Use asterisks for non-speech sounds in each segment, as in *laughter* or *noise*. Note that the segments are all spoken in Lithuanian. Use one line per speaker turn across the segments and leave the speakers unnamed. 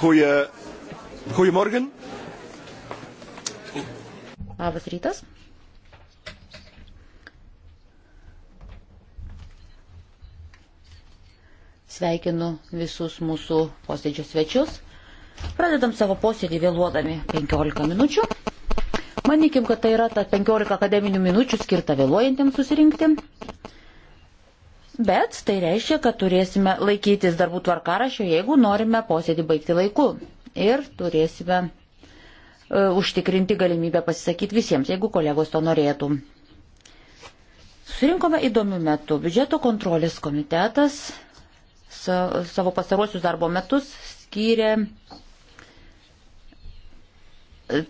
Goeie, goedemorgen.
Labas rytas. Sveikinu visus mūsų posėdžio svečius. Pradedam savo posėdį vėluodami 15 minučių. Manykim, kad tai yra ta 15 akademinių minučių skirta vėluojantiems susirinkti. Bet tai reiškia, kad turėsime laikytis darbų tvarkarašio, jeigu norime posėdį baigti laiku. Ir turėsime uh, užtikrinti galimybę pasisakyti visiems, jeigu kolegos to norėtų. Surinkome įdomių metų. Biudžeto kontrolės komitetas savo pastaruosius darbo metus skyrė e,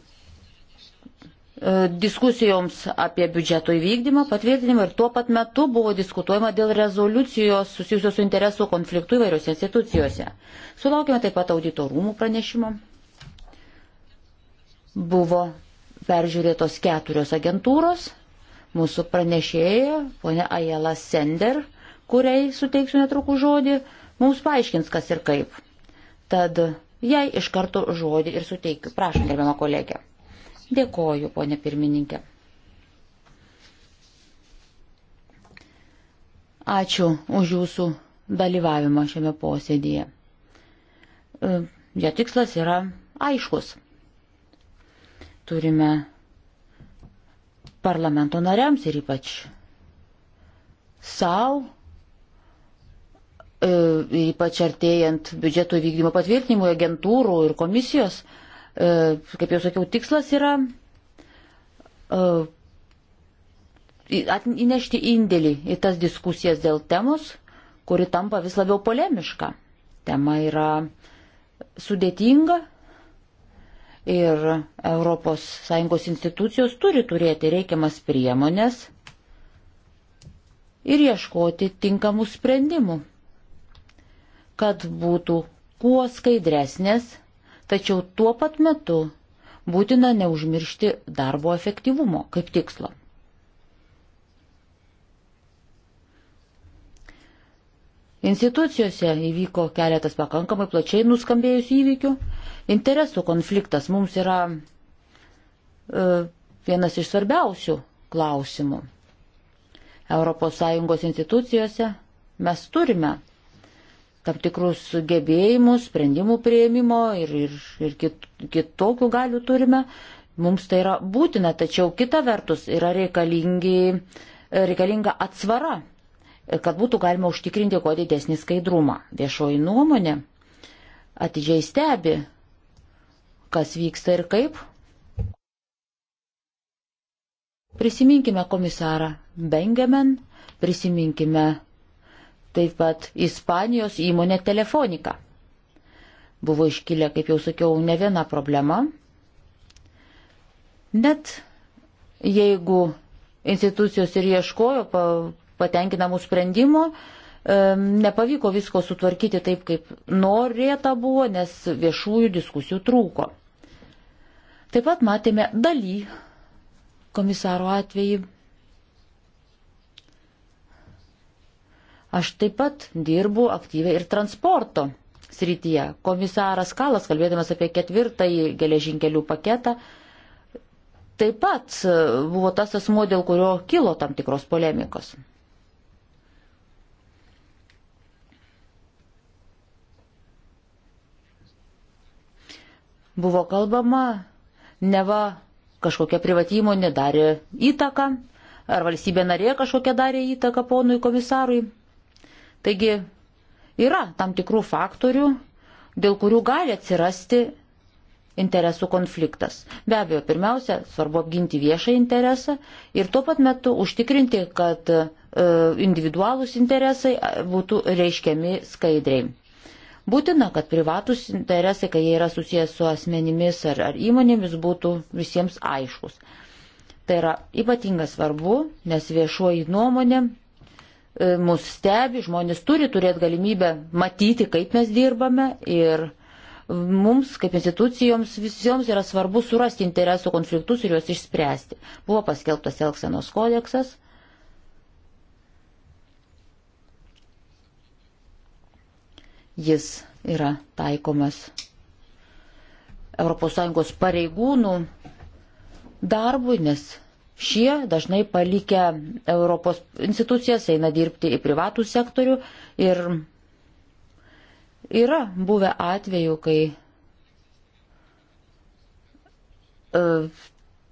E, diskusijoms apie biudžeto įvykdymą, patvirtinimą ir tuo pat metu buvo diskutuojama dėl rezoliucijos susijusios su interesų konfliktu įvairiose institucijose. Sulaukime taip pat auditorumų pranešimo. Buvo peržiūrėtos keturios agentūros. Mūsų pranešėja, ponia Ajela Sender, kuriai suteiksiu netrukus žodį, mums paaiškins, kas ir kaip. Tad jai iš karto žodį ir suteikiu. Prašom, gerbiamą kolegę. Dėkoju, ponė pirmininkė. Ačiū už jūsų dalyvavimą šiame posėdėje. E, jo tikslas yra aiškus. Turime parlamento nariams ir ypač savo, e, ypač artėjant biudžeto vykdymo patvirtinimui agentūrų ir komisijos, E, kaip jau sakiau, tikslas yra e, įnešti indėlį į tas diskusijas dėl temos, kuri tampa vis labiau polemiška. Tema yra sudėtinga ir ES institucijos turi turėti reikiamas priemonės ir ieškoti tinkamų sprendimų, kad būtų kuo skaidresnės Tačiau tuo pat metu būtina neužmiršti darbo efektyvumo kaip tikslo. Institucijose įvyko keletas pakankamai plačiai nuskambėjusių įvykių. Interesų konfliktas mums yra e, vienas iš svarbiausių klausimų. ES institucijose mes turime tam tikrus gebėjimus, sprendimų prieimimo ir, ir, ir kit, kitokių galių turime. Mums tai yra būtina, tačiau kita vertus yra reikalinga atsvara, kad būtų galima užtikrinti kuo didesnį skaidrumą. Viešoji nuomonė atidžiai stebi, kas vyksta ir kaip. Prisiminkime komisarą Benjamin, prisiminkime taip pat Ispanijos įmonė Telefonika. Buvo iškilę, kaip jau sakiau, ne viena problema. Net jeigu institucijos ir ieškojo patenkinamų sprendimų, nepavyko visko sutvarkyti taip, kaip norėta buvo, nes viešųjų diskusijų trūko. Taip pat matėme daly komisaro atvejį Aš taip pat dirbu aktyviai ir transporto srityje. Komisaras Kalas, kalbėdamas apie ketvirtąjį geležinkelių paketą, taip pat buvo tas asmo, dėl kurio kilo tam tikros polemikos. Buvo kalbama, neva kažkokia privati įmonė darė įtaką, ar valstybė narė kažkokia darė įtaką ponui komisarui. Taigi yra tam tikrų faktorių, dėl kurių gali atsirasti interesų konfliktas. Be abejo, pirmiausia, svarbu apginti viešą interesą ir tuo pat metu užtikrinti, kad e, individualūs interesai būtų reiškiami skaidriai. Būtina, kad privatus interesai, kai jie yra susijęs su asmenimis ar, ar įmonėmis, būtų visiems aiškus. Tai yra ypatingai svarbu, nes viešoji nuomonė E, mus stebi, žmonės turi turėti galimybę matyti, kaip mes dirbame ir mums, kaip institucijoms, visioms yra svarbu surasti interesų konfliktus ir juos išspręsti. Buvo paskelbtas Elksenos kodeksas. Jis yra taikomas ES pareigūnų darbui, nes Šie dažnai palikę Europos institucijas eina dirbti į privatų sektorių ir yra buvę atvejų, kai e,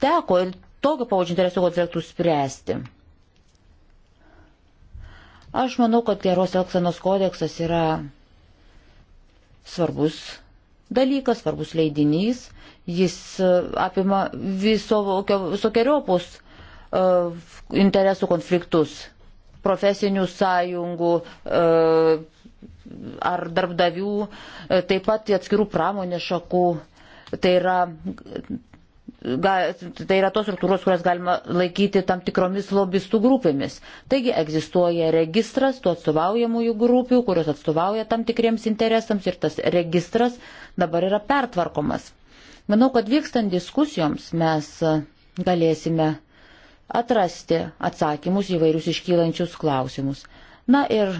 teko ir tokio pavadžio interesų konfliktų spręsti. Aš manau, kad geros elgsenos kodeksas yra svarbus dalykas, svarbus leidinys Jis e, apima visokiojopus e, interesų konfliktus, profesinių sąjungų e, ar darbdavių, taip pat atskirų pramonės šakų. Tai yra, ga, tai yra tos struktūros, kurias galima laikyti tam tikromis lobistų grupėmis. Taigi egzistuoja registras tų atstovaujamųjų grupių, kurios atstovauja tam tikriems interesams ir tas registras dabar yra pertvarkomas. Manau, kad vykstant diskusijoms mes e, galėsime atrasti atsakymus įvairius iškylančius klausimus. Na ir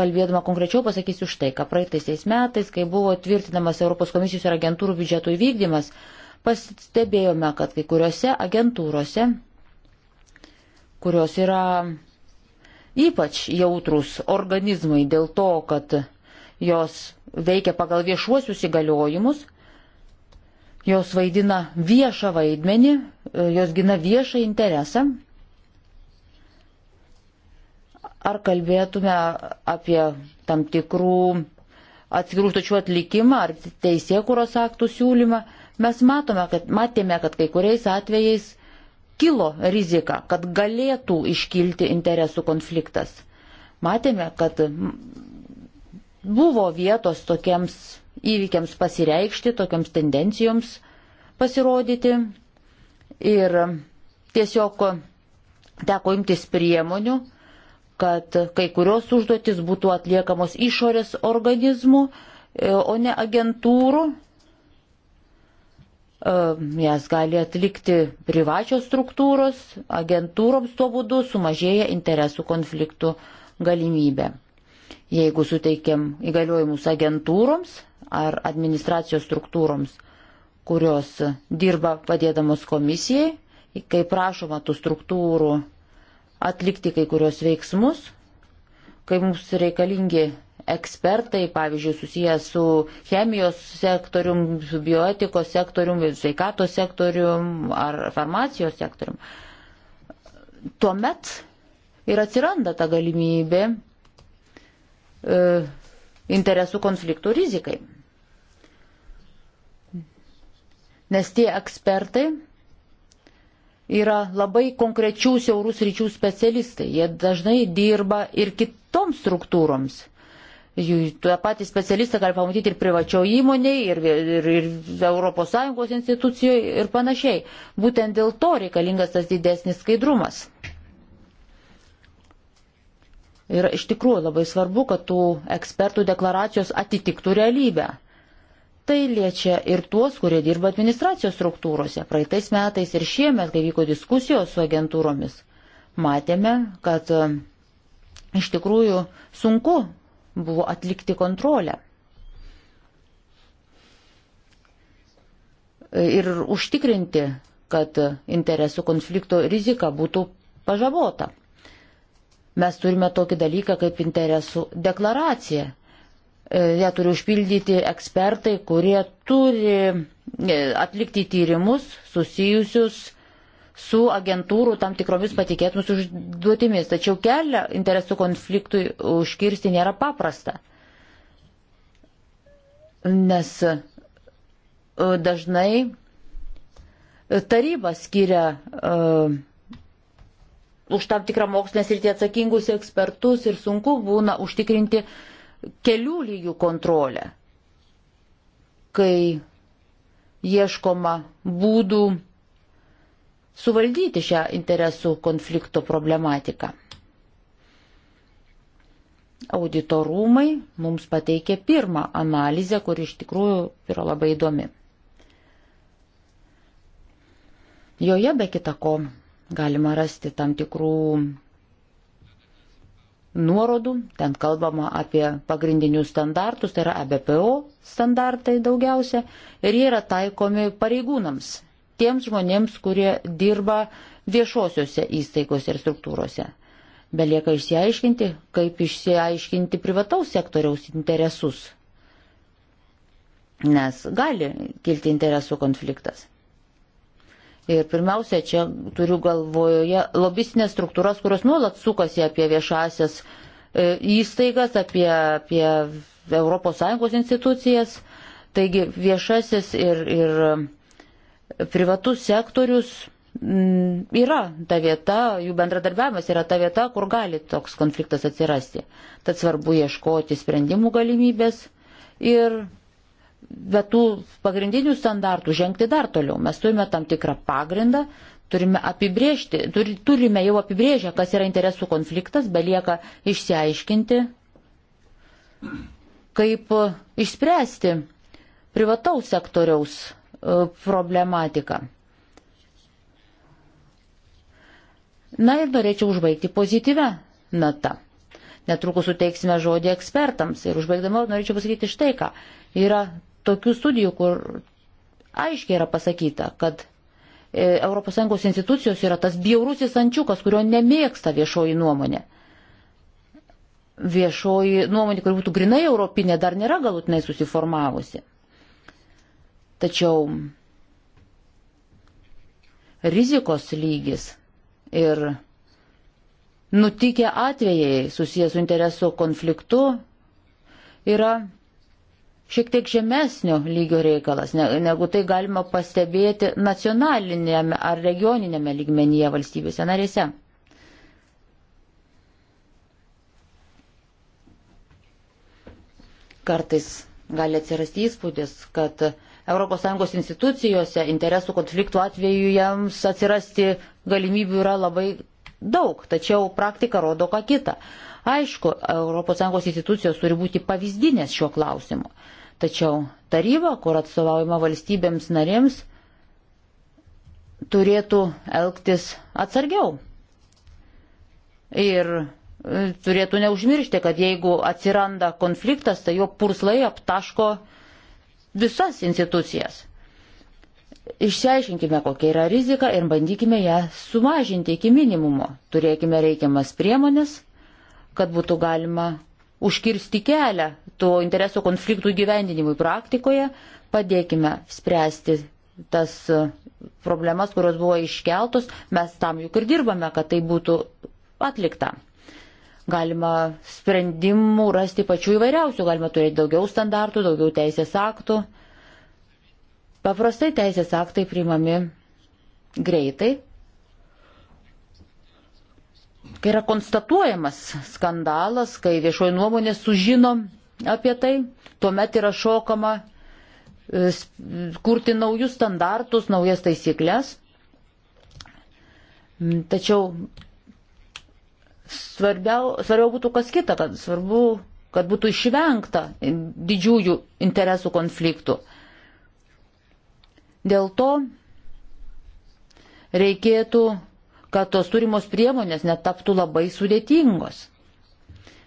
kalbėdama konkrečiau pasakysiu štai, ką praeitaisiais metais, kai buvo tvirtinamas Europos komisijos ir agentūrų biudžeto įvykdymas, pastebėjome, kad kai kuriuose agentūrose, kurios yra ypač jautrus organizmai dėl to, kad jos veikia pagal viešuosius įgaliojimus, Jos vaidina viešą vaidmenį, e, jos gina viešą interesą. Ar kalbėtume apie tam tikrų atskirų stočių atlikimą ar teisėkuros aktų siūlymą, mes matome, kad, matėme, kad kai kuriais atvejais kilo rizika, kad galėtų iškilti interesų konfliktas. Matėme, kad buvo vietos tokiems įvykiams pasireikšti, tokiams tendencijoms pasirodyti. Ir tiesiog teko imtis priemonių, kad kai kurios užduotis būtų atliekamos išorės organizmų, e, o ne agentūrų. E, jas gali atlikti privačios struktūros, agentūroms tuo būdu sumažėja interesų konfliktų galimybė. Jeigu suteikiam įgaliojimus agentūroms, ar administracijos struktūroms, kurios dirba padėdamos komisijai, kai prašoma tų struktūrų atlikti kai kurios veiksmus, kai mums reikalingi ekspertai, pavyzdžiui, susiję su chemijos sektorium, su bioetikos sektorium, sveikato sektorium ar farmacijos sektorium. Tuomet ir atsiranda ta galimybė e, interesų konfliktų rizikai. nes tie ekspertai yra labai konkrečių siaurus ryčių specialistai. Jie dažnai dirba ir kitoms struktūroms. Jų tuo patį specialistą gali pamatyti ir privačio įmonėje, ir, ir, ir ES institucijoje ir panašiai. Būtent dėl to reikalingas tas didesnis skaidrumas. Ir iš tikrųjų labai svarbu, kad tų ekspertų deklaracijos atitiktų realybę. Tai liečia ir tuos, kurie dirba administracijos struktūrose. Praeitais metais ir šiemet, kai vyko diskusijos su agentūromis, matėme, kad e, iš tikrųjų sunku buvo atlikti kontrolę. E, ir užtikrinti, kad interesų konflikto rizika būtų pažabota. Mes turime tokį dalyką kaip interesų deklaracija. E, ją turi užpildyti ekspertai, kurie turi e, atlikti tyrimus susijusius su agentūrų tam tikromis patikėtimus užduotimis. Tačiau kelią interesų konfliktui užkirsti nėra paprasta. Nes e, dažnai taryba skiria uh, už tam tikrą mokslinę sritį atsakingus ekspertus ir sunku būna užtikrinti uh, kelių lygių kontrolę, kai ieškoma būdų suvaldyti šią interesų konflikto problematiką. Auditorumai mums pateikė pirmą analizę, kuri iš tikrųjų yra labai įdomi. Joje be kitako galima rasti tam tikrų nuorodų, ten kalbama apie pagrindinius standartus, tai yra ABPO standartai daugiausia, ir jie yra taikomi pareigūnams, tiems žmonėms, kurie dirba viešosiuose įstaigos ir struktūrose. Belieka išsiaiškinti, kaip išsiaiškinti privataus sektoriaus interesus, nes gali kilti interesų konfliktas. Ir pirmiausia, čia turiu galvoje lobistinės struktūras, kurios nuolat sukasi apie viešasias e, įstaigas, apie, apie ES institucijas. Taigi viešasis ir, ir e, privatus sektorius mm, yra ta vieta, jų bendradarbiavimas yra ta vieta, kur gali toks konfliktas atsirasti. Tad svarbu ieškoti sprendimų galimybės ir be tų pagrindinių standartų žengti dar toliau. Mes turime tam tikrą pagrindą, turime apibriežti, turi, turime jau apibrėžę, kas yra interesų konfliktas, belieka išsiaiškinti, kaip išspręsti privataus sektoriaus e, problematiką. Na ir norėčiau užbaigti pozityvę natą. Netrukus suteiksime žodį ekspertams ir užbaigdama norėčiau pasakyti štai ką. Yra tokių studijų, kur aiškiai yra pasakyta, kad ES institucijos yra tas bjaurusis ančiukas, kurio nemėgsta viešoji nuomonė. Viešoji nuomonė, kuri būtų grinai europinė, dar nėra galutinai susiformavusi. Tačiau rizikos lygis ir nutikę atvejai susijęs su interesų konfliktu yra šiek tiek žemesnio lygio reikalas, negu tai galima pastebėti nacionalinėme ar regioninėme lygmenyje valstybėse narėse. Kartais gali atsirasti įspūdis, kad ES institucijose interesų konfliktų atveju jiems atsirasti galimybių yra labai daug, tačiau praktika rodo ką kitą. Aišku, ES institucijos turi būti pavyzdinės šiuo klausimu. Tačiau taryba, kur atstovaujama valstybėms narėms, turėtų elgtis atsargiau. Ir e, turėtų neužmiršti, kad jeigu atsiranda konfliktas, tai jo purslai aptaško visas institucijas. Išsiaiškinkime, kokia yra rizika ir bandykime ją sumažinti iki minimumo. Turėkime reikiamas priemonės kad būtų galima užkirsti kelią to interesų konfliktų gyvendinimui praktikoje, padėkime spręsti tas e, problemas, kurios buvo iškeltos, mes tam juk ir dirbame, kad tai būtų atlikta. Galima sprendimų rasti pačių įvairiausių, galima turėti daugiau standartų, daugiau teisės aktų. Paprastai teisės aktai priimami greitai, kai yra konstatuojamas skandalas, kai viešoji nuomonė sužino apie tai, tuomet yra šokama e, kurti naujus standartus, naujas taisyklės. Tačiau svarbiau, svarbiau būtų kas kita, kad svarbu, kad būtų išvengta didžiųjų interesų konfliktų. Dėl to reikėtų kad tos turimos priemonės netaptų labai sudėtingos.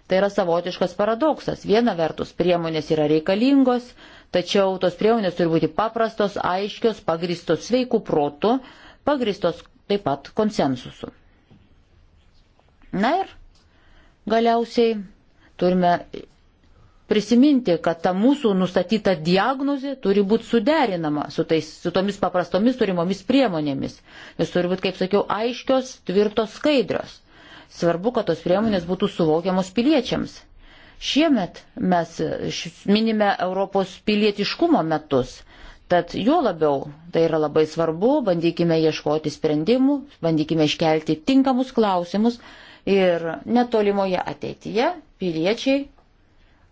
Tai yra savotiškas paradoksas. Viena vertus priemonės yra reikalingos, tačiau tos priemonės turi būti paprastos, aiškios, pagristos sveikų protų, pagristos taip pat konsensusu. Na ir galiausiai turime prisiminti, kad ta mūsų nustatyta diagnozė turi būti suderinama su, tais, su tomis paprastomis turimomis priemonėmis. Jis turi būti, kaip sakiau, aiškios, tvirtos, skaidrios. Svarbu, kad tos priemonės būtų suvokiamos piliečiams. Šiemet mes minime Europos pilietiškumo metus. Tad juo labiau tai yra labai svarbu, bandykime ieškoti sprendimų, bandykime iškelti tinkamus klausimus ir netolimoje ateityje piliečiai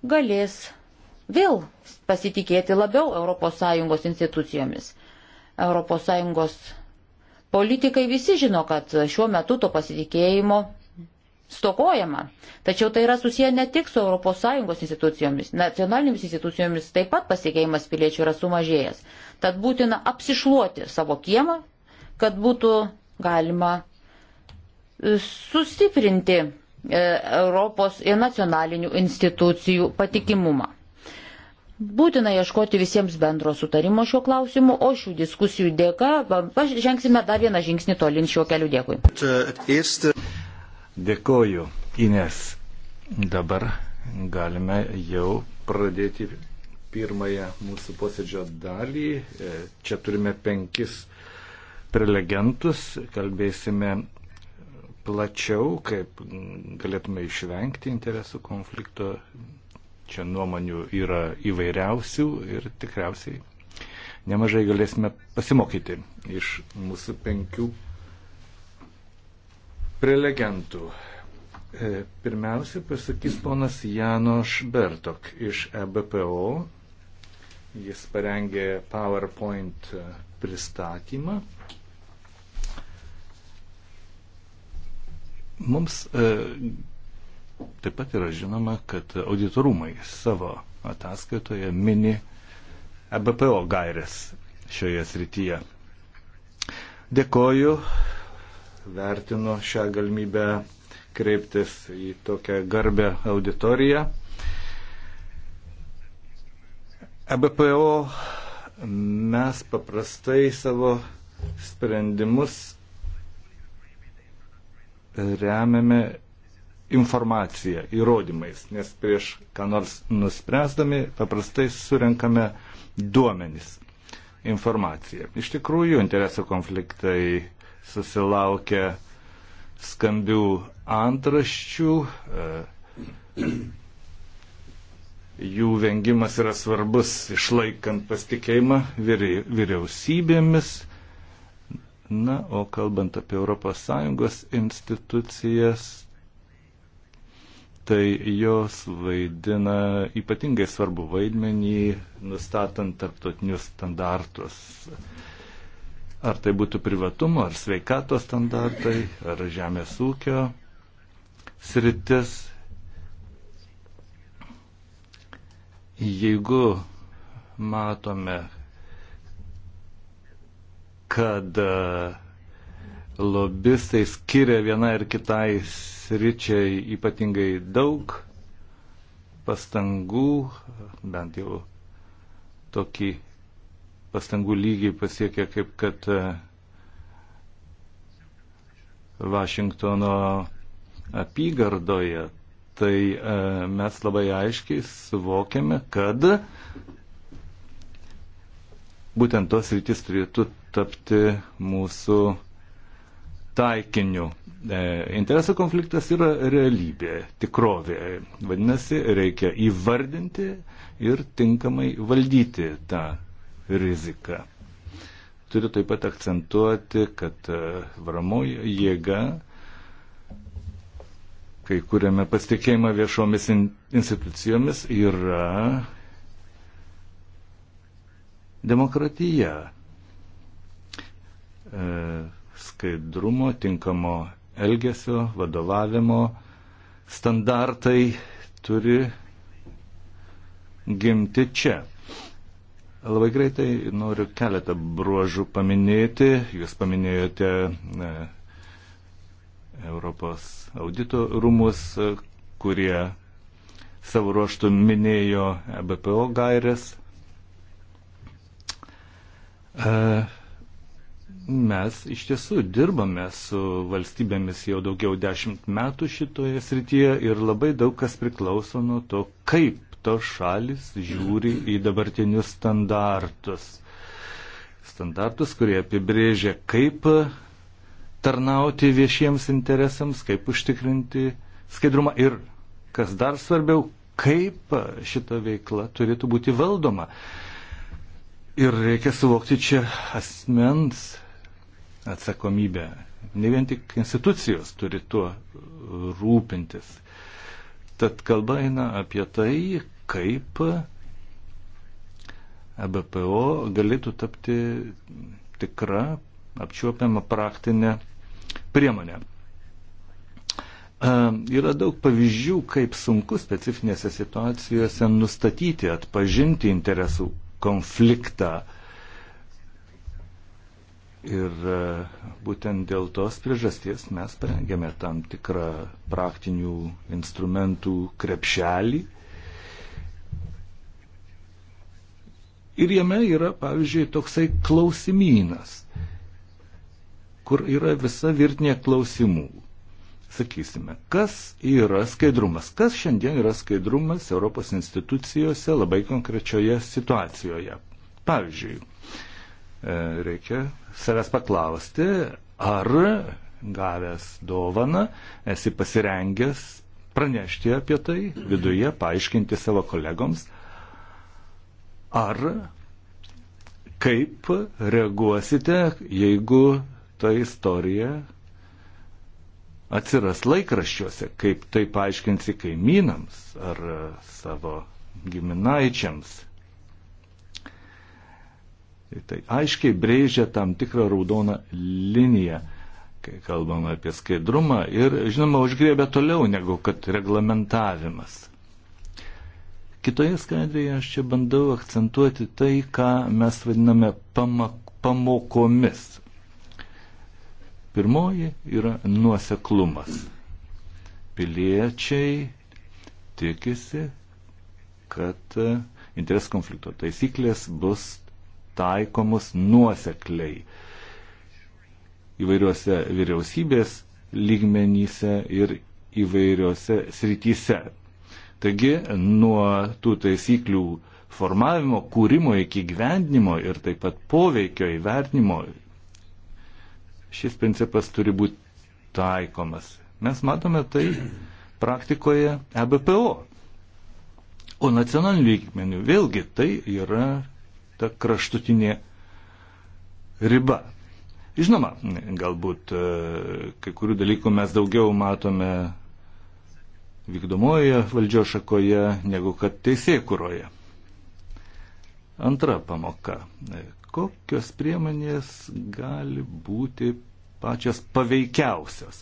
galės vėl pasitikėti labiau ES institucijomis. ES politikai visi žino, kad šiuo metu to pasitikėjimo stokojama. Tačiau tai yra susiję ne tik su ES institucijomis, nacionalinėmis institucijomis taip pat pasitikėjimas piliečių yra sumažėjęs. Tad būtina apsišluoti savo kiemą, kad būtų galima sustiprinti E, Europos ir nacionalinių institucijų patikimumą. Būtina ieškoti visiems bendro sutarimo šiuo klausimu, o šių diskusijų dėka žengsime dar vieną žingsnį tolin šiuo keliu. Dėkui.
Dėkoju, Ines. Dabar galime jau pradėti pirmąją mūsų posėdžio dalį. E, čia turime penkis prelegentus, kalbėsime plačiau, kaip galėtume išvengti interesų konflikto. Čia nuomonių yra įvairiausių ir tikriausiai nemažai galėsime pasimokyti iš mūsų penkių prelegentų. E, pirmiausia, pasakys ponas Jano Šbertok iš EBPO. Jis parengė PowerPoint pristatymą. Mums e, taip pat yra žinoma, kad auditorumai savo ataskaitoje mini EBPO gairės šioje srityje. Dėkoju, vertinu šią galimybę kreiptis į tokią garbę auditoriją. EBPO mes paprastai savo sprendimus remiame informacija, įrodymais, nes prieš ką nors nuspręsdami paprastai surenkame duomenys, informaciją. Iš tikrųjų, interesų konfliktai susilaukia skambių antraščių, e, jų vengimas yra svarbus išlaikant pasitikėjimą vyriausybėmis Na, o kalbant apie ES institucijas, tai jos vaidina ypatingai svarbu vaidmenį, nustatant tarptautinius standartus. Ar tai būtų privatumo, ar sveikato standartai, ar žemės ūkio sritis. Jeigu matome, kad e, lobistai skiria vienai ir kitai sričiai ypatingai daug pastangų, bent jau tokį pastangų lygį pasiekia, kaip kad e, Vašingtono apygardoje, tai e, mes labai aiškiai suvokiame, kad būtent tos rytis turėtų tapti mūsų taikiniu. E, interesų konfliktas yra realybė, tikrovė. Vadinasi, reikia įvardinti ir tinkamai valdyti tą riziką. Turiu taip pat akcentuoti, kad e, varamoji jėga, kai kuriame pasitikėjimą viešomis institucijomis, yra demokratija E, skaidrumo, tinkamo elgesio, vadovavimo standartai turi gimti čia. Labai greitai noriu keletą bruožų paminėti. Jūs paminėjote ne, Europos audito rūmus, e, kurie savo ruoštų minėjo e BPO gairės. E, Mes iš tiesų dirbame su valstybėmis jau daugiau dešimt metų šitoje srityje ir labai daug kas priklauso nuo to, kaip tos šalis žiūri į dabartinius standartus. Standartus, kurie apibrėžia, kaip tarnauti viešiems interesams, kaip užtikrinti skaidrumą ir, kas dar svarbiau, kaip šita veikla turėtų būti valdoma. Ir reikia suvokti čia asmens atsakomybę. Ne vien tik institucijos turi tuo rūpintis. Tad kalba eina apie tai, kaip ABPO galėtų tapti tikra apčiuopiama praktinė priemonė. Yra daug pavyzdžių, kaip sunku specifinėse situacijose nustatyti, atpažinti interesų konfliktą. Ir e, būtent dėl tos priežasties mes parengėme tam tikrą praktinių instrumentų krepšelį. Ir jame yra, pavyzdžiui, toksai klausimynas, kur yra visa virtinė klausimų. Sakysime, kas yra skaidrumas? Kas šiandien yra skaidrumas Europos institucijose labai konkrečioje situacijoje? Pavyzdžiui, E, reikia savęs paklausti, ar gavęs dovaną esi pasirengęs pranešti apie tai viduje, paaiškinti savo kolegoms, ar kaip reaguosite, jeigu ta istorija atsiras laikraščiuose, kaip tai paaiškinsi kaimynams ar savo giminaičiams. Tai aiškiai brėžia tam tikrą raudoną liniją, kai kalbame apie skaidrumą ir, žinoma, užgriebia toliau negu kad reglamentavimas. Kitoje skaidrėje aš čia bandau akcentuoti tai, ką mes vadiname pamokomis. Pirmoji yra nuoseklumas. Piliečiai tikisi, kad e, interes konflikto taisyklės bus taikomus nuosekliai įvairiuose vyriausybės lygmenyse ir įvairiuose srityse. Taigi nuo tų taisyklių formavimo, kūrimo iki gyvendinimo ir taip pat poveikio įvertinimo šis principas turi būti taikomas. Mes matome tai praktikoje EBPO. O nacionaliniu lygmeniu vėlgi tai yra ta kraštutinė riba. Žinoma, galbūt e, kai kurių dalykų mes daugiau matome vykdomojoje valdžios šakoje negu kad teisėkuroje. Antra pamoka. E, kokios priemonės gali būti pačios paveikiausios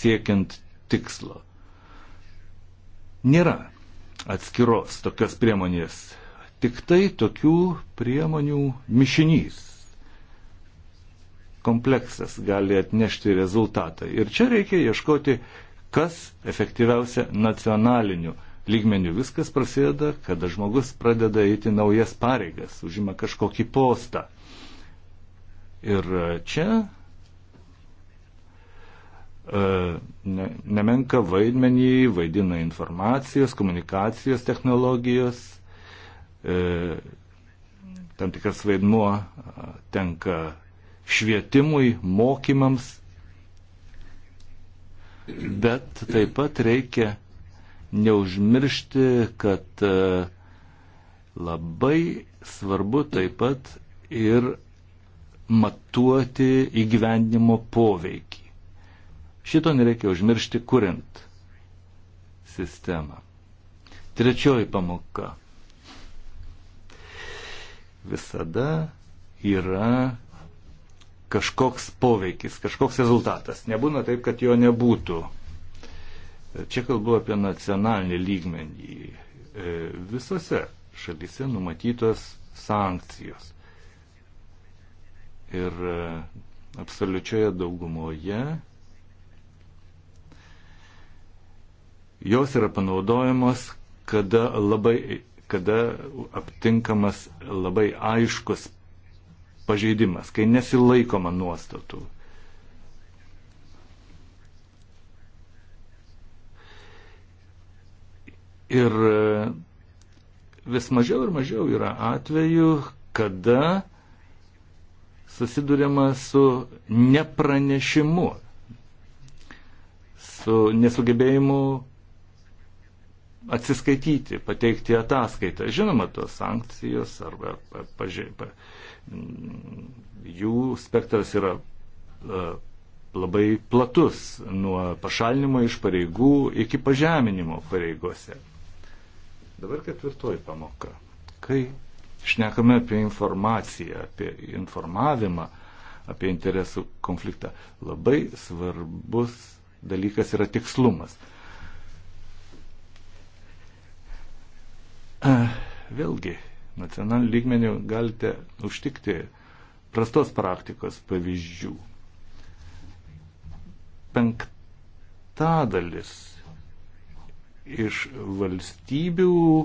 siekiant tikslo? Nėra atskiros tokios priemonės tik tai tokių priemonių mišinys, kompleksas gali atnešti rezultatą. Ir čia reikia ieškoti, kas efektyviausia nacionaliniu lygmeniu. Viskas prasideda, kada žmogus pradeda eiti naujas pareigas, užima kažkokį postą. Ir e, čia e, ne, nemenka vaidmenį vaidina informacijos, komunikacijos technologijos E, tam tikras vaidmuo e, tenka švietimui, mokymams, bet taip pat reikia neužmiršti, kad e, labai svarbu taip pat ir matuoti įgyvendinimo poveikį. Šito nereikia užmiršti, kuriant sistemą. Trečioji pamoka visada yra kažkoks poveikis, kažkoks rezultatas. Nebūna taip, kad jo nebūtų. Čia kalbu apie nacionalinį lygmenį. E, visose šalyse numatytos sankcijos. Ir e, absoliučioje daugumoje jos yra panaudojamos, kada labai kada aptinkamas labai aiškus pažeidimas, kai nesilaikoma nuostatų. Ir vis mažiau ir mažiau yra atvejų, kada susidurima su nepranešimu, su nesugebėjimu atsiskaityti, pateikti ataskaitą. Žinoma, tos sankcijos arba pažė, pa, mm, jų spektras yra e, labai platus nuo pašalinimo iš pareigų iki pažeminimo pareigose. Dabar ketvirtoji pamoka. Kai šnekame apie informaciją, apie informavimą, apie interesų konfliktą, labai svarbus dalykas yra tikslumas. Vėlgi, nacionaliniu lygmeniu galite užtikti prastos praktikos pavyzdžių. Penktadalis iš valstybių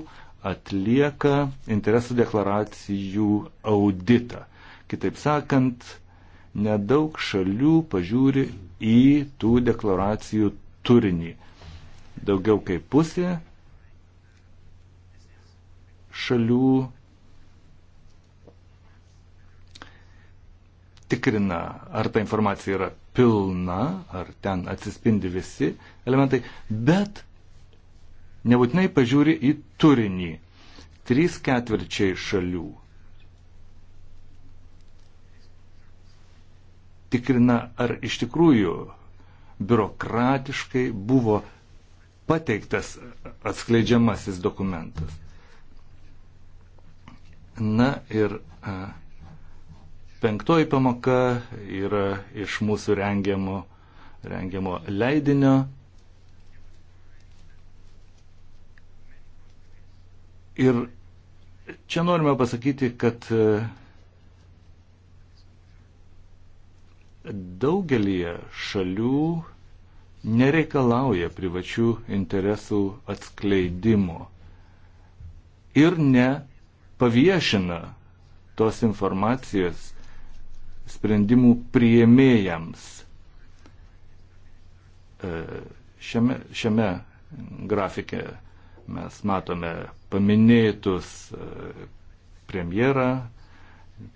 atlieka interesų deklaracijų auditą. Kitaip sakant, nedaug šalių pažiūri į tų deklaracijų turinį. Daugiau kaip pusė šalių tikrina, ar ta informacija yra pilna, ar ten atsispindi visi elementai, bet nebūtinai pažiūri į turinį. Trys ketvirčiai šalių tikrina, ar iš tikrųjų biurokratiškai buvo pateiktas atskleidžiamasis dokumentas. Na ir penktoji pamoka yra iš mūsų rengiamo, rengiamo leidinio. Ir čia norime pasakyti, kad daugelį šalių nereikalauja privačių interesų atskleidimo ir ne paviešina tos informacijos sprendimų prieimėjams. E, šiame, šiame grafike mes matome paminėtus e, premjerą,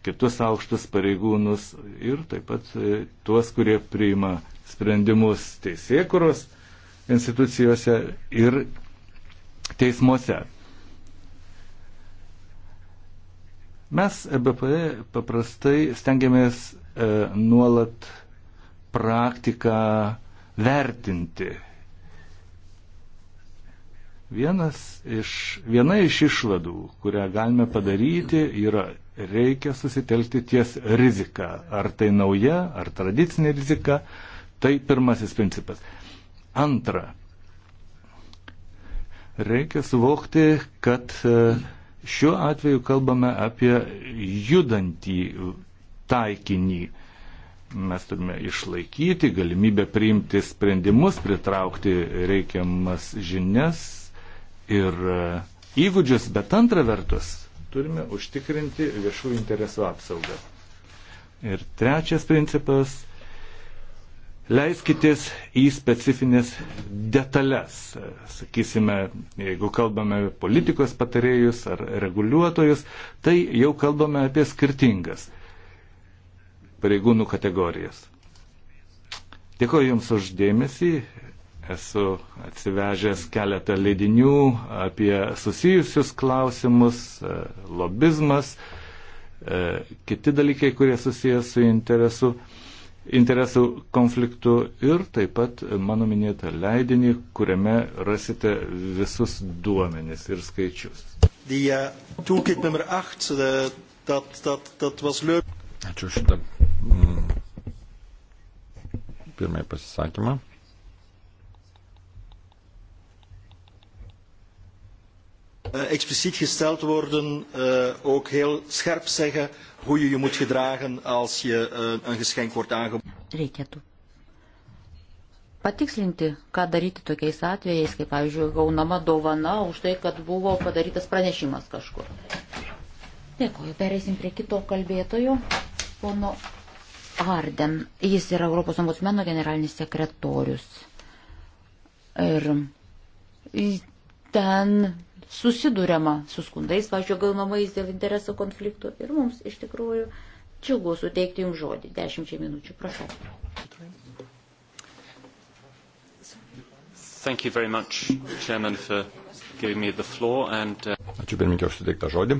kitus aukštus pareigūnus ir taip pat e, tuos, kurie priima sprendimus teisėkuros institucijose ir teismuose. Mes BPE paprastai stengiamės e, nuolat praktiką vertinti. Vienas iš, viena iš išvadų, kurią galime padaryti, yra reikia susitelkti ties rizika. Ar tai nauja, ar tradicinė rizika. Tai pirmasis principas. Antra, reikia suvokti, kad e, Šiuo atveju kalbame apie judantį taikinį. Mes turime išlaikyti galimybę priimti sprendimus, pritraukti reikiamas žinias ir e, įgūdžius, bet antra vertus turime užtikrinti viešų interesų apsaugą. Ir trečias principas Leiskitės į specifines detalės. Sakysime, jeigu kalbame politikos patarėjus ar reguliuotojus, tai jau kalbame apie skirtingas pareigūnų kategorijas. Dėkuoju Jums uždėmesį. Esu atsivežęs keletą leidinių apie susijusius klausimus, e, lobizmas, e, kiti dalykai, kurie susijęs su interesu interesų konfliktų ir taip pat mano minėtą leidinį, kuriame rasite visus duomenis ir skaičius.
Eh, eh, Ačiū šitą
mm, pirmąjį pasisakymą.
Eh, expliciet gesteld worden, uh, ook heel scherp zeggen uh, Hoe je je moet gedragen als je uh, een geschenk wordt aangeboden.
Reikėtų patikslinti, ką daryti tokiais atvejais, kaip, pavyzdžiui, gaunama dovana už tai, kad buvo padarytas pranešimas kažkur. Dėkoju, pereisim prie kito kalbėtojo, pono Arden. Jis yra Europos ombudsmeno generalinis sekretorius. Ir ten susidūrėma su skundais, pažiūrėjau, gaunamais dėl interesų konfliktų ir mums iš tikrųjų džiugu suteikti jums žodį. Dešimčiai minučių, prašau. Thank you very much, Chairman, for giving me the floor and... Uh... Ačiū pirmininkė
už suteiktą žodį.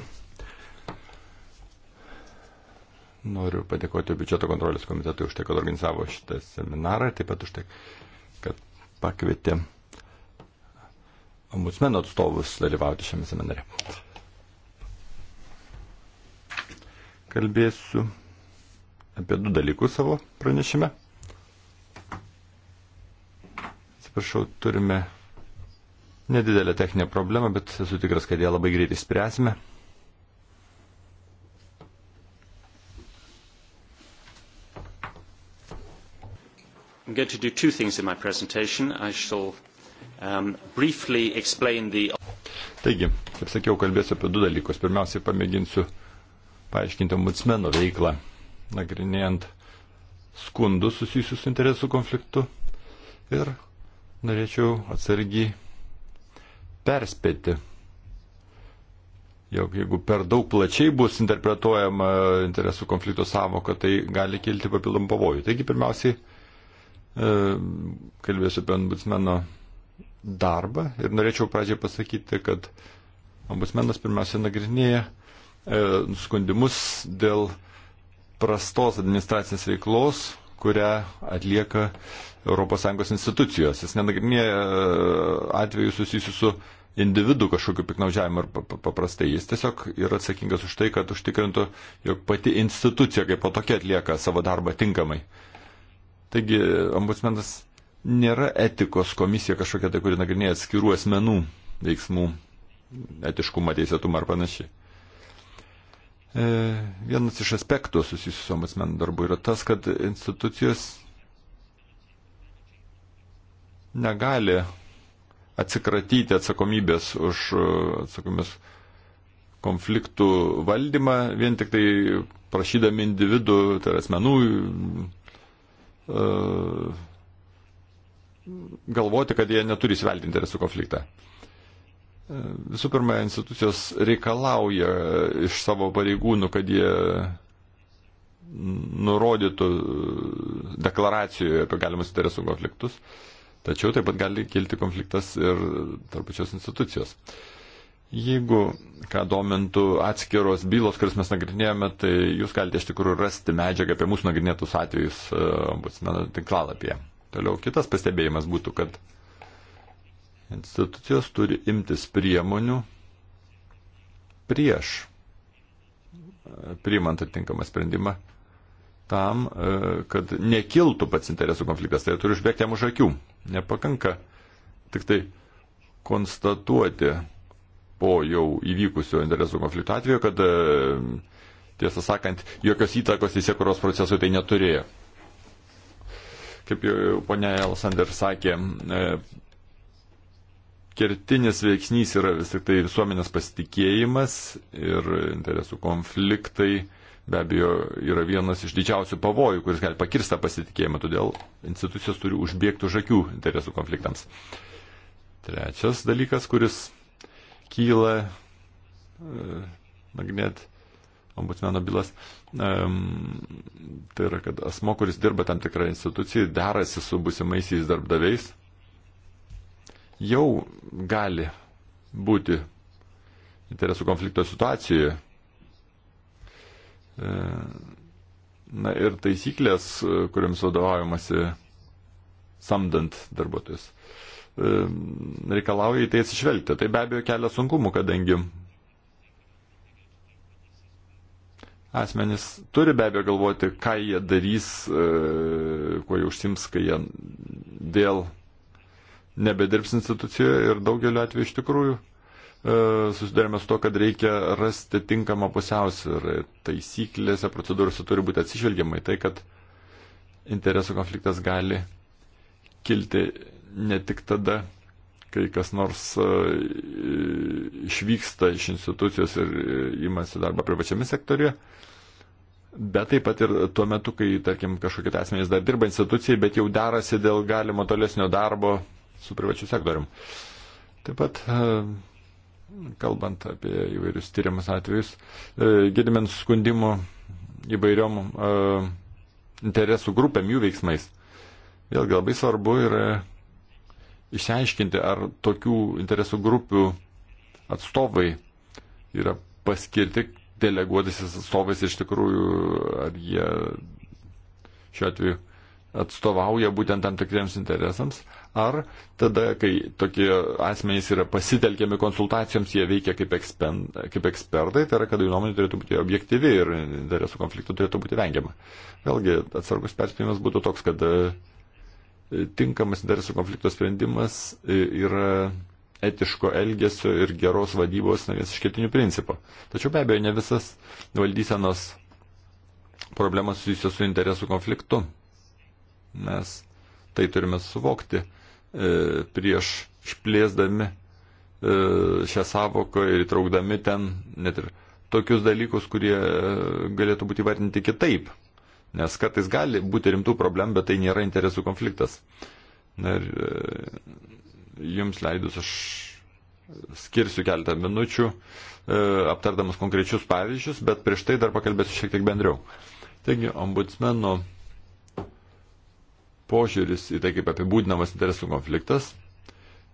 Noriu padėkoti biudžeto kontrolės komitetui už tai, kad organizavo šitą seminarą, taip pat už tai, kad pakvietė ombudsmeno atstovus dalyvauti šiame seminare. Kalbėsiu apie du dalykus savo pranešime. Atsiprašau, turime nedidelę techninę problemą, bet esu tikras, kad ją labai greitai spręsime.
I'm going to do two things in my presentation. I shall um, briefly explain the.
Taigi, kaip sakiau, kalbėsiu apie du dalykus. Pirmiausiai pamėginsiu paaiškinti ombudsmeno veiklą, nagrinėjant skundus susijusius su interesų konfliktu ir norėčiau atsargiai perspėti, jog jeigu per daug plačiai bus interpretuojama interesų konflikto savoka, tai gali kilti papildomų pavojų. Taigi pirmiausiai e, kalbėsiu apie ombudsmeno darbą ir norėčiau pradžiai pasakyti, kad ambusmenas pirmiausia nagrinėja e, nuskundimus dėl prastos administracinės veiklos, kurią atlieka ES institucijos. Jis nenagrinėja e, atvejų susijusių su individų kažkokiu piknaudžiavimu ar paprastai. Jis tiesiog yra atsakingas už tai, kad užtikrintų, jog pati institucija kaip po tokia atlieka savo darbą tinkamai. Taigi ombudsmenas nėra etikos komisija kažkokia tai, kuri nagrinėja atskirų asmenų veiksmų etiškumą, teisėtumą ar panašiai. E, vienas iš aspektų susijusiu su ombudsmenų darbu yra tas, kad institucijos negali atsikratyti atsakomybės už e, atsakomės konfliktų valdymą vien tik tai prašydami individų, tai yra asmenų, e, galvoti, kad jie neturi svelti interesų konfliktą. Visų pirma, institucijos reikalauja iš savo pareigūnų, kad jie nurodytų deklaracijoje apie galimus interesų konfliktus, tačiau taip pat gali kilti konfliktas ir tarp pačios institucijos. Jeigu, ką domintų atskiros bylos, kuris mes nagrinėjome, tai jūs galite iš tikrųjų rasti medžiagą apie mūsų nagrinėtus atvejus e, ombudsmeno tinklalapyje. Toliau kitas pastebėjimas būtų, kad institucijos turi imtis priemonių prieš e, priimant atitinkamą sprendimą tam, e, kad nekiltų pats interesų konfliktas. Tai turi užbėgti jam už akių. Nepakanka tik tai konstatuoti po jau įvykusio interesų konflikto atveju, kad e, tiesą sakant, jokios įtakos teisėkuros procesui tai neturėjo. Kaip jau ponia Elsander sakė, e, kertinis veiksnys yra vis tik tai visuomenės pasitikėjimas ir interesų konfliktai be abejo yra vienas iš didžiausių pavojų, kuris gali pakirsta pasitikėjimą, todėl institucijos turi užbėgti už akių interesų konfliktams. Trečias dalykas, kuris kyla, e, nagrinėt, e, ombudsmeno bylas. Tai yra, kad asmo, kuris dirba tam tikrą instituciją, derasi su busimaisiais darbdaviais, jau gali būti interesų konflikto situacijoje. E, na ir taisyklės, kuriams vadovaujamasi samdant darbuotojus, e, reikalauja į tai atsižvelgti. Tai be abejo kelia sunkumų, kadangi asmenys turi be abejo galvoti, ką jie darys, e, kuo jie užsims, kai jie vėl nebedirbs institucijoje ir daugeliu atveju iš tikrųjų e, susidarėme su to, kad reikia rasti tinkamą pusiausvyrą. Taisyklėse, procedūrose turi būti atsižvelgiamai tai, kad interesų konfliktas gali kilti ne tik tada, kai kas nors e, išvyksta iš institucijos ir įmasi e, darbą privačiame sektoriuje, bet taip pat ir tuo metu, kai, tarkim, kažkokie tai asmenys dar dirba institucijai, bet jau derasi dėl galimo tolesnio darbo su privačiu sektorium. Taip pat, e, kalbant apie įvairius tyriamus atvejus, girdime nusiskundimų įvairiom interesų grupėm jų veiksmais. Vėlgi labai svarbu yra išsiaiškinti, ar tokių interesų grupių atstovai yra paskirti deleguotasis atstovais iš tikrųjų, ar jie šiuo atveju atstovauja būtent tam tikriems interesams, ar tada, kai tokie asmenys yra pasitelkiami konsultacijoms, jie veikia kaip, ekspen, kaip ekspertai, tai yra, kad jų nuomonė turėtų būti objektyvi ir interesų konfliktų turėtų būti vengiama. Vėlgi, atsargus perspėjimas būtų toks, kad tinkamas interesų konflikto sprendimas e, yra etiško elgesio ir geros vadybos na, vienas iš ketinių principų. Tačiau be abejo, ne visas valdysenos problemas susijusios su interesų konfliktu. Mes tai turime suvokti e, prieš išplėsdami e, šią savoką ir įtraukdami ten net ir tokius dalykus, kurie e, galėtų būti įvardinti kitaip. Nes kartais gali būti rimtų problemų, bet tai nėra interesų konfliktas. Na ir e, jums leidus aš skirsiu keletą minučių e, aptardamas konkrečius pavyzdžius, bet prieš tai dar pakalbėsiu šiek tiek bendriau. Taigi, ombudsmeno požiūris į tai, kaip apibūdinamas interesų konfliktas,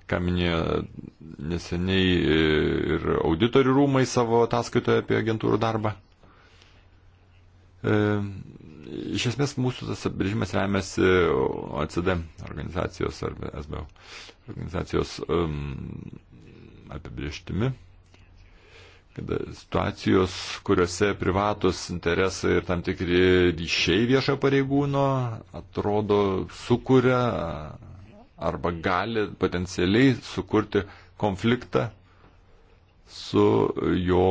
ką minėjo neseniai e, ir auditorių rūmai savo ataskaitoje apie agentūrų darbą iš esmės mūsų tas apibrėžimas remiasi OCD organizacijos ar SBO organizacijos um, apibrėžtimi, kada situacijos, kuriuose privatus interesai ir tam tikri ryšiai viešo pareigūno atrodo sukuria arba gali potencialiai sukurti konfliktą su jo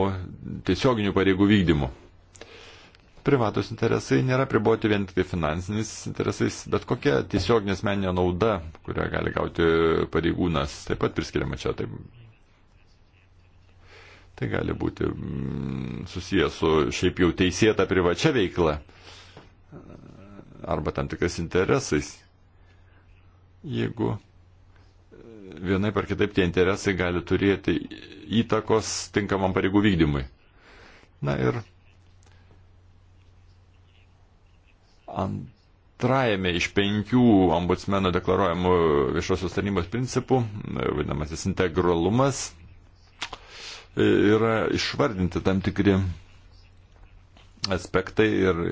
tiesioginiu pareigų vykdymu privatus interesai nėra priboti vien tik tai finansiniais interesais, bet kokia tiesioginė asmeninė nauda, kurią gali gauti pareigūnas, taip pat priskiriama čia. Taip. Tai gali būti mm, susijęs su šiaip jau teisėta privačia veikla arba tam tikrais interesais. Jeigu e, vienai par kitaip tie interesai gali turėti įtakos tinkamam pareigų vykdymui. Na ir antrajame iš penkių ombudsmeno deklaruojamų viešosios tarnybos principų, vadinamasis integralumas, yra išvardinti tam tikri aspektai ir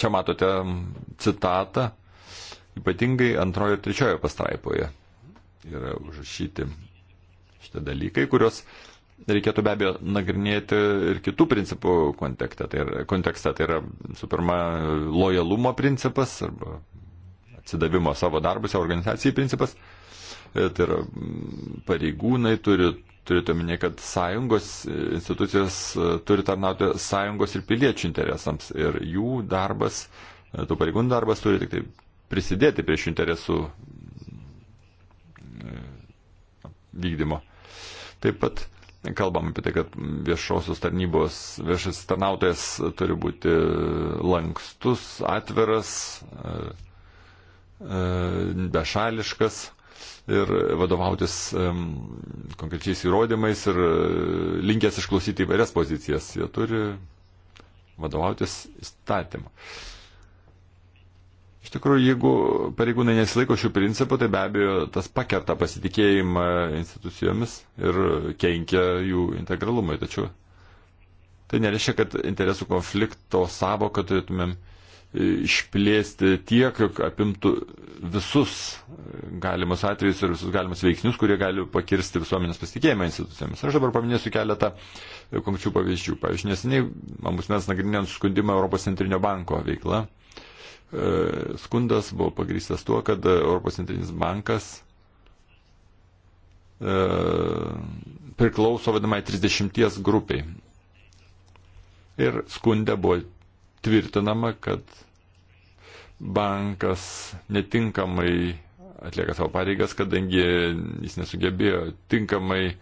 čia matote citatą, ypatingai antrojo ir trečiojo pastraipoje yra užrašyti šitie dalykai, kurios reikėtų be abejo nagrinėti ir kitų principų kontekste. Tai yra, kontekste, tai yra su pirma, lojalumo principas arba atsidavimo savo darbus, savo organizacijai principas. E, tai yra mm, pareigūnai turi, turite omenyje, kad sąjungos e, institucijos e, turi tarnauti sąjungos ir piliečių interesams ir jų darbas, tų pareigūnų darbas turi tik tai prisidėti prie šių interesų mm, vykdymo. Taip pat kalbam apie tai, kad viešosios tarnybos, viešas tarnautojas turi būti lankstus, atviras, e, e, bešališkas ir vadovautis e, konkrečiais įrodymais ir linkęs išklausyti įvairias pozicijas. Jie turi vadovautis įstatymą. Iš tikrųjų, jeigu pareigūnai nesilaiko šių principų, tai be abejo tas pakerta pasitikėjimą institucijomis ir kenkia jų integralumui. Tačiau tai nereiškia, kad interesų konflikto savoką turėtumėm išplėsti tiek, jog apimtų visus galimus atvejus ir visus galimus veiksnius, kurie gali pakirsti visuomenės pasitikėjimą institucijomis. Aš dabar paminėsiu keletą konkrečių pavyzdžių. Pavyzdžiui, neseniai man bus mes nagrinėjant skundimą Europos centrinio banko veiklą. E, skundas buvo pagrįstas tuo, kad Europos centrinis bankas e, priklauso vadinamai 30 grupiai. Ir skundė buvo tvirtinama, kad bankas netinkamai atlieka savo pareigas, kadangi jis nesugebėjo tinkamai e,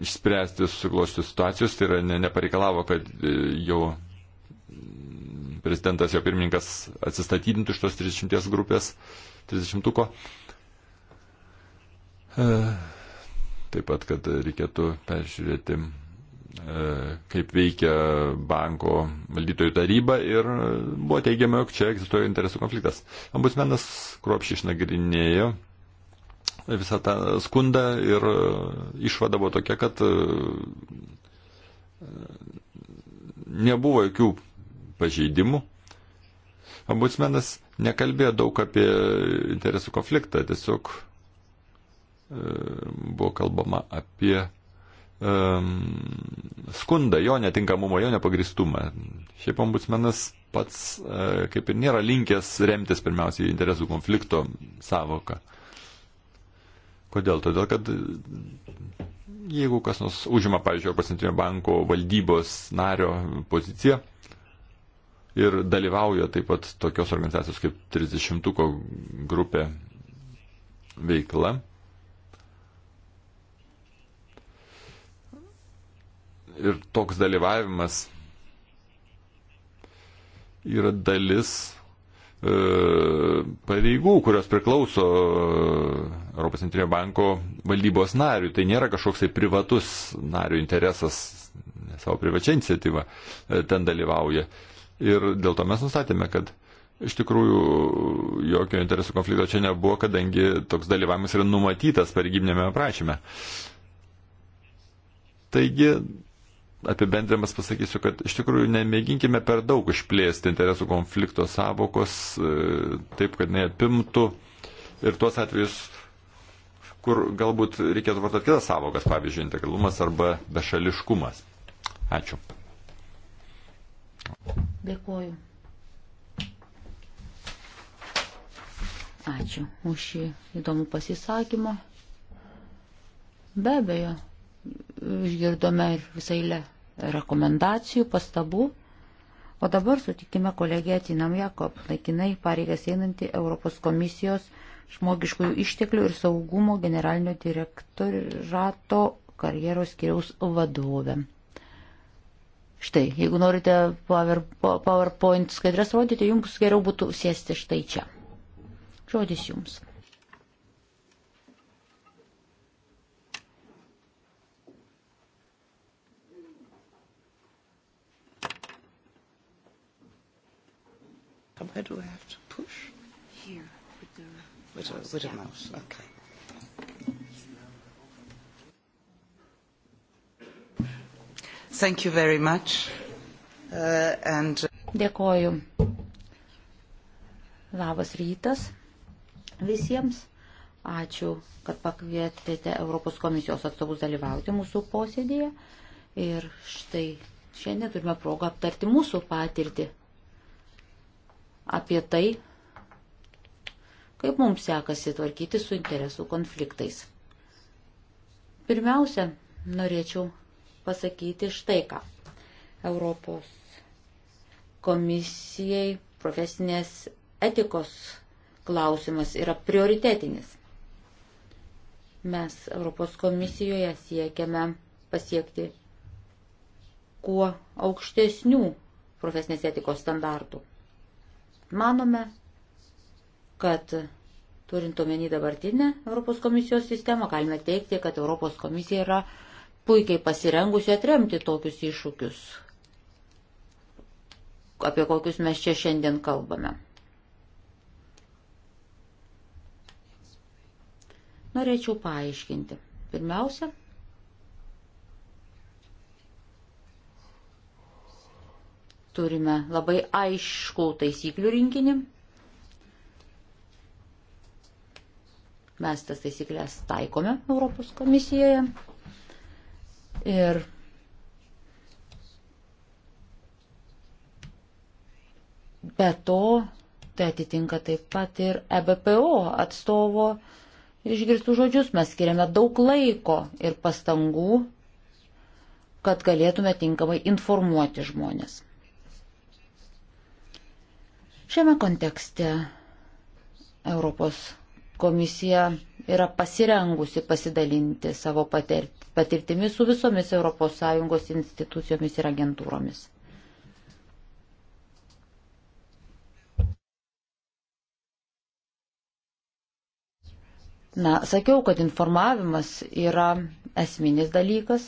išspręsti suklošti situacijos, tai yra ne, nepareikalavo, kad e, jau prezidentas, jo pirmininkas atsistatydintų iš tos 30 grupės, 30-uko. E, taip pat, kad reikėtų peržiūrėti, e, kaip veikia banko valdytojų taryba ir buvo teigiama, jog čia egzistuoja interesų konfliktas. Ambusmenas kruopšiai išnagrinėjo visą tą skundą ir e, išvada buvo tokia, kad e, nebuvo jokių pažeidimų. Ombudsmenas nekalbėjo daug apie interesų konfliktą, tiesiog e, buvo kalbama apie skundą, jo netinkamumą, jo nepagristumą. Šiaip ombudsmenas pats kaip ir nėra linkęs remtis pirmiausiai interesų konflikto savoką. Kodėl? Todėl, kad jeigu kas nors užima, pavyzdžiui, Europos centrinio banko valdybos nario poziciją ir dalyvauja taip pat tokios organizacijos kaip 30-ko grupė veikla, ir toks dalyvavimas yra dalis e, pareigų, kurios priklauso e, Europos centrinio banko valdybos nariui. Tai nėra kažkoks tai privatus narių interesas, ne savo privačia iniciatyva e, ten dalyvauja. Ir dėl to mes nustatėme, kad iš tikrųjų jokio interesų konflikto čia nebuvo, kadangi toks dalyvavimas yra numatytas pareigybinėme aprašyme. Taigi, apibendrimas pasakysiu, kad iš tikrųjų nemėginkime per daug išplėsti interesų konflikto savokos, e, taip, kad neapimtų ir tuos atvejus, kur galbūt reikėtų vartoti kitas savokas, pavyzdžiui, integralumas arba bešališkumas. Ačiū.
Dėkuoju. Ačiū už šį įdomų pasisakymą. Be abejo, išgirdome ir visai le rekomendacijų, pastabų. O dabar sutikime kolegiją Tinam Jakob, laikinai pareigas einanti Europos komisijos žmogiškųjų išteklių ir saugumo generalinio direktorato karjeros skiriaus vadovę. Štai, jeigu norite power, PowerPoint skaidrės rodyti, jums geriau būtų sėsti štai čia. Žodis jums. How do I have With a, with a mouse, okay. Thank you very much. Uh, and... Uh, Dėkoju. Labas rytas visiems. Ačiū, kad pakvietėte Europos komisijos atstovus dalyvauti mūsų posėdėje. Ir štai šiandien turime progą aptarti mūsų patirtį apie tai, kaip mums sekasi tvarkyti su interesų konfliktais. Pirmiausia, norėčiau pasakyti štai ką. Europos komisijai profesinės etikos klausimas yra prioritetinis. Mes Europos komisijoje siekiame pasiekti kuo aukštesnių profesinės etikos standartų. Manome, kad turint omeny dabartinę Europos komisijos sistemą, galime teikti, kad Europos komisija yra puikiai pasirengusi atremti tokius iššūkius, apie kokius mes čia šiandien kalbame. Norėčiau paaiškinti. Pirmiausia, turime labai aiškų taisyklių rinkinį Mes tas taisyklės taikome Europos komisijoje. Ir be to, tai atitinka taip pat ir EBPO atstovo išgirstų žodžius. Mes skiriame daug laiko ir pastangų, kad galėtume tinkamai informuoti žmonės. Šiame kontekste Europos Komisija yra pasirengusi pasidalinti savo patirtimi su visomis ES institucijomis ir agentūromis. Na, sakiau, kad informavimas yra esminis dalykas,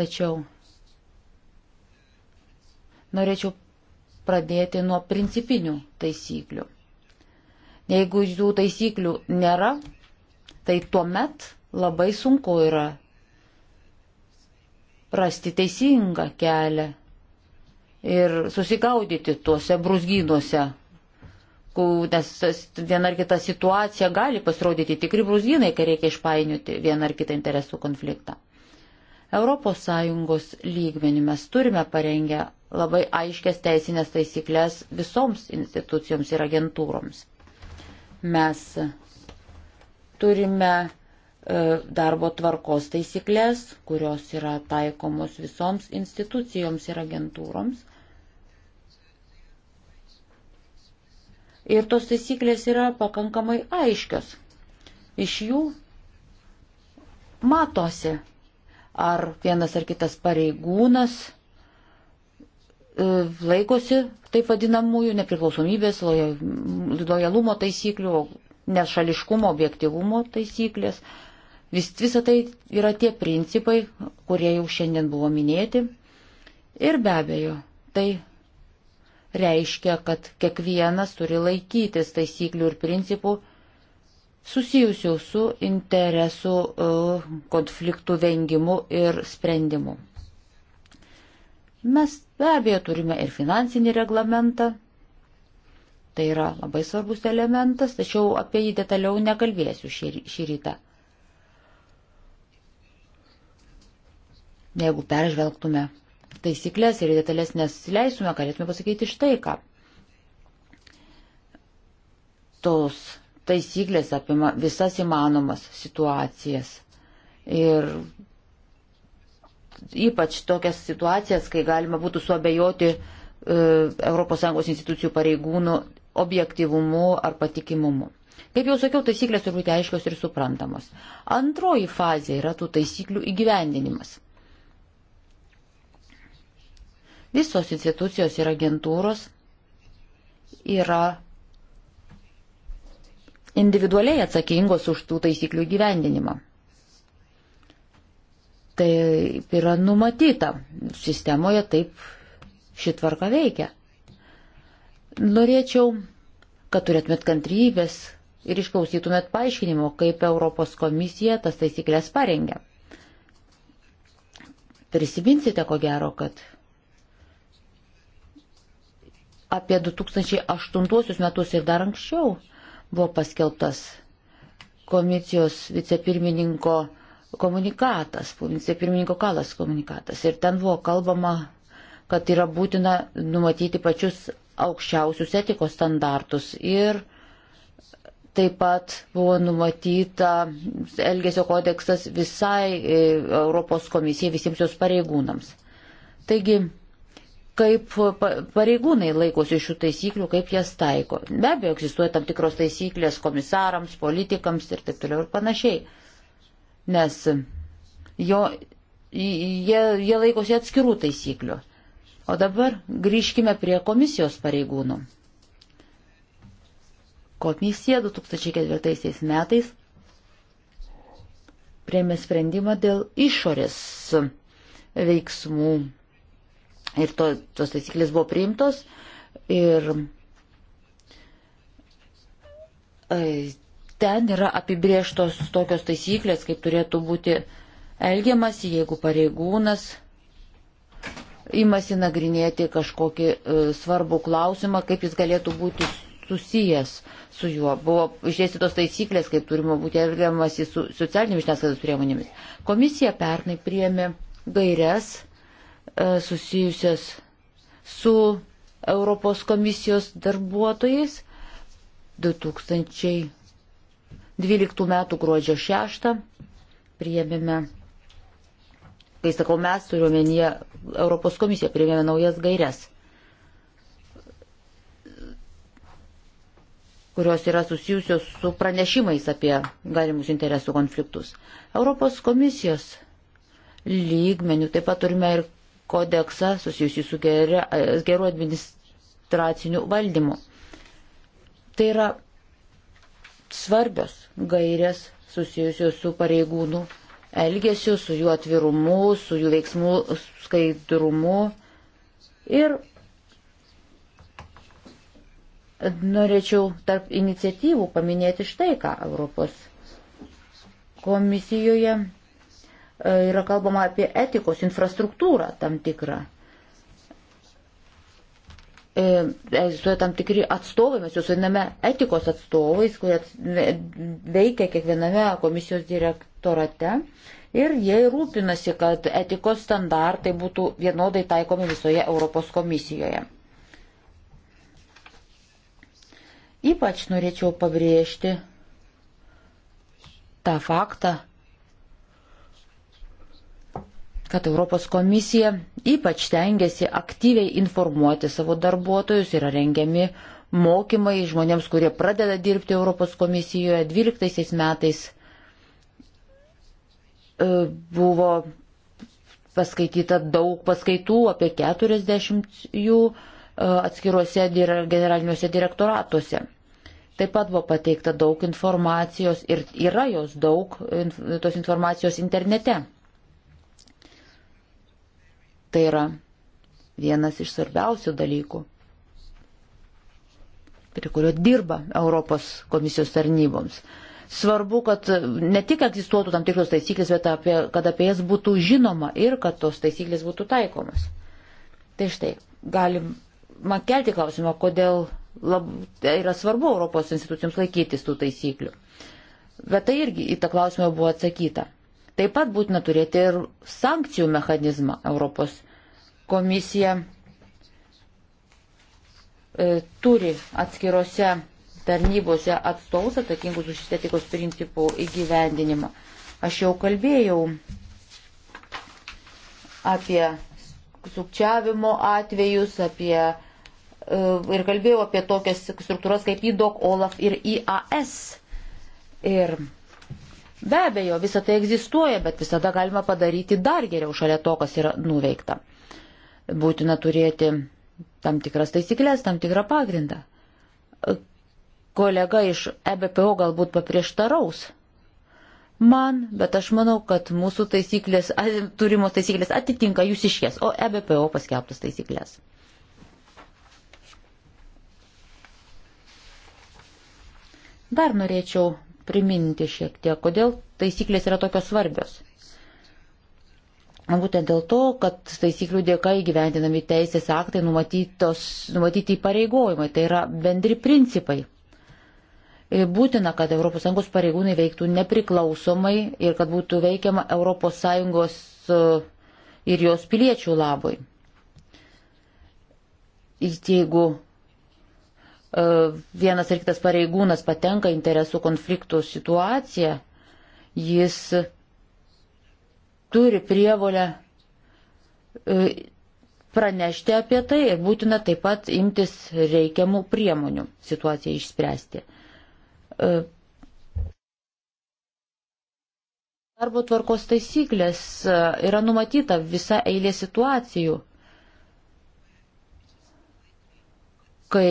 tačiau norėčiau pradėti nuo principinių taisyklių. Jeigu jų taisyklių nėra, tai tuomet labai sunku yra rasti teisingą kelią ir susigaudyti tuose brūzgynuose, nes viena ar kita situacija gali pasirodyti tikri brūzgynai, kai reikia išpainioti vieną ar kitą interesų konfliktą. ES lygmenį mes turime parengę labai aiškias teisinės taisyklės visoms institucijoms ir agentūroms. Mes turime e, darbo tvarkos taisyklės, kurios yra taikomos visoms institucijoms ir agentūroms. Ir tos taisyklės yra pakankamai aiškios. Iš jų matosi, ar vienas ar kitas pareigūnas E, laikosi taip vadinamųjų nepriklausomybės, lojalumo taisyklių, nešališkumo, objektivumo taisyklės. Vis, visa tai yra tie principai, kurie jau šiandien buvo minėti. Ir be abejo, tai reiškia, kad kiekvienas turi laikytis taisyklių ir principų susijusių su interesų e, konfliktų vengimu ir sprendimu. Mes be abejo turime ir finansinį reglamentą, tai yra labai svarbus elementas, tačiau apie jį detaliau nekalbėsiu šį, šį rytą. Jeigu peržvelgtume taisyklės ir detalės nesileisime, galėtume pasakyti štai ką. Tos taisyklės apima visas įmanomas situacijas. Ir ypač tokias situacijas, kai galima būtų suabejoti ES institucijų pareigūnų objektivumu ar patikimumu. Kaip jau sakiau, taisyklės turi būti aiškios ir suprantamos. Antroji fazė yra tų taisyklių įgyvendinimas. Visos institucijos ir agentūros yra individualiai atsakingos už tų taisyklių įgyvendinimą. Tai yra numatyta. Sistemoje taip šitvarka veikia. Norėčiau, kad turėtumėt kantrybės ir išklausytumėt paaiškinimo, kaip Europos komisija tas taisyklės parengia. Prisiminsite, ko gero, kad apie 2008 metus ir dar anksčiau buvo paskelbtas komisijos vicepirmininko komunikatas, vicepirmininko Kalas komunikatas. Ir ten buvo kalbama, kad yra būtina numatyti pačius aukščiausius etikos standartus. Ir taip pat buvo numatyta Elgesio kodeksas visai e, Europos komisijai, visiems jos pareigūnams. Taigi, kaip pareigūnai laikosi šių taisyklių, kaip jas taiko. Be abejo, egzistuoja tam tikros taisyklės komisarams, politikams ir taip toliau ir panašiai nes jo, jie, jie laikosi atskirų taisyklių. O dabar grįžkime prie komisijos pareigūnų. Komisija 2004 metais priemė sprendimą dėl išorės veiksmų ir to, tos taisyklės buvo priimtos ir Ten yra apibrieštos tokios taisyklės, kaip turėtų būti elgiamasi, jeigu pareigūnas imasi nagrinėti kažkokį e, svarbų klausimą, kaip jis galėtų būti susijęs su juo. Buvo išdėstytos taisyklės, kaip turime būti elgiamasi su socialinėmis žiniasklaidos priemonėmis. Komisija pernai priėmė gairias e, susijusias su Europos komisijos darbuotojais 2000. 12 metų gruodžio 6 priėmėme, kai sakau mes, turiuomenyje Europos komisija priėmėme naujas gairias, kurios yra susijusios su pranešimais apie galimus interesų konfliktus. Europos komisijos lygmenių taip pat turime ir kodeksą susijusį su geria, geru administraciniu valdymu. Tai yra svarbios gairias susijusios su pareigūnų elgesiu, su jų atvirumu, su jų veiksmų skaidrumu. Ir norėčiau tarp iniciatyvų paminėti štai ką Europos komisijoje e, yra kalbama apie etikos infrastruktūrą tam tikrą. E, egzistuoja tam tikri atstovai, mes juos vadiname etikos atstovais, kurie veikia kiekviename komisijos direktorate ir jie rūpinasi, kad etikos standartai būtų vienodai taikomi visoje Europos komisijoje. Ypač norėčiau pabrėžti tą faktą, kad Europos komisija ypač tengiasi aktyviai informuoti savo darbuotojus, yra rengiami mokymai žmonėms, kurie pradeda dirbti Europos komisijoje. 12 metais e, buvo paskaityta daug paskaitų, apie 40 jų e, atskiruose generaliniuose direktoratuose. Taip pat buvo pateikta daug informacijos ir yra jos daug, tos informacijos internete. Tai yra vienas iš svarbiausių dalykų, prie kurio dirba Europos komisijos tarnyboms. Svarbu, kad ne tik egzistuotų tam tikros taisyklės, bet apie, kad apie jas būtų žinoma ir kad tos taisyklės būtų taikomas. Tai štai, galim man kelti klausimą, kodėl lab, yra svarbu Europos institucijoms laikytis tų taisyklių. Bet tai irgi į tą klausimą buvo atsakyta. Taip pat būtina turėti ir sankcijų mechanizmą Europos komisija e, turi atskirose tarnybose atstovus atsakingus už estetikos principų įgyvendinimą. Aš jau kalbėjau apie sukčiavimo atvejus, apie e, ir kalbėjau apie tokias struktūras kaip IDOC, OLAF ir IAS. Ir Be abejo, visa tai egzistuoja, bet visada galima padaryti dar geriau šalia to, kas yra nuveikta. Būtina turėti tam tikras taisyklės, tam tikrą pagrindą. Kolega iš EBPO galbūt paprieštaraus man, bet aš manau, kad mūsų taisyklės, turimos taisyklės atitinka jūs iškės, o EBPO paskelbtas taisyklės. Dar norėčiau priminti šiek tiek, kodėl taisyklės yra tokios svarbios. Būtent dėl to, kad taisyklių dėka įgyvendinami teisės aktai numatyti įpareigojimai, tai yra bendri principai. Būtina, kad ES pareigūnai veiktų nepriklausomai ir kad būtų veikiama ES e, ir jos piliečių labui. Ir jeigu E, vienas ar kitas pareigūnas patenka interesų konfliktų situaciją, jis turi prievolę e, pranešti apie tai ir būtina taip pat imtis reikiamų priemonių situaciją išspręsti. E, darbo tvarkos taisyklės yra numatyta visa eilė situacijų, kai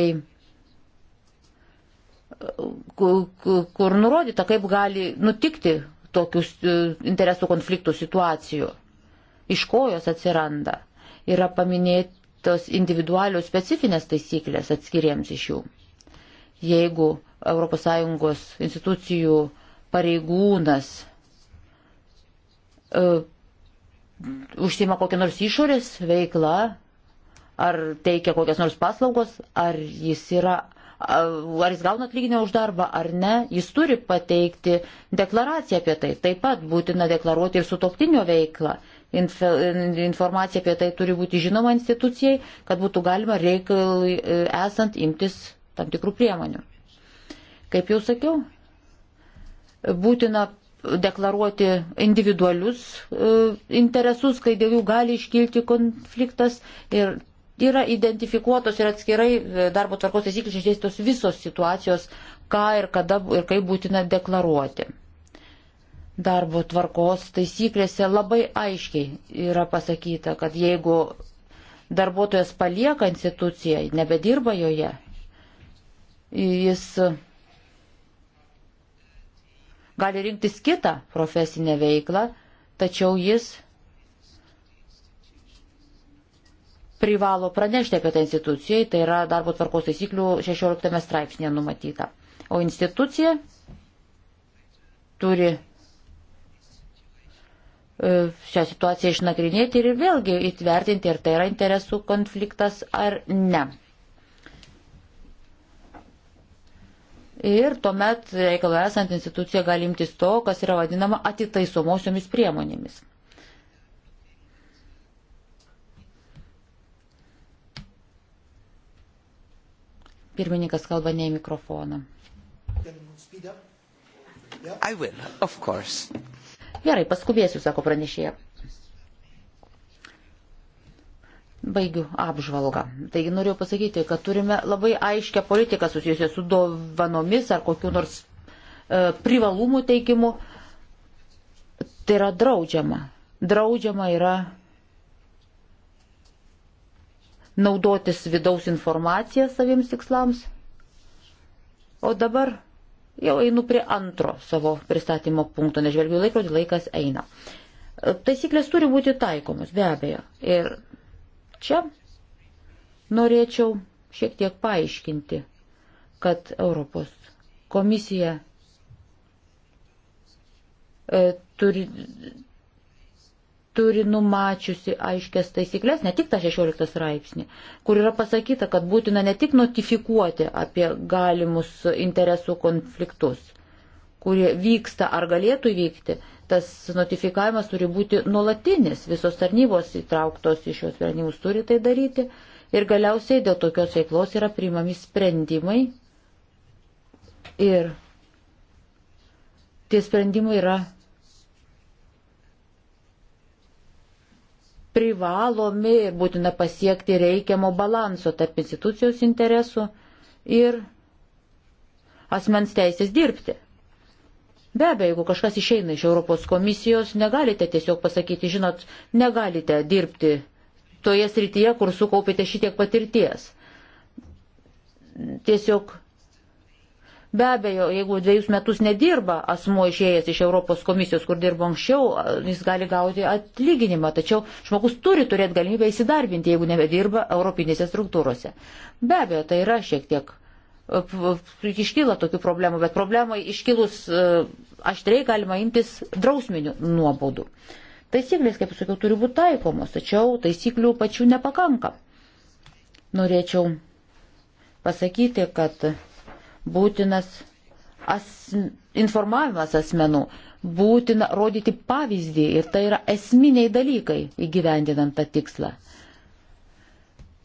kur nurodyta, kaip gali nutikti tokius e, interesų konfliktų situacijų, iš ko jos atsiranda. Yra paminėtos individualios specifinės taisyklės atskiriems iš jų. Jeigu ES institucijų pareigūnas uh, užsima kokią nors išorės veiklą, ar teikia kokias nors paslaugos, ar jis yra ar jis gauna atlyginimą už darbą ar ne, jis turi pateikti deklaraciją apie tai. Taip pat būtina deklaruoti ir sutoktinio veiklą. Informacija apie tai turi būti žinoma institucijai, kad būtų galima reikalui e, esant imtis tam tikrų priemonių. Kaip jau sakiau, būtina deklaruoti individualius e, interesus, kai dėl jų gali iškilti konfliktas ir yra identifikuotos ir atskirai e, darbo tvarkos taisyklės išdėstytos visos situacijos, ką ir kada ir kaip būtina deklaruoti. Darbo tvarkos taisyklėse labai aiškiai yra pasakyta, kad jeigu darbuotojas palieka instituciją, nebedirba joje, jis gali rinktis kitą profesinę veiklą, tačiau jis privalo pranešti apie tai institucijai, tai yra darbo tvarkos taisyklių 16 straipsnėje numatyta. O institucija turi e, šią situaciją išnagrinėti ir vėlgi įtvertinti, ar tai yra interesų konfliktas ar ne. Ir tuomet reikalui esant institucija gali imtis to, kas yra vadinama atitaisomosiomis priemonėmis. Pirmininkas kalba ne į mikrofoną. Will, Gerai, paskubėsiu, sako pranešėja. Baigiu apžvalgą. Taigi noriu pasakyti, kad turime labai aiškę politiką susijusią su dovanomis ar kokiu nors e, privalumų teikimu. Tai yra draudžiama. Draudžiama yra naudotis vidaus informaciją saviems tikslams. O dabar jau einu prie antro savo pristatymo punkto, nežvelgiu laikrodį, laikas eina. Taisyklės turi būti taikomos, be abejo. Ir čia norėčiau šiek tiek paaiškinti, kad Europos komisija e, turi turi numačiusi aiškias taisyklės, ne tik tą 16 straipsnį, kur yra pasakyta, kad būtina ne tik notifikuoti apie galimus interesų konfliktus, kurie vyksta ar galėtų vykti, tas notifikavimas turi būti nuolatinis, visos tarnybos įtrauktos į šios sprendimus turi tai daryti ir galiausiai dėl tokios veiklos yra priimami sprendimai ir tie sprendimai yra privalomi ir būtina pasiekti reikiamo balanso tarp institucijos interesų ir asmens teisės dirbti. Be abejo, jeigu kažkas išeina iš Europos komisijos, negalite tiesiog pasakyti, žinot, negalite dirbti toje srityje, kur sukaupėte šitiek patirties. Tiesiog Be abejo, jeigu dviejus metus nedirba asmo išėjęs iš Europos komisijos, kur dirbo anksčiau, jis gali gauti atlyginimą, tačiau žmogus turi turėti galimybę įsidarbinti, jeigu nebedirba europinėse struktūrose. Be abejo, tai yra šiek tiek e, iškyla tokių problemų, bet problemai iškilus e, aštriai galima imtis drausminių nuobaudų. Taisyklės, kaip sakiau, turi būti taikomos, tačiau taisyklių pačių nepakanka. Norėčiau pasakyti, kad būtinas as, informavimas asmenų, būtina rodyti pavyzdį ir tai yra esminiai dalykai įgyvendinant tą tikslą.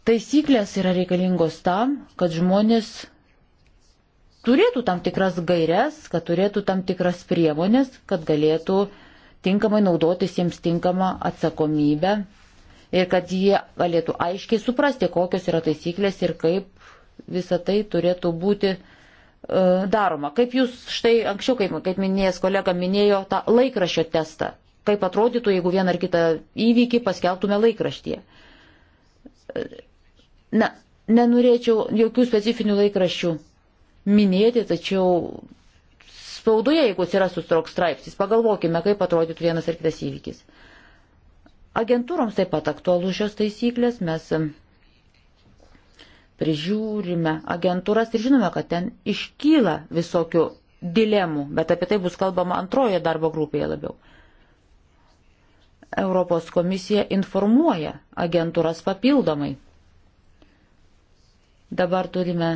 Taisyklės yra reikalingos tam, kad žmonės turėtų tam tikras gairias, kad turėtų tam tikras priemonės, kad galėtų tinkamai naudotis jiems tinkamą atsakomybę ir kad jie galėtų aiškiai suprasti, kokios yra taisyklės ir kaip visa tai turėtų būti uh, E, daroma. Kaip jūs štai anksčiau, kaip, kaip minėjęs kolega, minėjo tą laikraščio testą. Kaip atrodytų, jeigu vieną ar kitą įvykį paskelbtume laikraštyje. E, na, nenorėčiau jokių specifinių laikraščių minėti, tačiau spaudoje, jeigu atsirastų toks straipsnis, pagalvokime, kaip atrodytų vienas ar kitas įvykis. Agentūroms taip pat aktualu šios taisyklės, mes prižiūrime agentūras ir žinome, kad ten iškyla visokių dilemų, bet apie tai bus kalbama antroje darbo grupėje labiau. Europos komisija informuoja agentūras papildomai. Dabar turime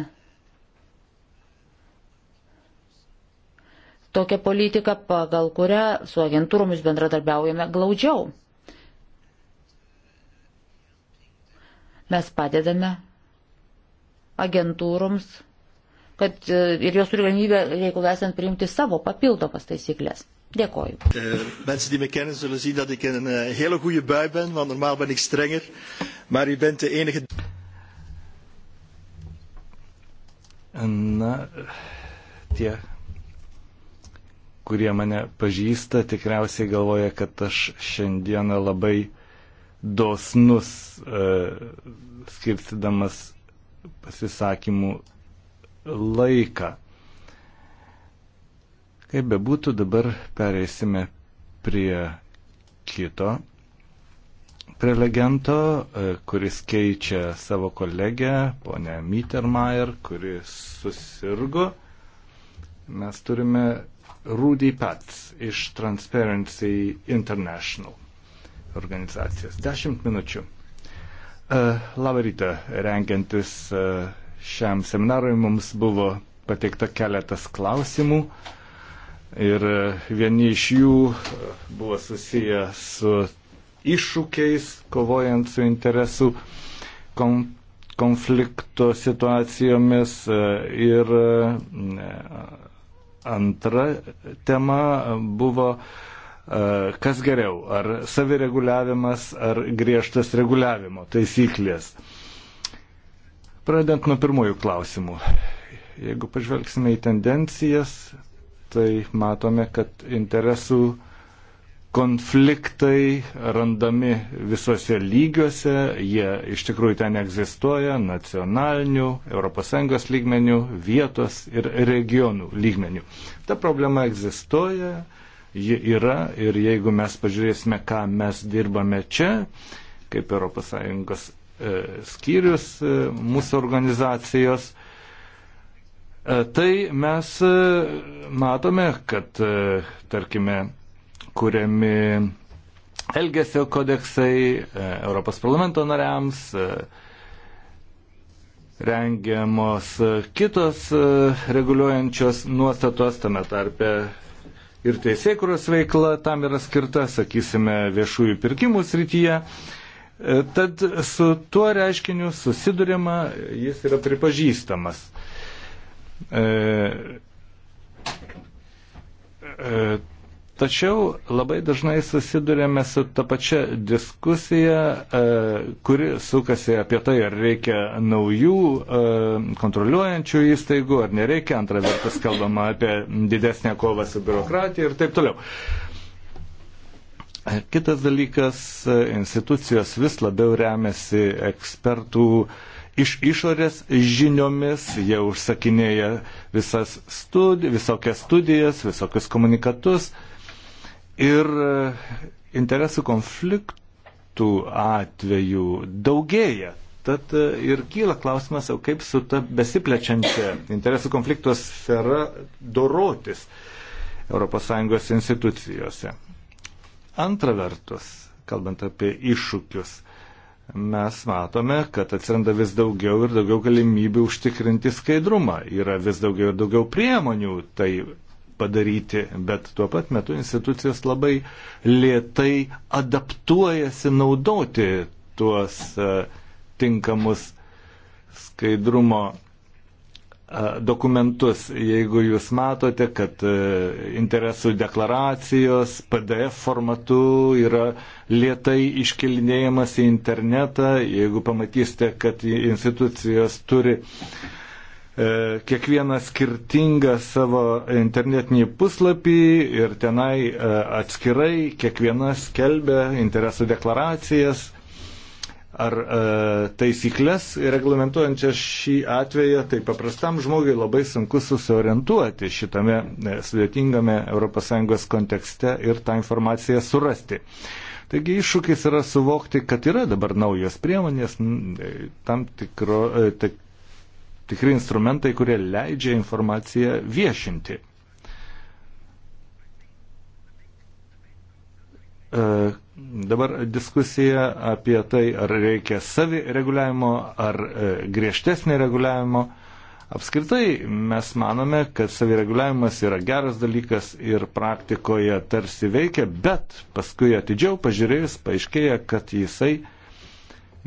tokią politiką, pagal kurią su agentūromis bendradarbiaujame glaudžiau. Mes padedame agentūroms, kad e, ir jos turi galimybę, jeigu esant, priimti savo papildomas taisyklės.
Dėkoju. Uh, mensen die me kennen zullen zien dat ik in een uh, hele goede bui ben, want normaal ben ik strenger, maar u bent de enige.
Na, eh, tie, kurie mane pažįsta, tikriausiai galvoja, kad aš šiandieną labai dosnus, uh, skirstydamas pasisakymų laiką. Kaip bebūtų, dabar pereisime prie kito prelegento, e, kuris keičia savo kolegę, ponę Mittermeier, kuris susirgo. Mes turime Rudy Pats iš Transparency International organizacijos. Dešimt minučių. Labą rytą, renkiantis šiam seminarui mums buvo pateikta keletas klausimų ir vieni iš jų buvo susiję su iššūkiais, kovojant su interesų konflikto situacijomis ir antra tema buvo E, kas geriau, ar savireguliavimas, ar griežtas reguliavimo taisyklės. Pradedant nuo pirmųjų klausimų. Jeigu pažvelgsime į tendencijas, tai matome, kad interesų konfliktai randami visuose lygiuose, jie iš tikrųjų ten egzistuoja nacionalinių, ES lygmenių, vietos ir regionų lygmenių. Ta problema egzistuoja, ji yra ir jeigu mes pažiūrėsime, ką mes dirbame čia, kaip ES e, skyrius e, mūsų organizacijos, e, tai mes matome, kad, tarkime, kuriami Elgesio kodeksai Europos parlamento nariams, rengiamos kitos reguliuojančios nuostatos, tame tarpe ir teisėkuros veikla tam yra skirta, sakysime, viešųjų pirkimų srityje. E, tad su tuo reiškiniu susidurima, jis yra pripažįstamas. E, e, Tačiau labai dažnai susidurėme su ta pačia diskusija, e, kuri sukasi apie tai, ar reikia naujų e, kontroliuojančių įstaigų, ar nereikia. Antra vertus kalbama apie didesnę kovą su biurokratija ir taip toliau. E, kitas dalykas, institucijos vis labiau remiasi ekspertų iš išorės žiniomis, jie užsakinėja visas studi visokias studijas, visokius komunikatus. Uh, Ir e, interesų konfliktų atveju daugėja. Tad e, ir kyla klausimas, o kaip su ta besiplečiančia interesų konflikto sfera dorotis ES institucijose. Antra vertus, kalbant apie iššūkius, mes matome, kad atsiranda vis daugiau ir daugiau galimybių užtikrinti skaidrumą. Yra vis daugiau ir daugiau priemonių tai padaryti, bet tuo pat metu institucijos labai lietai adaptuojasi naudoti tuos e, tinkamus skaidrumo e, dokumentus. Jeigu jūs matote, kad e, interesų deklaracijos PDF formatu yra lietai iškelinėjamas į internetą, jeigu pamatysite, kad institucijos turi uh, E, kiekvieną skirtingą savo internetinį puslapį ir tenai e, atskirai kiekviena skelbia interesų deklaracijas ar e, taisyklės reglamentuojančias šį atveją, tai paprastam žmogui labai sunku susiorientuoti šitame sudėtingame ES kontekste ir tą informaciją surasti. Taigi iššūkis yra suvokti, kad yra dabar naujos priemonės, tam tikro, tik, tikri instrumentai, kurie leidžia informaciją viešinti. E, dabar diskusija apie tai, ar reikia savireguliavimo, ar e, griežtesnį reguliavimo. Apskritai mes manome, kad savireguliavimas yra geras dalykas ir praktikoje tarsi veikia, bet paskui atidžiau pažiūrėjus paaiškėja, kad jisai uh,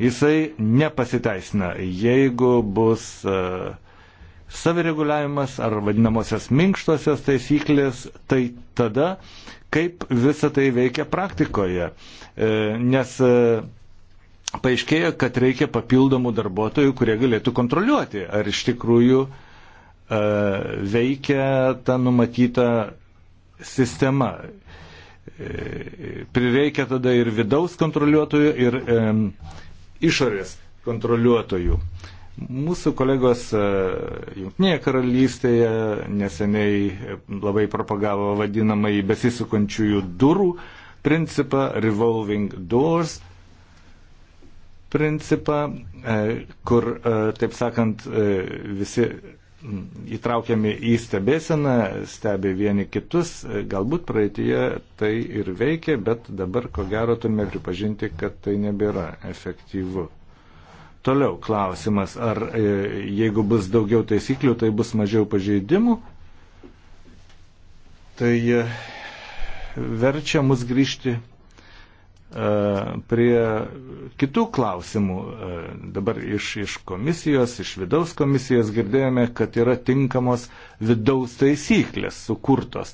jisai nepasiteisina, jeigu bus e, savireguliavimas ar vadinamosios minkštosios taisyklės, tai tada kaip visa tai veikia praktikoje. E, nes e, paaiškėjo, kad reikia papildomų darbuotojų, kurie galėtų kontroliuoti, ar iš tikrųjų veikia ta numatyta sistema. Prireikia tada ir vidaus kontroliuotojų, ir išorės kontroliuotojų. Mūsų kolegos e, Junktinėje karalystėje neseniai e, labai propagavo vadinamąjį besisukančiųjų durų principą, revolving doors principą, e, kur, taip sakant, visi įtraukiami į stebėseną, stebi vieni kitus, galbūt praeitie tai ir veikia, bet dabar ko gero turime pripažinti, kad tai nebėra efektyvu. Toliau klausimas, ar e, jeigu bus daugiau taisyklių, tai bus mažiau pažeidimų. Tai e, verčia mus grįžti E, prie kitų klausimų. E, dabar iš, iš komisijos, iš vidaus komisijos girdėjome, kad yra tinkamos vidaus taisyklės sukurtos.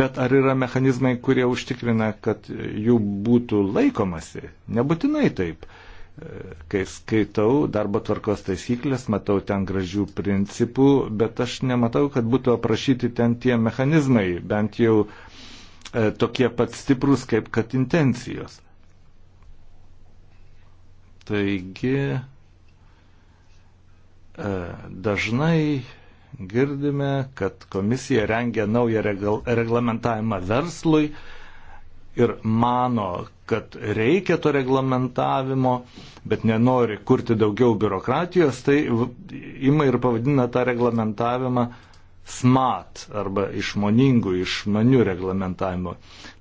Bet ar yra mechanizmai, kurie užtikrina, kad jų būtų laikomasi? Nebūtinai taip. E, kai skaitau darbo tvarkos taisyklės, matau ten gražių principų, bet aš nematau, kad būtų aprašyti ten tie mechanizmai, bent jau uh, E, tokie pat stiprus, kaip kad intencijos. Taigi e, dažnai girdime, kad komisija rengia naują regl reglamentavimą verslui ir mano, kad reikia to reglamentavimo, bet nenori kurti daugiau biurokratijos, tai ima ir pavadina tą reglamentavimą uh, smart arba išmoningų, išmanių reglamentavimo.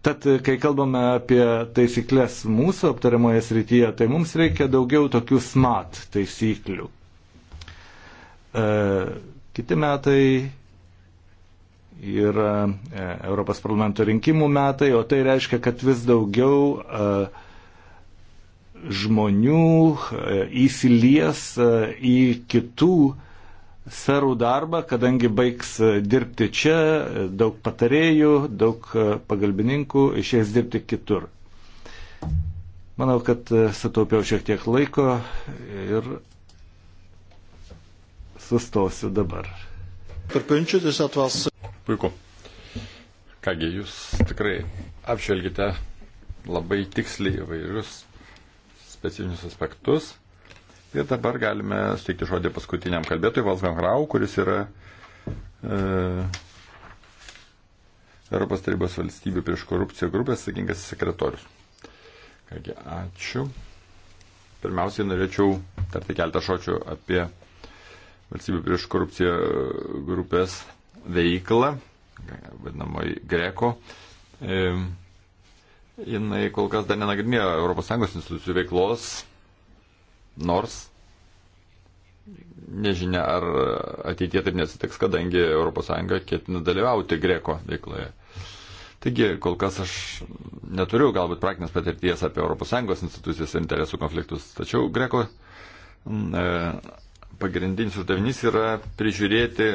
Tad, e, kai kalbame apie taisyklės mūsų aptariamoje srityje, tai mums reikia daugiau tokių smart taisyklių. E, kiti metai yra e, Europos parlamento rinkimų metai, o tai reiškia, kad vis daugiau e, žmonių e, įsilies e, į kitų e, serų darbą, kadangi baigs e, dirbti čia, e, daug patarėjų, daug e, pagalbininkų išės dirbti kitur. Manau, kad sutaupiau šiek tiek laiko
ir
sustosiu dabar.
Tarpinčiutis atvas.
Puiku. Kągi, jūs tikrai apžvelgite labai tiksliai įvairius specifinius aspektus Ir dabar galime steikti žodį paskutiniam kalbėtojui, Valsgan Rau, kuris yra e, Europos tarybos valstybių prieš korupciją grupės sakingas sekretorius. Kągi, ačiū. Pirmiausiai norėčiau tarti keletą šočių apie valstybių prieš korupciją grupės veiklą, vadinamoji Greko. E, jinai kol kas dar nenagrinėjo ES institucijų veiklos Nors nežinia, ar ateitie taip nesitiks, kadangi ES ketina dalyvauti greko veikloje. Taigi, kol kas aš neturiu galbūt praktinės patirties apie ES institucijas ir interesų konfliktus, tačiau greko mm, e, pagrindinis uždavinys yra prižiūrėti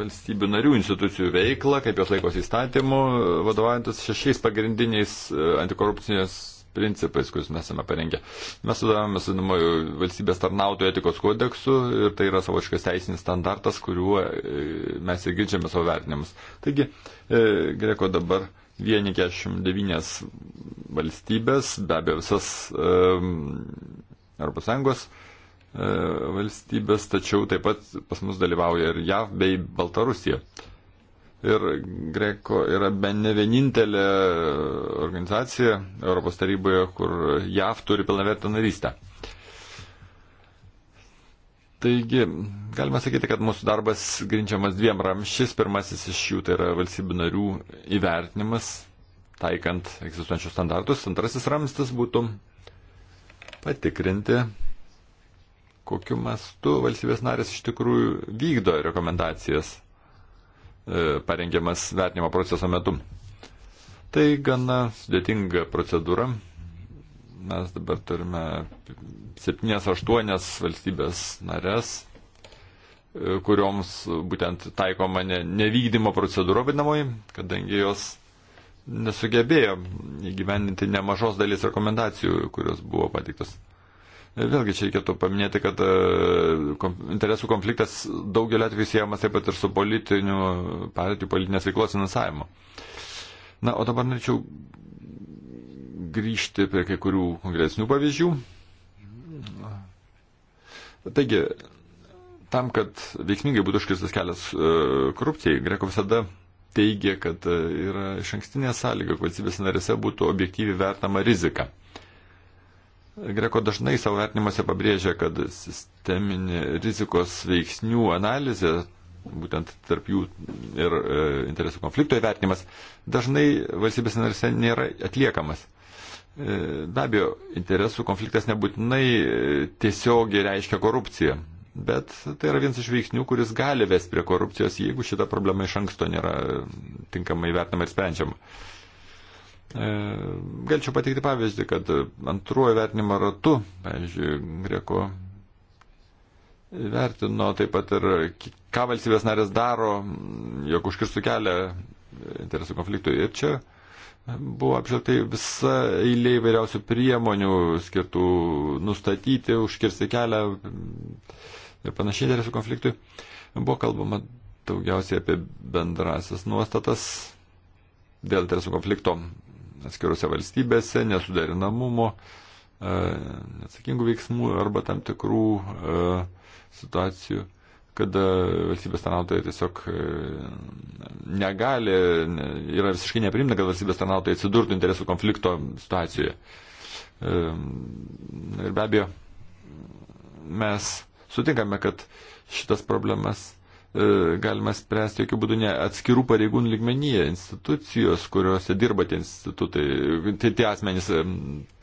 valstybių narių institucijų veiklą, kaip jos laikos įstatymų, vadovaujantis šešiais pagrindiniais e, antikorupcinės principais, kuriuos mes esame parengę. Mes sudavome vadinamojo valstybės tarnautojų etikos kodeksu ir tai yra savočkas teisinis standartas, kuriuo e, mes ir ginčiame savo vertinimus. Taigi, e, Greko dabar vieni 49 valstybės, be abejo visas Europos Sąjungos e, valstybės, tačiau taip pat pas mus dalyvauja ir JAV bei Baltarusija. Ir Greko yra be ne vienintelė organizacija Europos taryboje, kur JAV turi pilnavertę narystę. Taigi, galima sakyti, kad mūsų darbas grindžiamas dviem ramščiais. Pirmasis iš jų tai yra valstybių narių įvertinimas, taikant egzistuojančius standartus. Antrasis ramstis būtų patikrinti, kokiu mastu valstybės narės iš tikrųjų vykdo rekomendacijas E, parengiamas vertinimo proceso metu. Tai gana sudėtinga procedūra. Mes dabar turime 7-8 valstybės narės, e, kurioms būtent taikoma ne, nevykdymo procedūra vadinamoji, kadangi jos nesugebėjo įgyvendinti nemažos dalies rekomendacijų, kurios buvo patiktos. Vėlgi čia reikėtų paminėti, kad e, interesų konfliktas daugelį atvejų siejamas taip pat ir su politiniu partijų politinės veiklos finansavimu. Na, o dabar norėčiau grįžti prie kai kurių konkrečių pavyzdžių. Taigi, tam, kad veiksmingai būtų užkirstas kelias e, korupcijai, Greko visada teigia, kad e, yra iš ankstinė sąlyga, kad valstybės narėse būtų objektyviai vertama rizika. Greko dažnai savo vertinimuose pabrėžia, kad sisteminė rizikos veiksnių analizė, būtent tarp jų ir e, interesų konflikto įvertinimas, dažnai valstybės narėse nėra atliekamas. E, be abejo, interesų konfliktas nebūtinai e, tiesiogiai reiškia korupciją, bet tai yra vienas iš veiksnių, kuris gali vesti prie korupcijos, jeigu šita problema iš anksto nėra e, tinkamai vertinama ir sprendžiama. E, Galčiau pateikti pavyzdį, kad antruoju vertinimo ratu, pavyzdžiui, Greko vertino taip pat ir ką valstybės narės daro, jog užkirstų kelią interesų konfliktui. Ir čia buvo apžvelgtai visa eilė įvairiausių priemonių skirtų nustatyti, užkirsti kelią ir panašiai interesų konfliktui. Buvo kalbama daugiausiai apie bendrasis nuostatas dėl interesų konflikto atskiruose valstybėse, nesuderinamumo, e, neatsakingų veiksmų arba tam tikrų e, situacijų, kada valstybės tarnautojai tiesiog e, negali, yra visiškai neprimta, kad valstybės tarnautojai atsidurtų interesų konflikto situacijoje. Ir be abejo, mes sutinkame, kad šitas problemas E, galima spręsti jokių būdų ne atskirų pareigūnų ligmenyje, institucijos, kuriuose dirba tie institutai, tie, tie asmenys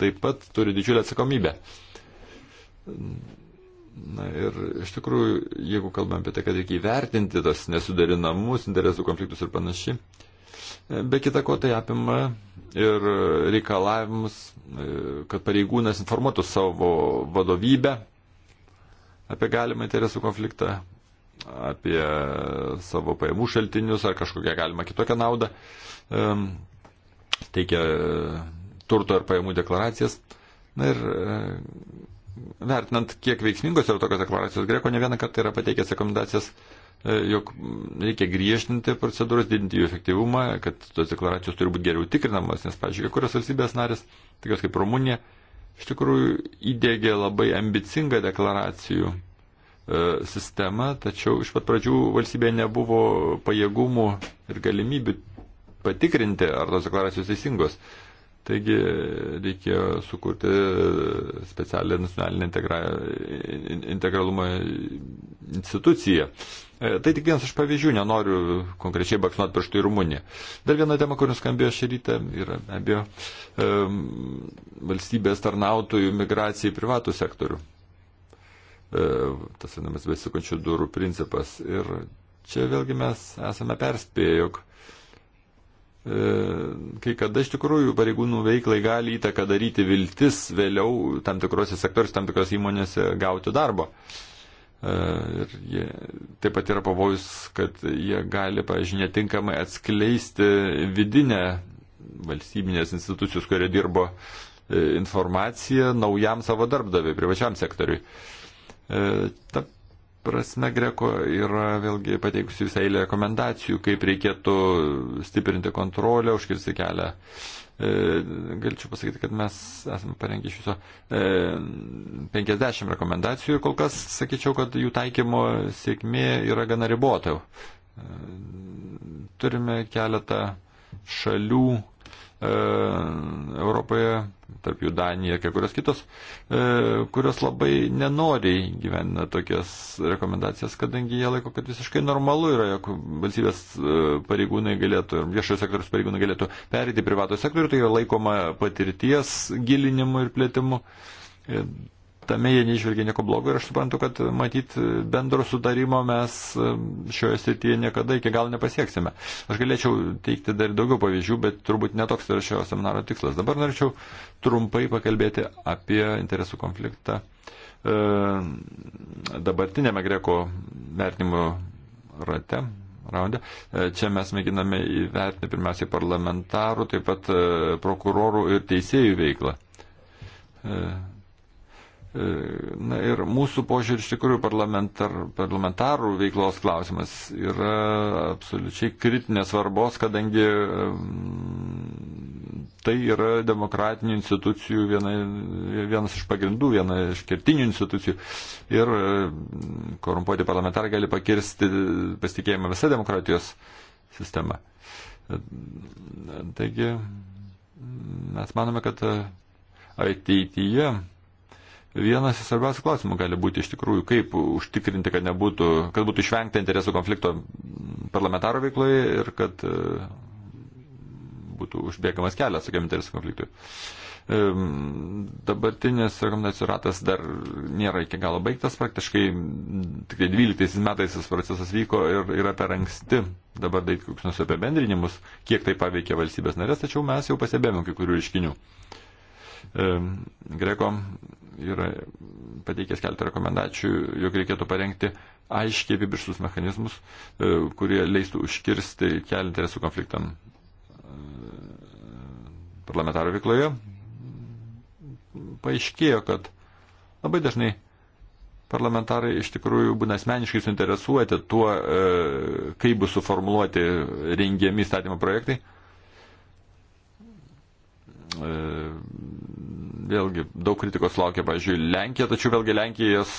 taip pat turi didžiulę atsakomybę. Na ir iš tikrųjų, jeigu kalbam apie tai, kad reikia įvertinti tas nesuderinamus, interesų konfliktus ir panašiai, e, be kita ko tai apima ir reikalavimus, e, kad pareigūnas informuotų savo vadovybę apie galimą interesų konfliktą apie savo pajamų šaltinius ar kažkokią galima kitokią naudą, teikia e, turto ir pajamų deklaracijas. Na ir e, vertinant, kiek veiksmingos yra tokios deklaracijos, Greko ne vieną kartą yra pateikęs rekomendacijas, e, jog reikia griežtinti procedūras, didinti jų efektyvumą, kad tos deklaracijos turi būti geriau tikrinamos, nes, pažiūrėjau, kurios valstybės narės, tokios kaip Rumunija, iš tikrųjų įdėgė labai ambicingą deklaracijų E, sistemą, tačiau iš pat pradžių valstybėje nebuvo pajėgumų ir galimybių patikrinti, ar tos deklaracijos teisingos. Taigi reikėjo sukurti specialią nacionalinę integra... integralumo instituciją. E, tai tik vienas iš pavyzdžių, nenoriu konkrečiai baksnuoti pirštų į Rumuniją. Dar viena tema, kuris skambėjo šį rytą, yra be abejo um, valstybės tarnautojų migracija į privatų sektorių. E, tas vadinamas besikončių durų principas. Ir čia vėlgi mes esame perspėję, jog e, kai kada iš tikrųjų pareigūnų veiklai gali įtaką daryti viltis vėliau tam tikrose sektoriuose, tam tikrose įmonėse gauti darbo. E, ir jie, taip pat yra pavojus, kad jie gali, pažiūrėjau, netinkamai atskleisti vidinę valstybinės institucijos, kurie dirbo informaciją naujam savo darbdaviui, privačiam sektoriui. Uh, E, ta prasme, Greko yra vėlgi pateikusi visą eilę rekomendacijų, kaip reikėtų stiprinti kontrolę, užkirsti kelią. E, Galčiau pasakyti, kad mes esame parengę iš viso 50 e, rekomendacijų ir kol kas sakyčiau, kad jų taikymo sėkmė yra gana ribota. Turime keletą šalių, E, Europoje, tarp jų Danija, kai kurios kitos, e, kurios labai nenoriai gyvena tokias rekomendacijas, kadangi jie laiko, kad visiškai normalu yra, jog valstybės e, pareigūnai galėtų ir viešojo sektoriaus pareigūnai galėtų perėti privato sektorių, tai yra laikoma patirties gilinimu ir plėtimu tame jie neižvelgia nieko blogo ir aš suprantu, kad matyt bendro sutarimo mes šioje srityje niekada iki gal nepasieksime. Aš galėčiau teikti dar daugiau pavyzdžių, bet turbūt netoks yra šio seminaro tikslas. Dabar norėčiau trumpai pakalbėti apie interesų konfliktą e, dabartinėme greko vertinimo rate. Raundė. E, čia mes mėginame įvertinti pirmiausiai parlamentarų, taip pat e, prokurorų ir teisėjų veiklą. E, E, na ir mūsų požiūrį iš tikrųjų parlamentar, parlamentarų veiklos klausimas yra absoliučiai kritinės svarbos, kadangi tai yra demokratinių institucijų viena, vienas iš pagrindų, viena iš kertinių institucijų. Ir korumpuoti parlamentarai gali pakirsti pasitikėjimą visą demokratijos sistemą. Taigi mes manome, kad ateityje Vienas iš svarbiausių klausimų gali būti iš tikrųjų, kaip užtikrinti, kad, nebūtų, kad būtų išvengta interesų konflikto parlamentaro veikloje ir kad e, būtų užbėgamas kelias tokiam interesų konfliktui. E, dabartinis rekomendacijų ratas dar nėra iki galo baigtas, praktiškai tik 12 metais tas procesas vyko ir yra per anksti dabar daryti kokius nors apibendrinimus, kiek tai paveikia valstybės narės, tačiau mes jau pasibėmėm kai kurių iškinių. E, Greko yra pateikęs keletą rekomendacijų, jog reikėtų parengti aiškiai apibrištus mechanizmus, e, kurie leistų užkirsti kelią interesų konfliktam e, parlamentarų veikloje. Paaiškėjo, kad labai dažnai parlamentarai iš tikrųjų būna asmeniškai suinteresuoti tuo, e, kaip bus suformuoluoti rengiami įstatymo projektai vėlgi daug kritikos laukia, pavyzdžiui, Lenkija, tačiau vėlgi Lenkijos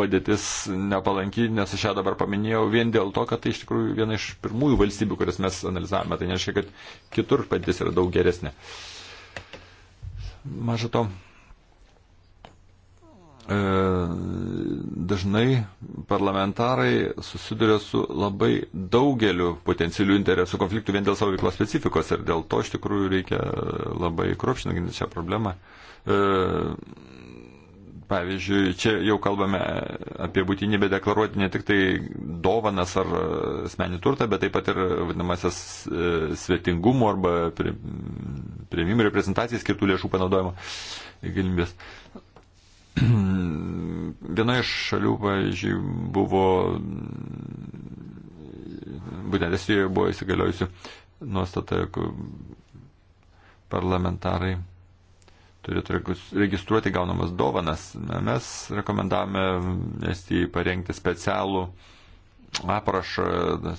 padėtis nepalanki, nes aš ją dabar paminėjau vien dėl to, kad tai iš tikrųjų viena iš pirmųjų valstybių, kurias mes analizavome. Tai nereiškia, kad kitur padėtis yra daug geresnė. Maža to, E, dažnai parlamentarai susiduria su labai daugeliu potencialių interesų konfliktų vien dėl savo veiklos specifikos ir dėl to iš tikrųjų reikia labai kruopšinaginti šią problemą. E, pavyzdžiui, čia jau kalbame apie būtinybę deklaruoti ne tik tai dovanas ar asmenį turtą, bet taip pat ir vadinamasis e, svetingumo arba prieimimų reprezentacijai skirtų lėšų panaudojimo galimybės. *clears throat* viena iš šalių, pavyzdžiui, buvo, būtent Estijoje buvo įsigaliojusi nuostata, jog parlamentarai turėtų registruoti gaunamas dovanas. Mes rekomendavome Estijai parengti specialų aprašą,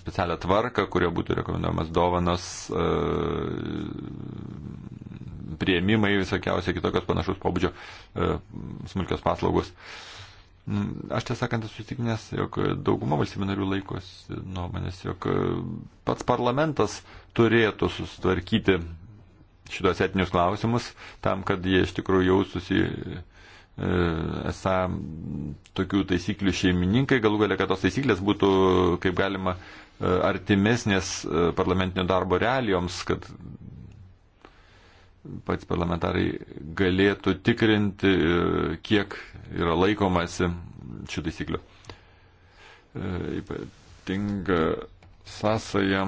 specialią tvarką, kurio būtų rekomenduojamas dovanas e, prieimimai visokiausiai kitokios panašus pobūdžio e, smulkios paslaugos. Mm, aš tiesą sakant esu įsitikinęs, jog dauguma valstybių narių laikosi nuomonės, jog e, pats parlamentas turėtų susitvarkyti šitos etinius klausimus tam, kad jie iš tikrųjų jaustųsi e, esą tokių taisyklių šeimininkai, galų galia, kad tos taisyklės būtų kaip galima artimesnės parlamentinio darbo realijoms, kad patys parlamentarai galėtų tikrinti, e, kiek yra laikomasi šių taisyklių. E, ypatinga sąsaja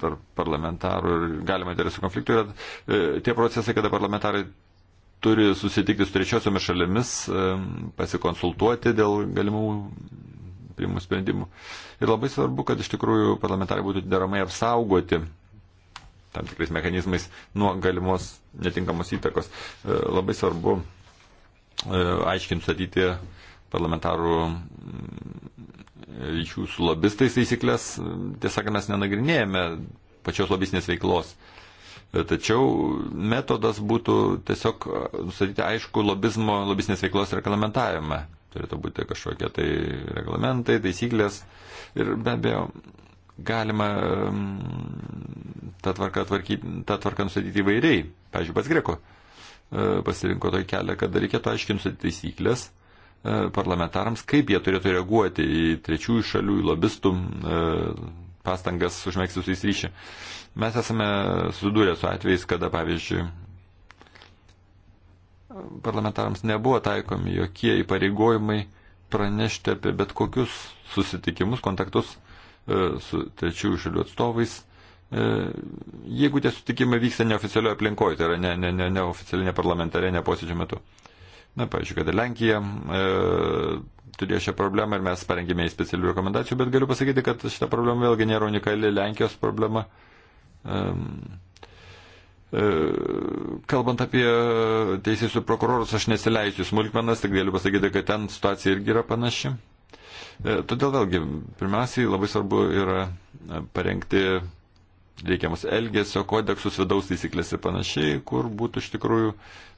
tarp parlamentarų ir galima interesų konfliktų yra e, tie procesai, kada parlamentarai turi susitikti su trečiosiomis šalimis, pasikonsultuoti dėl galimų priimų sprendimų. Ir labai svarbu, kad iš tikrųjų parlamentarai būtų deramai apsaugoti tam tikrais mechanizmais nuo galimos netinkamos įtakos. E, labai svarbu e, aiškiai nustatyti parlamentarų mm, ryšių su lobistais taisyklės. Tiesą, mes nenagrinėjame pačios lobistinės veiklos. E, tačiau metodas būtų tiesiog nustatyti aišku lobizmo, lobistinės veiklos reglamentavimą. Turėtų būti kažkokie tai reglamentai, taisyklės. Ir be abejo, Galima tą tvarką, tvarkyti, tą tvarką nustatyti įvairiai. Pavyzdžiui, pats greko e, pasirinko tokį kelią, kad reikėtų aiškiai nustatyti taisyklės e, parlamentarams, kaip jie turėtų reaguoti į trečiųjų šalių, į lobistų e, pastangas užmėgsti su jais ryšį. Mes esame susidūrę su atvejais, kada, pavyzdžiui, parlamentarams nebuvo taikomi jokie įpareigojimai pranešti apie bet kokius susitikimus, kontaktus E, su trečiųjų šalių atstovais. E, jeigu tie sutikimai vyksta neoficialioje aplinkoje, tai yra ne, ne, ne, neoficialiai, ne parlamentare, ne posėdžio metu. Na, pavyzdžiui, kad Lenkija e, turėjo šią problemą ir mes parengėme į specialių rekomendacijų, bet galiu pasakyti, kad šita problema vėlgi nėra unikali Lenkijos problema. E, e Kalbant apie teisės su prokurorus, aš nesileisiu smulkmenas, tik galiu pasakyti, kad ten situacija irgi yra panaši. E, todėl vėlgi, pirmiausiai labai svarbu yra e, parengti reikiamus elgesio kodeksus, vidaus taisyklės ir panašiai, kur būtų iš tikrųjų,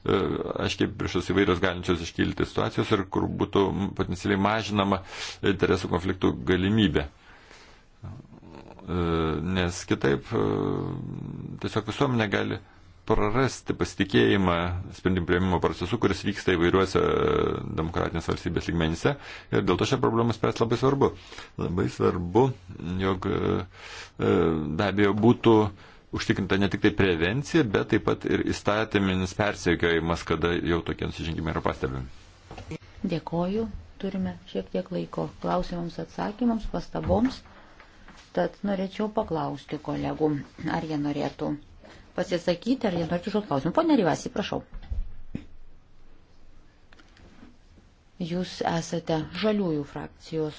e, aiškiai, priešas įvairios galinčios iškilti situacijos ir kur būtų potencialiai mažinama interesų konfliktų galimybė. Nes kitaip tiesiog visuomenė gali prarasti pasitikėjimą sprendimų prieimimo procesu, kuris vyksta įvairiuose demokratinės valstybės lygmenyse. Ir dėl to šią problemą spręs labai svarbu. Labai svarbu, jog e, e, be abejo būtų užtikrinta ne tik tai prevencija, bet taip pat ir įstatyminis persiekiojimas, kada jau tokie nusižengimai yra pastebimi.
Dėkoju. Turime šiek tiek laiko klausimams, atsakymams, pastaboms. Tad norėčiau paklausti kolegų, ar jie norėtų pasisakyti, ar jie norėtų užduoti klausimą. Pone Rivasi, prašau. Jūs esate žaliųjų frakcijos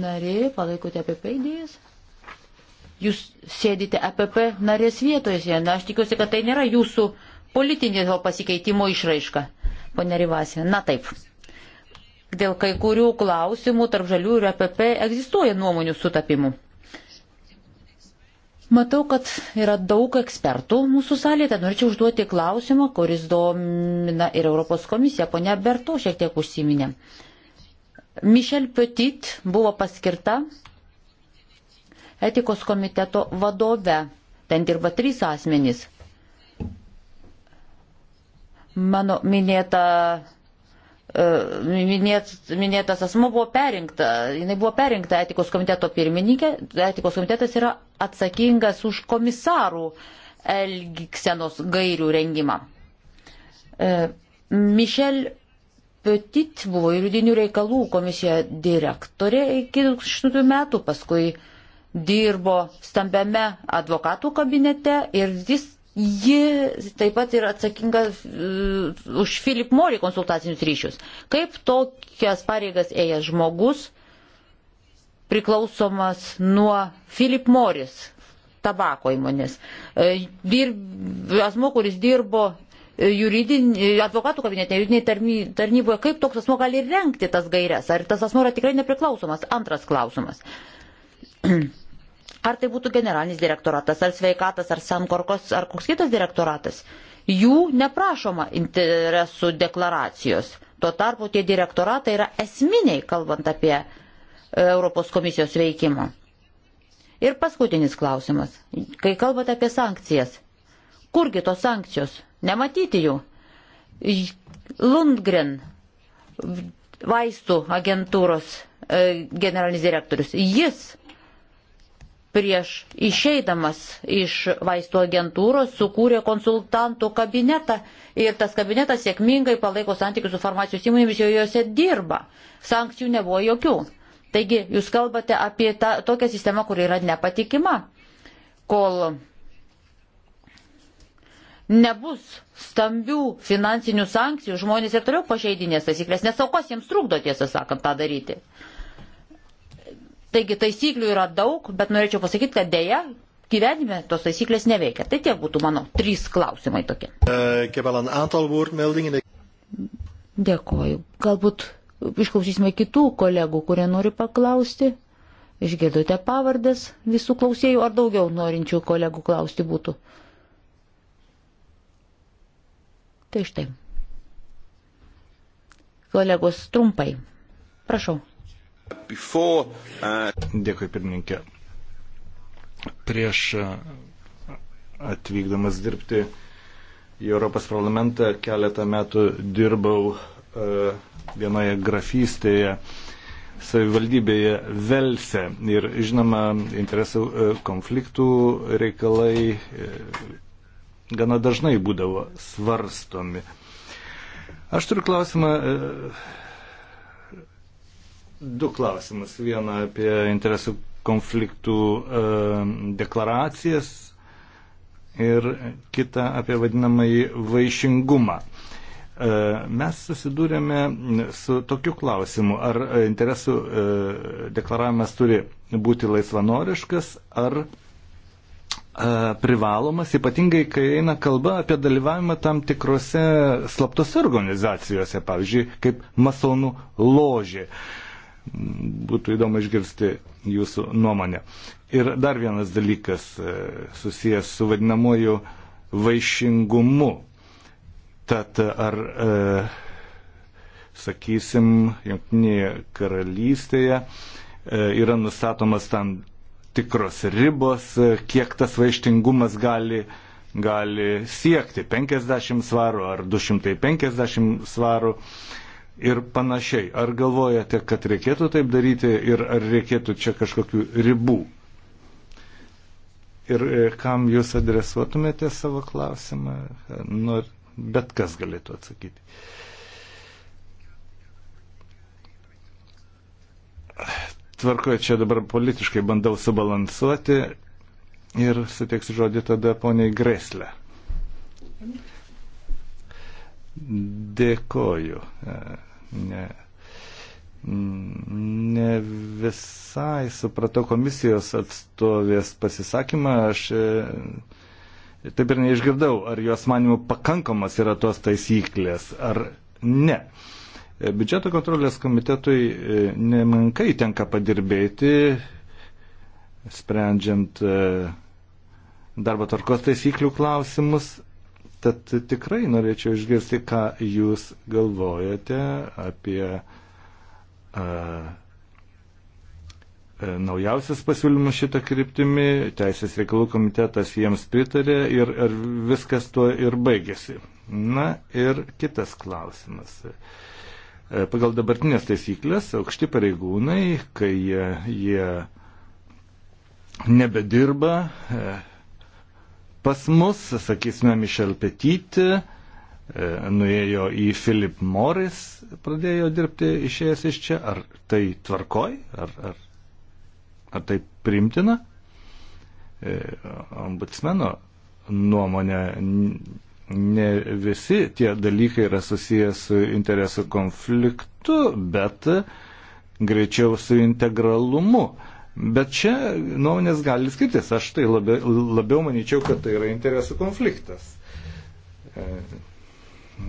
narė, palaikote APP idėjas. Jūs sėdite APP narės vietoje, na aš tikiuosi, kad tai nėra jūsų politinio pasikeitimo išraiška, ponė Rivasi. Na taip. Dėl kai kurių klausimų tarp žalių ir APP egzistuoja nuomonių sutapimų. Matau, kad yra daug ekspertų mūsų salėje, tad norėčiau užduoti klausimą, kuris domina ir Europos komisija. Pone Berto šiek tiek užsiminė. Mišel Petit buvo paskirta etikos komiteto vadove. Ten dirba trys asmenys. Mano minėta E, minėt, minėtas asmo buvo perinkta, jinai buvo perinkta etikos komiteto pirmininkė, etikos komitetas yra atsakingas už komisarų elgsenos gairių rengimą. E, Mišel Petit buvo juridinių reikalų komisija direktorė iki 2000 metų, paskui dirbo stambiame advokatų kabinete ir jis Ji taip pat yra atsakinga e, už Philip Mori konsultacinius ryšius. Kaip tokias pareigas ėjęs žmogus priklausomas nuo Philip Moris tabako įmonės. E, dirb, asmo, kuris dirbo e, juridinį, advokatų kabinete, juridiniai tarnyboje, kaip toks asmo gali renkti tas gairias? Ar tas asmo yra tikrai nepriklausomas? Antras klausimas. *clears throat* Ar tai būtų generalinis direktoratas, ar sveikatas, ar senkorkos, ar koks kitas direktoratas, jų neprašoma interesų deklaracijos. Tuo tarpu tie direktoratai yra esminiai, kalbant apie e, Europos komisijos veikimą. Ir paskutinis klausimas. Kai kalbate apie sankcijas, kurgi tos sankcijos? Nematyti jų. Lundgren, vaistų agentūros e, generalinis direktorius, jis prieš išeidamas iš vaistų agentūros sukūrė konsultantų kabinetą ir tas kabinetas sėkmingai palaiko santykius su farmacijos įmonėmis, jo juose dirba. Sankcijų nebuvo jokių. Taigi jūs kalbate apie tą, tokią sistemą, kur yra nepatikima, kol nebus stambių finansinių sankcijų, žmonės ir toliau pažeidinės taisyklės, nes aukos jiems trukdo tiesą sakant tą daryti. Uh, Taigi taisyklių yra daug, bet norėčiau pasakyti, kad dėja gyvenime tos taisyklės neveikia. Tai tiek būtų mano trys klausimai tokie. Dėkoju. Galbūt išklausysime kitų kolegų, kurie nori paklausti. Išgirdote pavardės visų klausėjų ar daugiau norinčių kolegų klausti būtų. Tai štai. Kolegos trumpai. Prašau.
Before, uh... Dėkui, pirmininkė. Prieš uh, atvykdamas dirbti į Europos parlamentą keletą metų dirbau uh, vienoje grafystėje savivaldybėje Velse. Ir žinoma, interesų uh, konfliktų reikalai uh, gana dažnai būdavo svarstomi. Aš turiu klausimą du klausimus. Vieną apie interesų konfliktų e, deklaracijas ir kitą apie vadinamąjį vaišingumą. E, mes susidūrėme su tokiu klausimu, ar interesų e, deklaravimas turi būti laisvanoriškas ar e, privalomas, ypatingai kai eina kalba apie dalyvavimą tam tikrose slaptose organizacijose, pavyzdžiui, kaip masonų ložė. E, Būtų įdomu išgirsti jūsų nuomonę. Ir dar vienas dalykas e, susijęs su vadinamoju vaišingumu. Tad ar, e, sakysim, Junktinėje karalystėje e, yra nustatomas tam tikros ribos, e, kiek tas vaištingumas gali gali siekti 50 svarų ar 250 svarų. E, ir panašiai. Ar galvojate, kad reikėtų taip daryti ir ar reikėtų čia kažkokių ribų? Ir e, kam jūs adresuotumėte savo klausimą, nu, bet kas galėtų atsakyti. Tvarkoju, čia dabar politiškai bandau subalansuoti ir suteiksiu žodį tada poniai Greslę. Dėkoju. Ne, ne visai supratau komisijos atstovės pasisakymą. Aš e, taip ir neišgirdau, ar jos manimų pakankamas yra tos taisyklės, ar ne. E, biudžeto kontrolės komitetui e, nemenkai tenka padirbėti, sprendžiant darbo tvarkos taisyklių klausimus Tad tikrai norėčiau išgirsti, ką jūs galvojate apie a, naujausias pasiūlymus šitą kryptimį, Teisės reikalų komitetas jiems pritarė ir ar viskas tuo ir baigėsi. Na ir kitas klausimas. Pagal dabartinės taisyklės aukšti pareigūnai, kai jie, jie nebedirba, Pas mus, sakysime, Mišel Petyti e, nuėjo į Philip Morris, pradėjo dirbti išėjęs iš čia. Ar tai tvarkoj? Ar, ar, ar tai primtina? E, ombudsmeno nuomonė ne visi tie dalykai yra susijęs su interesų konfliktu, bet greičiau su integralumu. Bet čia nuomonės gali skirtis. Aš tai labiau, labiau manyčiau, kad tai yra interesų konfliktas. E,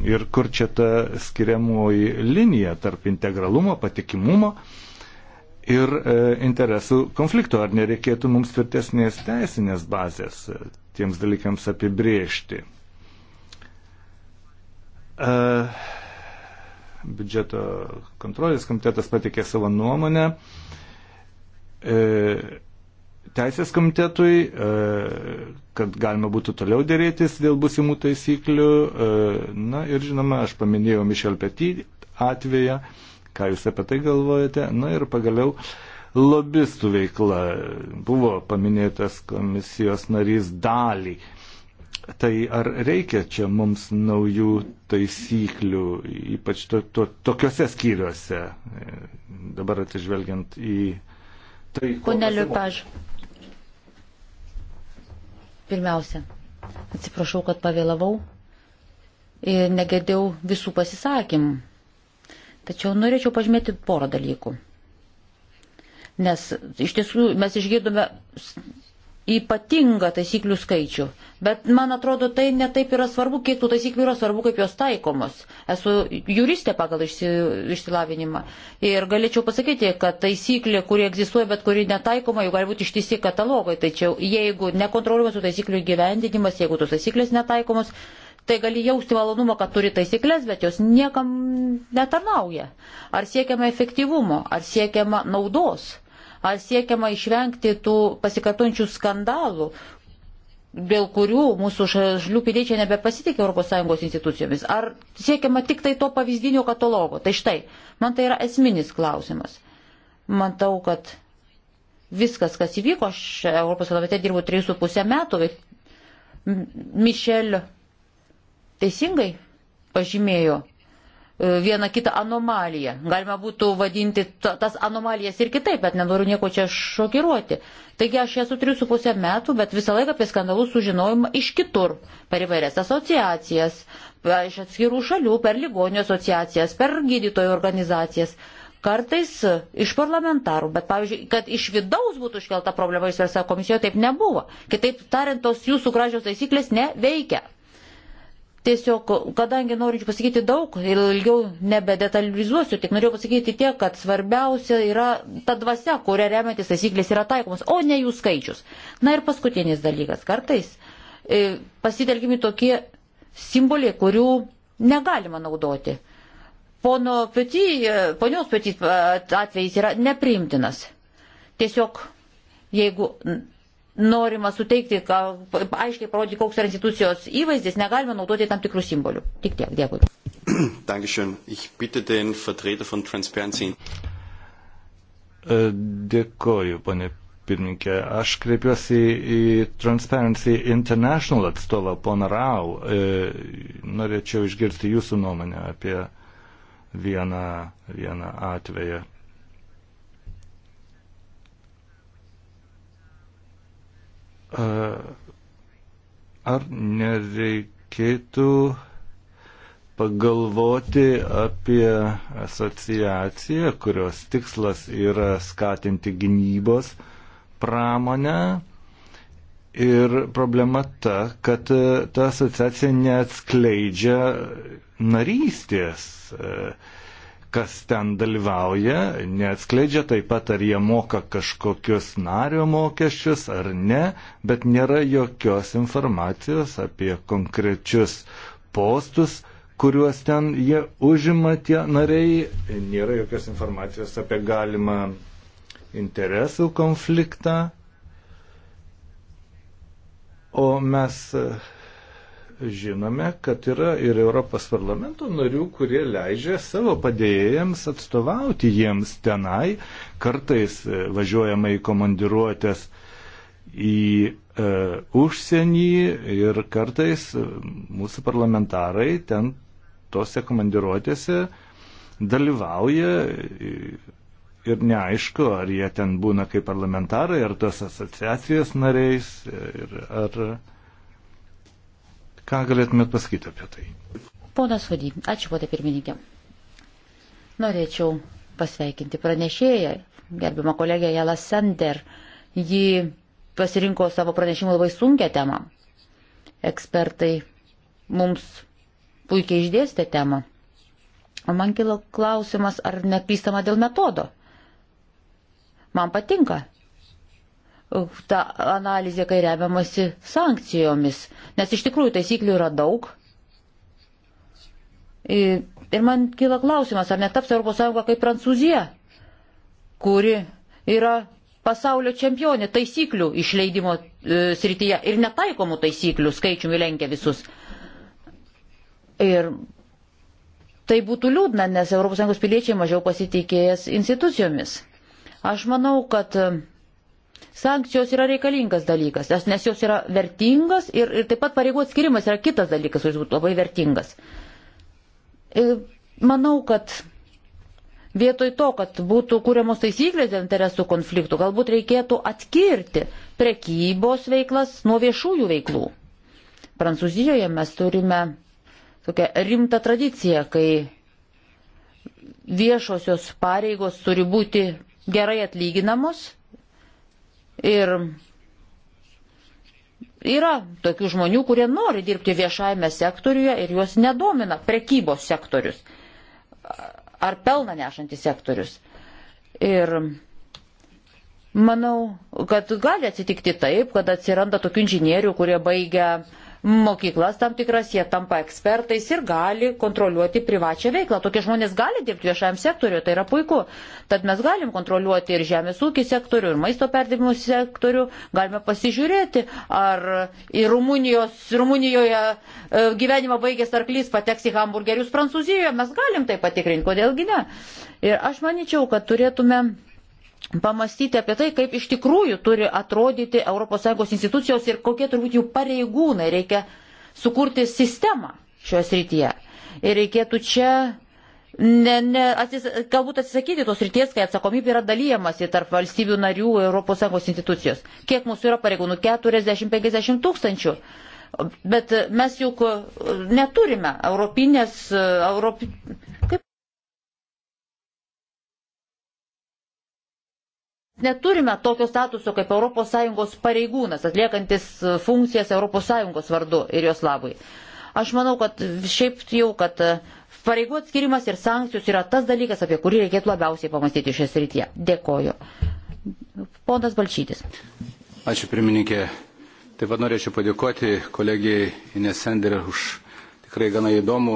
ir kur čia ta skiriamoji linija tarp integralumo, patikimumo ir e, interesų konflikto. Ar nereikėtų mums tvirtesnės teisinės bazės e, tiems dalykams apibriežti? Biudžeto kontrolės komitetas patikė savo nuomonę. Uh, E, teisės komitetui, e, kad galima būtų toliau dėrėtis dėl busimų taisyklių. E, na ir žinoma, aš paminėjau Mišel Petį atveją, ką jūs apie tai galvojate. Na ir pagaliau lobistų veikla. Buvo paminėtas komisijos narys dalį. Tai ar reikia čia mums naujų taisyklių, ypač to, to, tokiuose skyriuose, dabar atsižvelgiant į Tai
Pone Liupaž, pirmiausia, atsiprašau, kad pavėlavau ir negėdėjau visų pasisakymų. Tačiau norėčiau pažymėti porą dalykų. Nes iš tiesų mes išgirdome ypatingą taisyklių skaičių. Bet man atrodo, tai netaip yra svarbu, kiek tų taisyklių yra svarbu, kaip jos taikomos. Esu juristė pagal išsi, išsilavinimą. Ir galėčiau pasakyti, kad taisyklė, kuri egzistuoja, bet kuri netaikoma, jau gali būti ištisi katalogai. Tačiau jeigu nekontroliuojamas tų taisyklių gyvendinimas, jeigu tos taisyklės netaikomos, tai gali jausti malonumą, kad turi taisyklės, bet jos niekam netarnauja. Ar siekiama efektyvumo, ar siekiama naudos. Ar siekiama išvengti tų pasikartojančių skandalų, dėl kurių mūsų šalių piliečiai nebepasitikė ES institucijomis? Ar siekiama tik tai to pavyzdinio katalogo? Tai štai, man tai yra esminis klausimas. Matau, kad viskas, kas įvyko, aš Europos parlamente dirbu 3,5 metų, Mišel teisingai pažymėjo, E, vieną kitą anomaliją. Galima būtų vadinti tas anomalijas ir kitaip, bet nenoriu nieko čia šokiruoti. Taigi aš esu trijų su pusę metų, bet visą laiką apie skandalus sužinojama iš kitur, per įvairias asociacijas, iš atskirų šalių, per ligonių asociacijas, per gydytojų organizacijas. Kartais iš parlamentarų, bet pavyzdžiui, kad iš vidaus būtų iškelta problema iš svarsa komisijoje, taip nebuvo. Kitaip tariant, tos jūsų gražios taisyklės neveikia. Tiesiog, kadangi norinčių pasakyti daug, ilgiau nebedetalizuosiu, tik norėjau pasakyti tiek, kad svarbiausia yra ta dvasia, kuria remiantis taisyklės yra taikomas, o ne jų skaičius. Na ir paskutinis dalykas. Kartais e, pasitelkimi tokie simboliai, kurių negalima naudoti. Pono peti, e, ponios peti e, atvejis yra nepriimtinas. Tiesiog, jeigu norima suteikti, ka, aiškiai parodyti, koks yra institucijos įvaizdis, negalima naudoti tam tikrų simbolių. Tik tiek, dėkui.
*clears throat*
Äh, dėkoju, pane pirmininkė. Aš kreipiuosi į Transparency International atstovą, poną Rau. Äh, norėčiau išgirsti jūsų nuomonę apie vieną, vieną atveją. ar nereikėtų pagalvoti apie asociaciją, kurios tikslas yra skatinti gynybos pramonę. Ir problema ta, kad ta asociacija neatskleidžia narystės. Uh, kas ten dalyvauja, neatskleidžia taip pat, ar jie moka kažkokius nario mokesčius ar ne, bet nėra jokios informacijos apie konkrečius postus, kuriuos ten jie užima tie nariai, nėra jokios informacijos apie galimą interesų konfliktą. O mes žinome, kad yra ir Europos parlamento narių, kurie leidžia savo padėjėjams atstovauti jiems tenai, kartais e, važiuojama į komandiruotės į e, užsienį ir kartais e, mūsų parlamentarai ten tose komandiruotėse dalyvauja ir neaišku, ar jie ten būna kaip parlamentarai, ar tos asociacijos nariais, e, ir, ar, ar Ką galėtumėt pasakyti apie tai?
Ponas Vadį, ačiū, ponė pirmininkė. Norėčiau pasveikinti pranešėją, gerbimą kolegę Jelą Sender. Ji pasirinko savo pranešimą labai sunkę temą. Ekspertai mums puikiai išdėstė temą. O man kilo klausimas, ar neklystama dėl metodo. Man patinka tą analizę, kai remiamasi sankcijomis. Nes iš tikrųjų taisyklių yra daug. Ir man kyla klausimas, ar netaps ES kaip Prancūzija, kuri yra pasaulio čempionė taisyklių išleidimo e, srityje ir netaikomų taisyklių skaičiumi lenkia visus. Ir tai būtų liūdna, nes ES piliečiai mažiau pasitikėjęs institucijomis. Aš manau, kad e, Sankcijos yra reikalingas dalykas, nes jos yra vertingas ir, ir taip pat pareigų atskirimas yra kitas dalykas, kuris būtų labai vertingas. Ir e, manau, kad vietoj to, kad būtų kūriamos taisyklės dėl interesų konfliktų, galbūt reikėtų atskirti prekybos veiklas nuo viešųjų veiklų. Prancūzijoje mes turime tokią rimtą tradiciją, kai viešosios pareigos turi būti gerai atlyginamos Ir yra tokių žmonių, kurie nori dirbti viešajame sektoriuje ir juos nedomina prekybos sektorius ar pelną nešantis sektorius. Ir manau, kad gali atsitikti taip, kad atsiranda tokių inžinierių, kurie baigia uh, mokyklas tam tikras, jie tampa ekspertais ir gali kontroliuoti privačią veiklą. Tokie žmonės gali dirbti viešajam sektoriu, tai yra puiku. Tad mes galim kontroliuoti ir žemės ūkį sektorių, ir maisto perdimų sektorių. Galime pasižiūrėti, ar į Rumunijos, Rumunijoje e, gyvenimą baigęs arklys pateks į hamburgerius Prancūzijoje. Mes galim tai patikrinti, kodėlgi ne. Ir aš manyčiau, kad turėtume pamastyti apie tai, kaip iš tikrųjų turi atrodyti ES institucijos ir kokie turbūt jų pareigūnai reikia sukurti sistemą šioje srityje. Ir reikėtų čia ne, ne, atsis, galbūt atsisakyti tos ryties, kai atsakomybė yra dalyjamasi tarp valstybių narių ES institucijos. Kiek mūsų yra pareigūnų? 40-50 tūkstančių. Bet mes juk neturime europinės, europi, kaip neturime tokio statuso kaip ES pareigūnas, atliekantis e, funkcijas ES vardu ir jos labui. Aš manau, kad šiaip jau, kad e, pareigų atskirimas ir sankcijos yra tas dalykas, apie kurį reikėtų labiausiai pamastyti šią srityje. Dėkoju. Ponas Balčytis.
Ačiū pirmininkė. Taip pat norėčiau padėkoti kolegijai Inesender už tikrai gana įdomų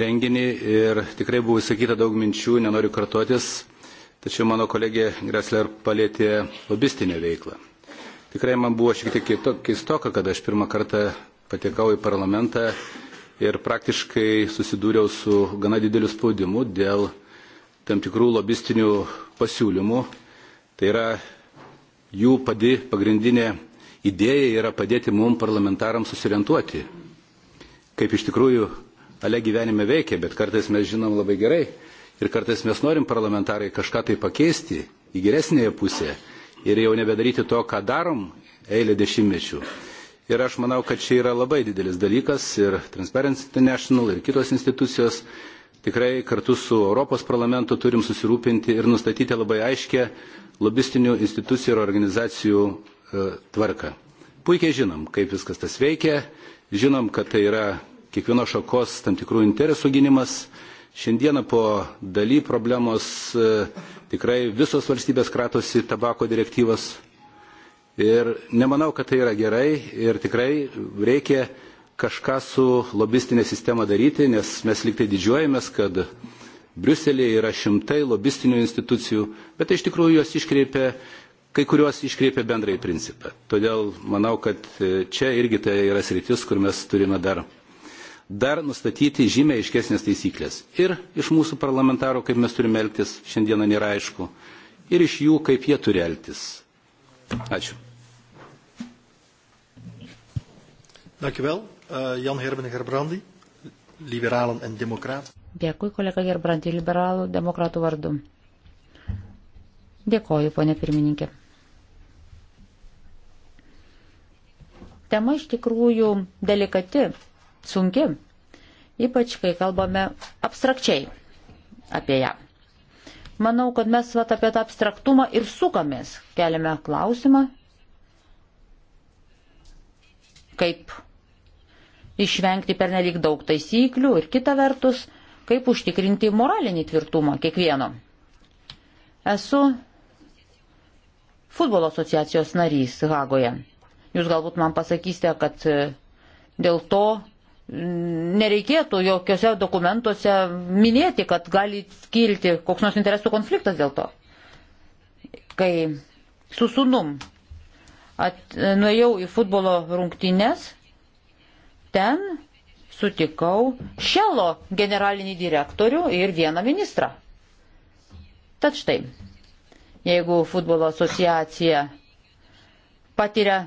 renginį ir tikrai buvo įsakyta daug minčių, nenoriu kartotis. Tačiau mano kolegė Gresler palėtė lobistinę veiklą. Tikrai man buvo šiek tiek keistoka, kad aš pirmą kartą patekau į parlamentą ir praktiškai susidūriau su gana dideliu spaudimu dėl tam tikrų lobistinių pasiūlymų. Tai yra jų padi, pagrindinė idėja yra padėti mums parlamentarams susiorientuoti, kaip iš tikrųjų ale gyvenime veikia, bet kartais mes žinom labai gerai, Ir kartais mes norim parlamentarai kažką tai pakeisti į geresnėje pusėje ir jau nebedaryti to, ką darom eilę dešimtmečių. Ir aš manau, kad čia yra labai didelis dalykas ir Transparency International ir kitos institucijos tikrai kartu su Europos parlamentu turim susirūpinti ir nustatyti labai aiškę lobistinių institucijų ir organizacijų e, tvarką. Puikiai žinom, kaip viskas tas veikia, žinom, kad tai yra kiekvienos šakos tam tikrų interesų gynimas, Šiandieną po daly problemos e, tikrai visos valstybės kratosi tabako direktyvas. Ir nemanau, kad tai yra gerai ir tikrai reikia kažką su lobistinė sistema daryti, nes mes liktai didžiuojamės, kad Briuselėje yra šimtai lobistinių institucijų, bet tai iš tikrųjų jos iškreipia, kai kuriuos iškreipia bendrai principą. Todėl manau, kad e, čia irgi tai yra sritis, kur mes turime dar dar nustatyti žymiai aiškesnės taisyklės. Ir iš mūsų parlamentarų, kaip mes turime elgtis, šiandieną nėra aišku, ir iš jų, kaip jie turi elgtis. Ačiū.
Dankjewel. Uh, eh, Jan Herben Gerbrandi, liberalen en democraat.
Dėkui, kolega Gerbrandi, liberalų demokratų vardu. Dėkoju, ponė pirmininkė. Tema iš tikrųjų delikati sunki, ypač kai kalbame abstrakčiai apie ją. Manau, kad mes vat, apie tą abstraktumą ir sukamės, keliame klausimą, kaip išvengti pernelik daug taisyklių ir kita vertus, kaip užtikrinti moralinį tvirtumą kiekvieno. Esu futbolo asociacijos narys Hagoje. Jūs galbūt man pasakysite, kad dėl to nereikėtų jokiose dokumentuose minėti, kad gali kilti koks nors interesų konfliktas dėl to. Kai su sunum at, nuėjau į futbolo rungtynes, ten sutikau Šelo generalinį direktorių ir vieną ministrą. Tad štai, jeigu futbolo asociacija patiria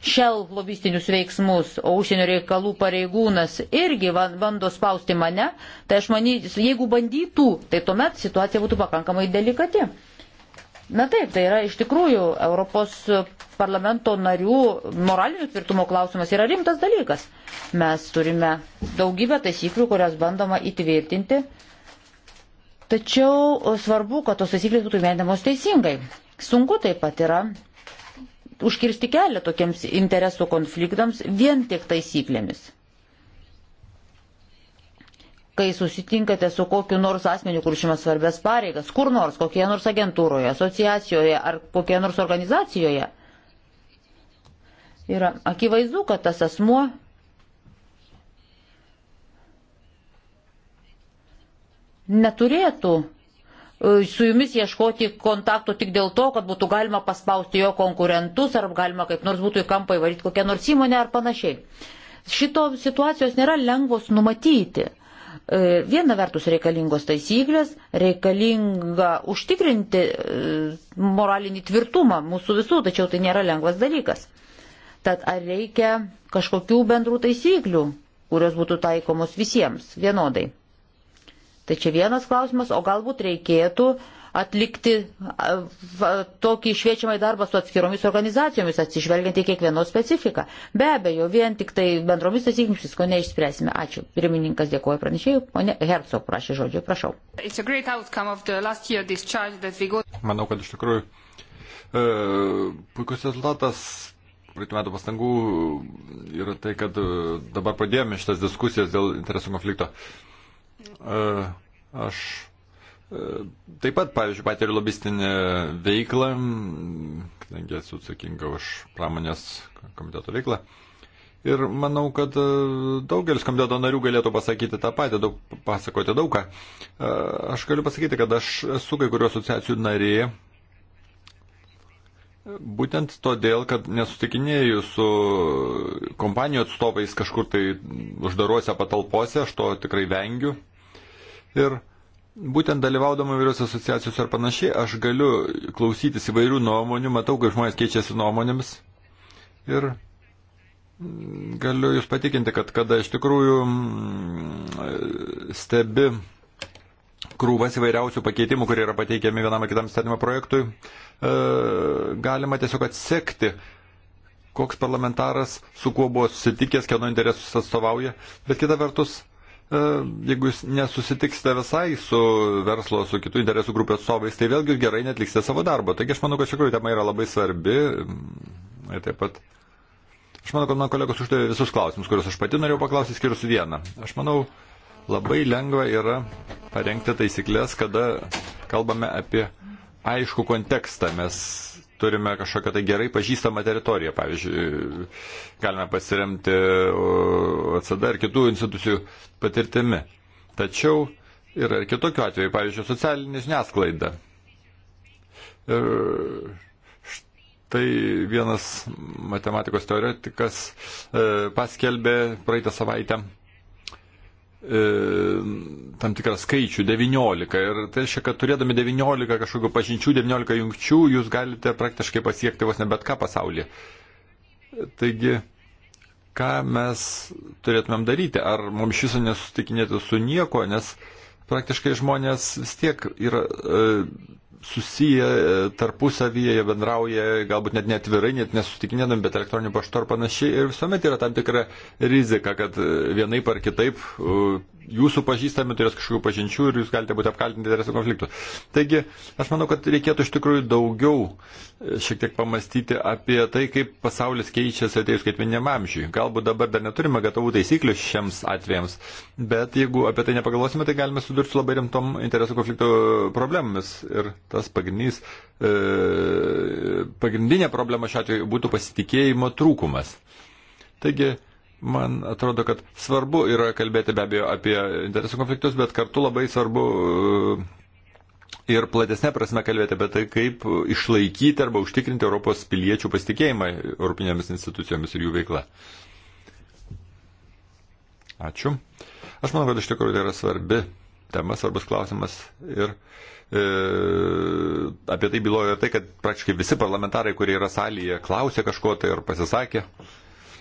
šel lobistinius veiksmus, o užsienio reikalų pareigūnas irgi bando spausti mane, tai aš manyčiau, jeigu bandytų, tai tuomet situacija būtų pakankamai delikati. Na taip, tai yra iš tikrųjų Europos parlamento narių moralinių tvirtumo klausimas yra rimtas dalykas. Mes turime daugybę taisyklių, kurias bandoma įtvirtinti, tačiau svarbu, kad tos taisyklės būtų vendamos teisingai. Sunku taip pat yra užkirsti kelią tokiems interesų konfliktams vien tik taisyklėmis. Kai susitinkate su kokiu nors asmeniu, kur šimas svarbės pareigas, kur nors, kokie nors agentūroje, asociacijoje ar kokie nors organizacijoje, yra akivaizdu, kad tas asmuo neturėtų su jumis ieškoti kontakto tik dėl to, kad būtų galima paspausti jo konkurentus, ar galima kaip nors būtų į kampą įvaryti kokią nors įmonę ar panašiai. Šito situacijos nėra lengvos numatyti. E, viena vertus reikalingos taisyklės, reikalinga užtikrinti e, moralinį tvirtumą mūsų visų, tačiau tai nėra lengvas dalykas. Tad ar reikia kažkokių bendrų taisyklių, kurios būtų taikomos visiems vienodai? Tai čia vienas klausimas, o galbūt reikėtų atlikti tokį šviečiamą darbą su atskiromis organizacijomis, atsižvelgiant į kiekvieno specifiką. Be abejo, vien tik tai bendromis taisyklėmis visko neišspręsime. Ačiū. Pirmininkas dėkoja pranešėjui, ponė Herco prašė žodžio, prašau.
Manau, kad iš tikrųjų e, puikus rezultatas praeitų metų pastangų yra tai, kad e, dabar pradėjome šitas diskusijas dėl interesų konflikto. E, Aš e, taip pat, pavyzdžiui, patiriu lobistinę veiklą, kadangi esu atsakinga už pramonės komiteto veiklą. Ir manau, kad e, daugelis komiteto narių galėtų pasakyti tą patį, daug, pasakoti daugą. E, aš galiu pasakyti, kad aš esu kai kurių asociacijų narė. Būtent todėl, kad nesutikinėjau su kompanijų atstovais kažkur tai uždaruose patalpose, aš to tikrai vengiu. Ir būtent dalyvaudama įvairios asociacijos ar panašiai, aš galiu klausytis įvairių nuomonių, matau, kaip žmonės keičiasi nuomonėmis. Ir galiu Jūs patikinti, kad kada iš tikrųjų mm, stebi krūvas įvairiausių pakeitimų, kurie yra pateikiami vienam ar kitam statymo projektui, e, galima tiesiog atsekti, koks parlamentaras su kuo buvo susitikęs, kieno interesus atstovauja. Bet kita vertus, E, jeigu jūs nesusitiksite visai su verslo, su kitų interesų grupės atstovais, tai vėlgi gerai netliksite savo darbo. Taigi aš manau, kad iš tikrųjų tema yra labai svarbi. Mm, ir taip pat aš manau, kad mano kolegos uždavė visus klausimus, kuriuos aš pati norėjau paklausyti, skirius vieną. Aš manau, labai lengva yra parengti taisyklės, kada kalbame apie aišku kontekstą. Mes turime kažkokią tai gerai pažįstamą teritoriją, pavyzdžiui, galime pasiremti OCD ar kitų institucijų patirtimi. Tačiau yra ir kitokių atvejų, pavyzdžiui, socialinė žiniasklaida. Ir štai vienas matematikos teoretikas e, paskelbė praeitą savaitę E, tam tikrą skaičių 19 ir tai reiškia, kad turėdami 19 kažkokių pažinčių, 19 jungčių, jūs galite praktiškai pasiekti vos ne bet ką pasaulyje. Taigi, ką mes turėtumėm daryti? Ar mums šis nesusitikinėti su nieko, nes praktiškai žmonės vis tiek yra e, susiję e, tarpusavyje, jie bendrauja, galbūt net netvirai, net nesustikinėdami, bet elektroniniu paštu ar panašiai. Ir visuomet yra tam tikra rizika, kad e, vienaip ar kitaip e, jūsų pažįstami turės kažkokių pažinčių ir jūs galite būti apkaltinti interesų konfliktų. Taigi, aš manau, kad reikėtų iš tikrųjų daugiau šiek tiek pamastyti apie tai, kaip pasaulis keičiasi atėjus skaitmeniniam amžiui. Galbūt dabar dar neturime gatavų taisyklių šiems atvejams, bet jeigu apie tai nepagalvosime, tai galime sudurti su labai rimtom interesų konflikto problemomis. Ir tas pagrindinis, e, pagrindinė problema šiuo atveju būtų pasitikėjimo trūkumas. Taigi, Man atrodo, kad svarbu yra kalbėti be abejo apie interesų konfliktus, bet kartu labai svarbu e, ir platesnė prasme kalbėti apie tai, kaip išlaikyti arba užtikrinti Europos piliečių pasitikėjimą Europinėmis institucijomis ir jų veikla. Ačiū. Aš manau, kad iš tikrųjų tai yra svarbi tema, svarbus klausimas ir e, apie tai byloja tai, kad praktiškai visi parlamentarai, kurie yra salėje, klausė kažko tai ir pasisakė.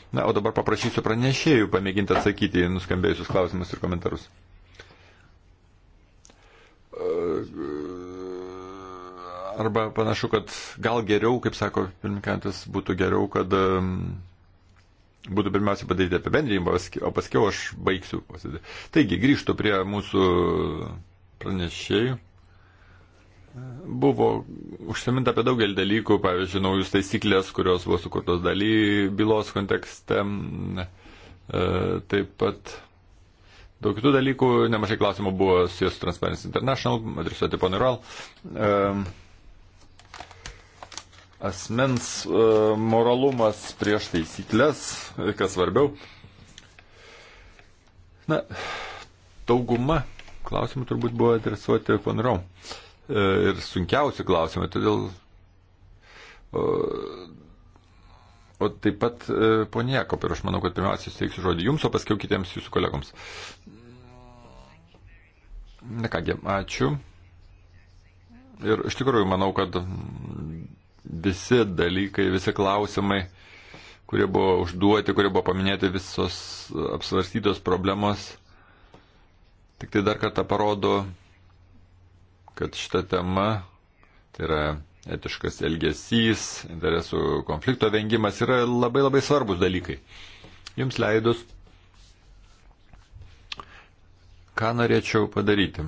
Na, o dabar paprašysiu pranešėjų pamėginti atsakyti į nuskambėjusius klausimus ir komentarus arba panašu, kad gal geriau, kaip sako pirmininkantis, būtų geriau, kad būtų pirmiausia padaryti apibendrinimą, o paskiau aš baigsiu posėdį. Taigi, grįžtu prie mūsų pranešėjų. Buvo užsiminta apie daugelį dalykų, pavyzdžiui, naujus taisyklės, kurios buvo sukurtos daly bylos kontekste. E, taip pat daug kitų dalykų, nemažai klausimų buvo susijęs su Transparency International, adresuoti ponui Rural. Um, ehm, asmens uh, moralumas prieš taisyklės, kas svarbiau. Na, dauguma klausimų turbūt buvo adresuoti ponui Rural. Uh, e, ir sunkiausi klausimai, todėl uh, O taip pat e, ponė Jakop ir aš manau, kad pirmiausia suteiksiu žodį jums, o paskui kitiems jūsų kolegoms. Na kągi, ačiū. Ir iš tikrųjų manau, kad visi dalykai, visi klausimai, kurie buvo užduoti, kurie buvo paminėti, visos apsvarstytos problemos, tik tai dar kartą parodo, kad šita tema, tai yra etiškas elgesys, interesų konflikto vengimas yra labai labai svarbus dalykai. Jums leidus, ką norėčiau padaryti?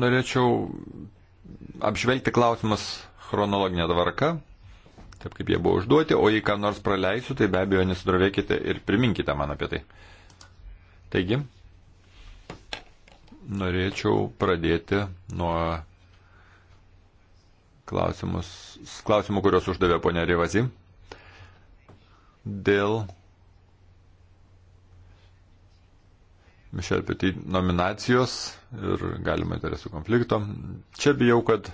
Norėčiau apžvelgti klausimas chronologinė tvarka, taip kaip jie buvo užduoti, o jei ką nors praleisiu, tai be abejo nesidrovėkite ir priminkite man apie tai. Taigi, norėčiau pradėti nuo klausimus, klausimų, kuriuos uždavė ponia Rivazi dėl Mišel Petit nominacijos ir galima interesų konflikto. Čia bijau, kad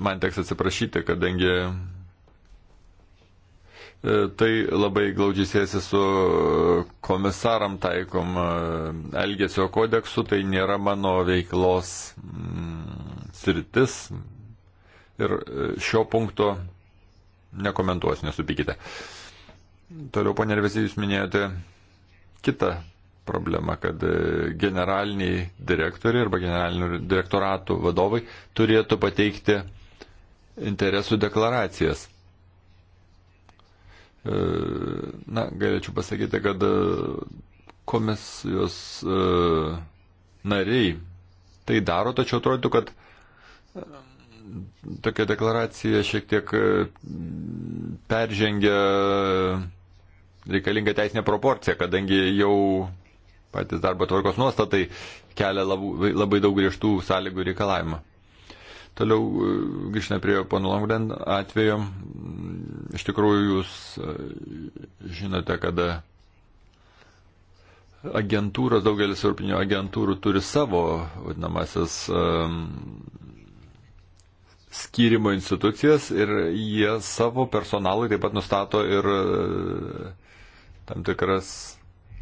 man teks atsiprašyti, kadangi e, tai labai glaudžiai siejasi su komisaram taikom e, Elgesio kodeksu, tai nėra mano veiklos mm, sritis ir e, šio punkto nekomentuosiu, nesupykite. Toliau, ponė Revesi, jūs minėjote kitą problemą, kad e, generaliniai direktoriai arba generalinių direktoratų vadovai turėtų pateikti interesų deklaracijas. E, na, galėčiau pasakyti, kad komisijos nariai tai daro, tačiau atrodytų, kad tokia deklaracija šiek tiek e, peržengia reikalingą teisinę proporciją, kadangi jau patys darbo tvarkos nuostatai kelia labai, labai daug griežtų sąlygų reikalavimą. Toliau e, grįžtame prie pono Langden atvejo. Iš tikrųjų, jūs e, žinote, kad agentūros, daugelis europinių agentūrų turi savo vadinamasis skirimo institucijas ir jie savo personalui taip pat nustato ir e, tam tikras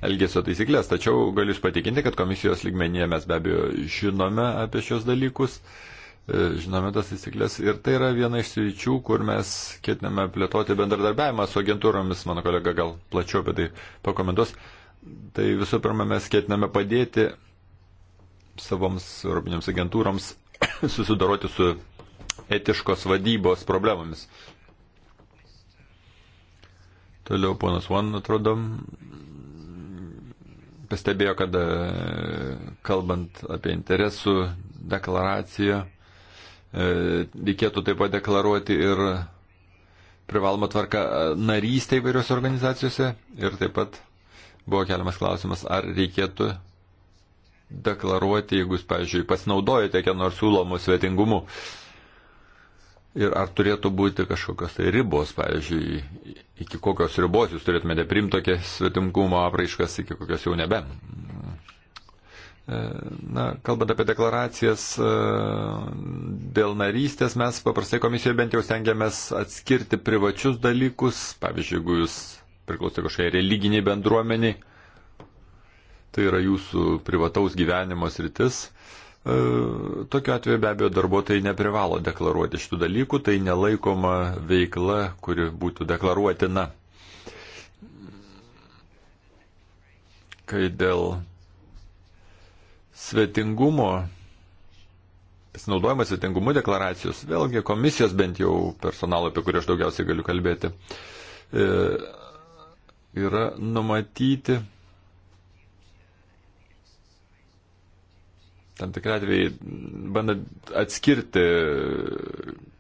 elgesio taisyklės. Tačiau galiu jūs patikinti, kad komisijos lygmenyje mes be abejo žinome apie šios dalykus, e, žinome tas taisyklės ir tai yra viena iš sričių, kur mes ketiname plėtoti bendradarbiavimą su agentūromis, mano kolega gal plačiau apie tai pakomentuos. Tai visų pirma, mes ketiname padėti savoms europinėms agentūroms *coughs* susidoroti su etiškos vadybos problemomis. Toliau ponas Van, atrodo, pastebėjo, kad e, kalbant apie interesų deklaraciją, e, reikėtų taip pat deklaruoti ir privalomą tvarką e, narystę įvairiose organizacijose ir taip pat buvo keliamas klausimas, ar reikėtų deklaruoti, jeigu jūs, pavyzdžiui, pasinaudojate kiek nors siūlomų svetingumu. Uh, Ir ar turėtų būti kažkokios tai ribos, pavyzdžiui, iki kokios ribos jūs turėtumėte primti tokias svetimkumo apraiškas, iki kokios jau nebe. E, na, kalbant apie deklaracijas e, dėl narystės, mes paprastai komisijoje bent jau stengiamės atskirti privačius dalykus, pavyzdžiui, jeigu jūs priklausote kažkokiai religiniai bendruomeniai, tai yra jūsų privataus gyvenimo sritis E, tokiu atveju be abejo darbuotojai neprivalo deklaruoti šitų dalykų, tai nelaikoma veikla, kuri būtų deklaruotina. Kai dėl svetingumo, pasinaudojimo svetingumu deklaracijos, vėlgi komisijos bent jau personalo, apie kurį aš daugiausiai galiu kalbėti, e, yra numatyti tam tikrai atvejai bandant atskirti,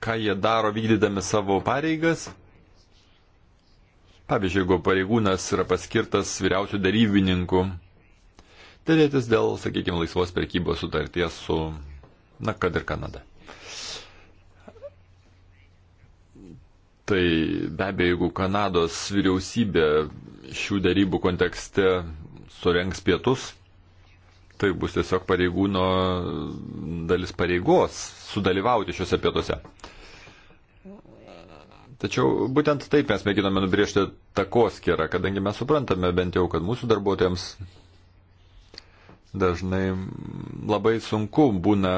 ką jie daro vykdydami savo pareigas. Pavyzdžiui, jeigu pareigūnas yra paskirtas vyriausių darybininkų, dėrėtis dėl, sakykime, laisvos prekybos sutarties su, na, kad ir Kanada. Tai be abejo, jeigu Kanados vyriausybė šių darybų kontekste surenks pietus, tai bus tiesiog pareigūno dalis pareigos sudalyvauti šiuose pietuose. Tačiau būtent taip mes mėginame nubriežti takoskirą, kadangi mes suprantame bent jau, kad mūsų darbuotojams dažnai labai sunku būna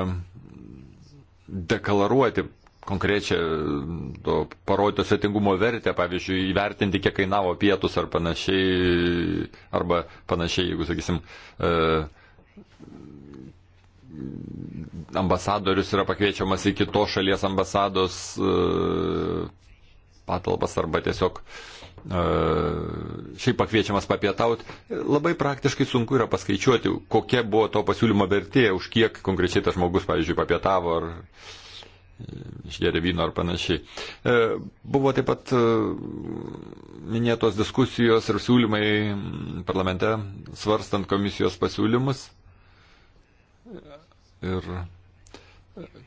deklaruoti konkrečią to parodytos svetingumo vertę, pavyzdžiui, įvertinti, kiek kainavo pietus ar panašiai, arba panašiai, jeigu, sakysim, uh, ambasadorius yra pakviečiamas į kitos šalies ambasados e, patalpas arba tiesiog e, šiaip pakviečiamas papietauti. Labai praktiškai sunku yra paskaičiuoti, kokia buvo to pasiūlymo vertė, už kiek konkrečiai tas žmogus, pavyzdžiui, papietavo ar e, išgėrė vyno ar panašiai. Buvo taip pat minėtos diskusijos ir siūlymai parlamente svarstant komisijos pasiūlymus ir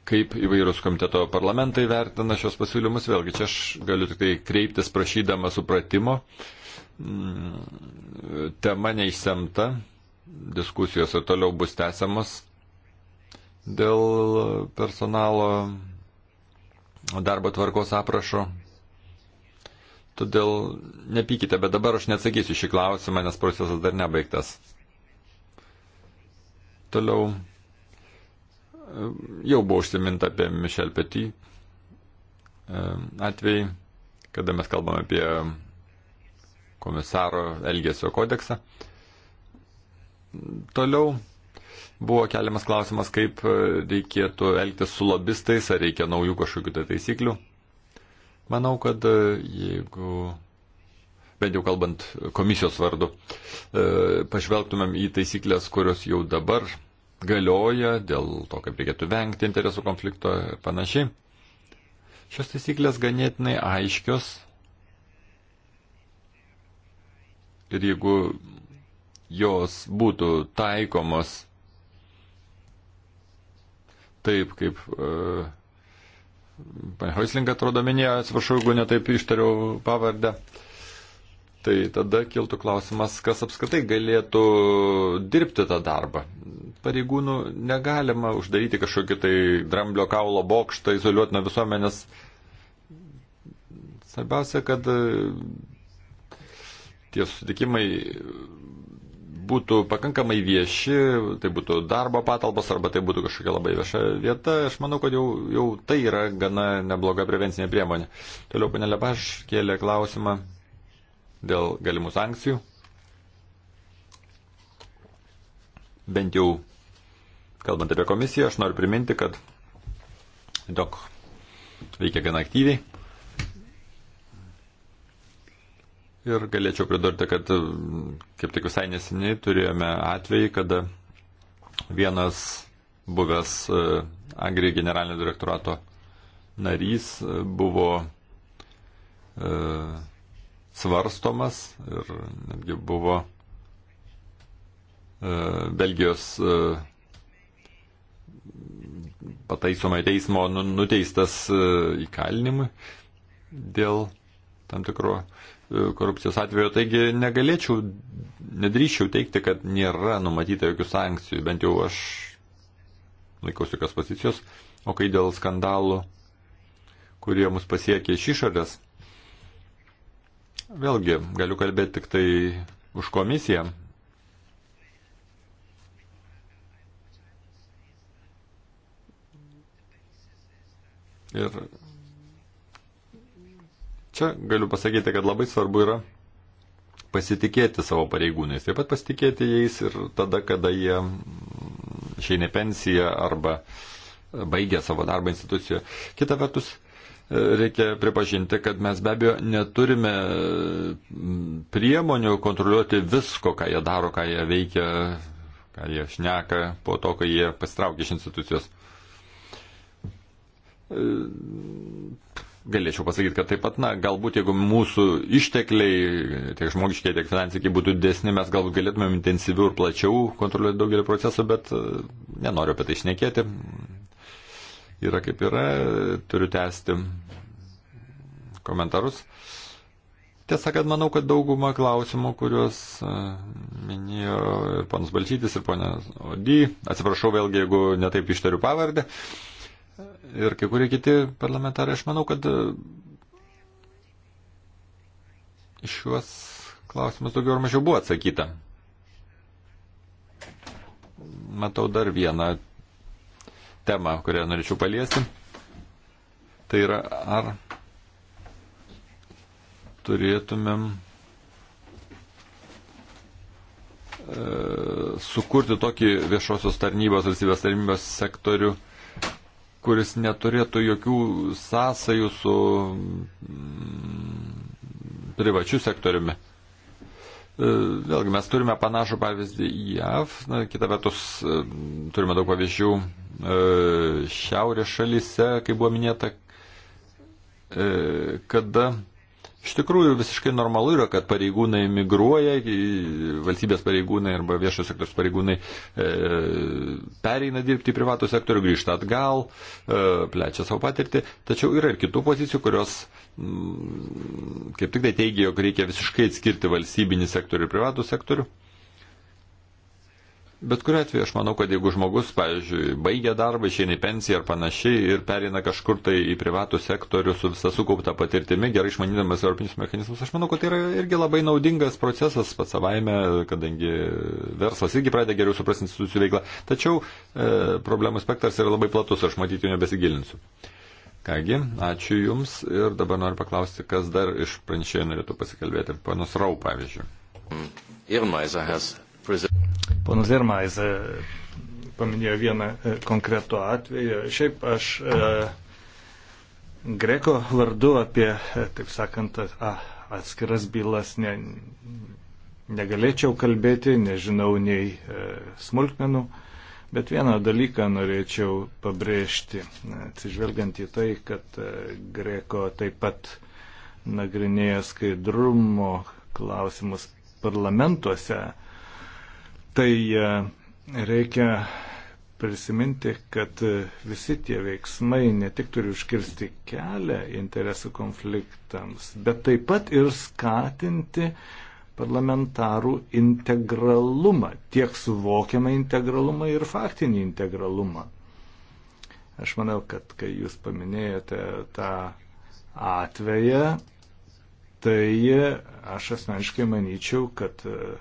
kaip įvairūs komiteto parlamentai vertina šios pasiūlymus. Vėlgi čia aš galiu tik tai kreiptis prašydama supratimo. Mm, tema neišsemta, diskusijos ir toliau bus tęsiamas dėl personalo darbo tvarkos aprašo. Todėl nepykite, bet dabar aš neatsakysiu šį klausimą, nes procesas dar nebaigtas. Toliau Jau buvo užsiminta apie Michel Petit e, atvejį, kada mes kalbame apie komisaro Elgesio kodeksą. Toliau buvo keliamas klausimas, kaip reikėtų elgtis su lobistais, ar reikia naujų kažkokių tai taisyklių. Manau, kad e, jeigu, bent jau kalbant komisijos vardu, e, pažvelgtumėm į taisyklės, kurios jau dabar galioja dėl to, kaip reikėtų vengti interesų konflikto ir panašiai. Šios taisyklės ganėtinai aiškios. Ir jeigu jos būtų taikomos taip, kaip uh, e, Hoislinga atrodo minėjo, atsiprašau, jeigu netaip ištariau pavardę. Uh, tai tada kiltų klausimas, kas apskritai galėtų dirbti tą darbą. Pareigūnų negalima uždaryti kažkokį tai dramblio kaulo bokštą, izoliuoti nuo visuomenės. Svarbiausia, kad e, tie susitikimai būtų pakankamai vieši, tai būtų darbo patalpos arba tai būtų kažkokia labai vieša vieta, aš manau, kad jau, jau tai yra gana nebloga prevencinė priemonė. Toliau panelė Paš kėlė klausimą dėl galimų sankcijų. Bent jau kalbant apie komisiją, aš noriu priminti, kad dok veikia gan aktyviai. Ir galėčiau pridurti, kad kaip tik visai nesiniai turėjome atvejį, kada vienas buvęs e, Angri generalinio direktorato narys e, buvo e, svarstomas ir netgi buvo e, Belgijos e, pataisomai teismo nu, nuteistas e, įkalinimui dėl tam tikro korupcijos atveju. Taigi negalėčiau, nedrįščiau teikti, kad nėra numatyta jokių sankcijų, bent jau aš laikausi kas pozicijos. O kai dėl skandalų, kurie mus pasiekė iš išorės, Vėlgi, galiu kalbėti tik tai už komisiją. Ir čia galiu pasakyti, kad labai svarbu yra pasitikėti savo pareigūnais, taip pat pasitikėti jais ir tada, kada jie išeina pensiją arba baigia savo darbą institucijoje. Kita vertus, reikia pripažinti, kad mes be abejo neturime mm, priemonių kontroliuoti visko, ką jie daro, ką jie veikia, ką jie šneka po to, kai jie pastraukia iš institucijos. Galėčiau pasakyti, kad taip pat, na, galbūt jeigu mūsų ištekliai, tiek žmogiškiai, tiek finansiškai būtų desni, mes galbūt galėtumėm intensyviau ir plačiau kontroliuoti daugelį procesų, bet e, nenoriu apie tai išnekėti yra kaip yra, turiu tęsti komentarus. Tiesą, kad manau, kad dauguma klausimų, kuriuos e, minėjo ir panas Balčytis, ir ponas Odi, atsiprašau vėlgi, jeigu netaip ištariu pavardę, ir kai kurie kiti parlamentarai, aš manau, kad e, iš juos klausimus daugiau ar mažiau buvo atsakyta. Matau dar vieną temą, kurią norėčiau paliesti. Tai yra, ar turėtumėm e, sukurti tokį viešosios tarnybos, valstybės tarnybos sektorių, kuris neturėtų jokių sąsajų su mm, privačiu sektoriumi. E, vėlgi mes turime panašų pavyzdį į JAV, na, kita vertus e, turime daug pavyzdžių E, šiaurės šalyse, kaip buvo minėta, e, kada iš tikrųjų visiškai normalu yra, kad pareigūnai migruoja, valstybės pareigūnai arba viešo sektoriaus pareigūnai e, pereina dirbti į privatų sektorių, grįžta atgal, plečia savo patirtį, tačiau yra ir kitų pozicijų, kurios mm, kaip tik tai teigia, jog reikia visiškai atskirti valstybinį sektorių ir privatų sektorių. Bet kuriu atveju aš manau, kad jeigu žmogus, pavyzdžiui, baigia darbą, išeina į pensiją ar panašiai ir perina kažkur tai į privatų sektorių su visa sukaupta patirtimi, gerai išmanydamas europinius mechanizmus, aš manau, kad tai yra irgi labai naudingas procesas pats savaime, kadangi verslas irgi pradeda geriau suprasti institucijų veiklą. Tačiau e, problemų spektras yra labai platus, aš matyti jų nebesigilinsiu. Kągi, ačiū Jums ir dabar noriu paklausti, kas dar iš pranešėjų norėtų pasikalbėti. Panas Rau, pavyzdžiui. Irmaiser has
Ponas Irmais e, paminėjo vieną e, konkretų atvejį. Šiaip aš e, greko vardu apie, taip sakant, a, atskiras bylas ne, negalėčiau kalbėti, nežinau nei smulkmenų. Bet vieną dalyką norėčiau pabrėžti, atsižvelgiant į tai, kad Greko taip pat nagrinėja skaidrumo klausimus parlamentuose tai e, reikia prisiminti, kad e, visi tie veiksmai ne tik turi užkirsti kelią interesų konfliktams, bet taip pat ir skatinti parlamentarų integralumą, tiek suvokiamą integralumą ir faktinį integralumą. Aš manau, kad kai jūs paminėjote tą atveją, tai e, aš asmeniškai manyčiau, kad uh,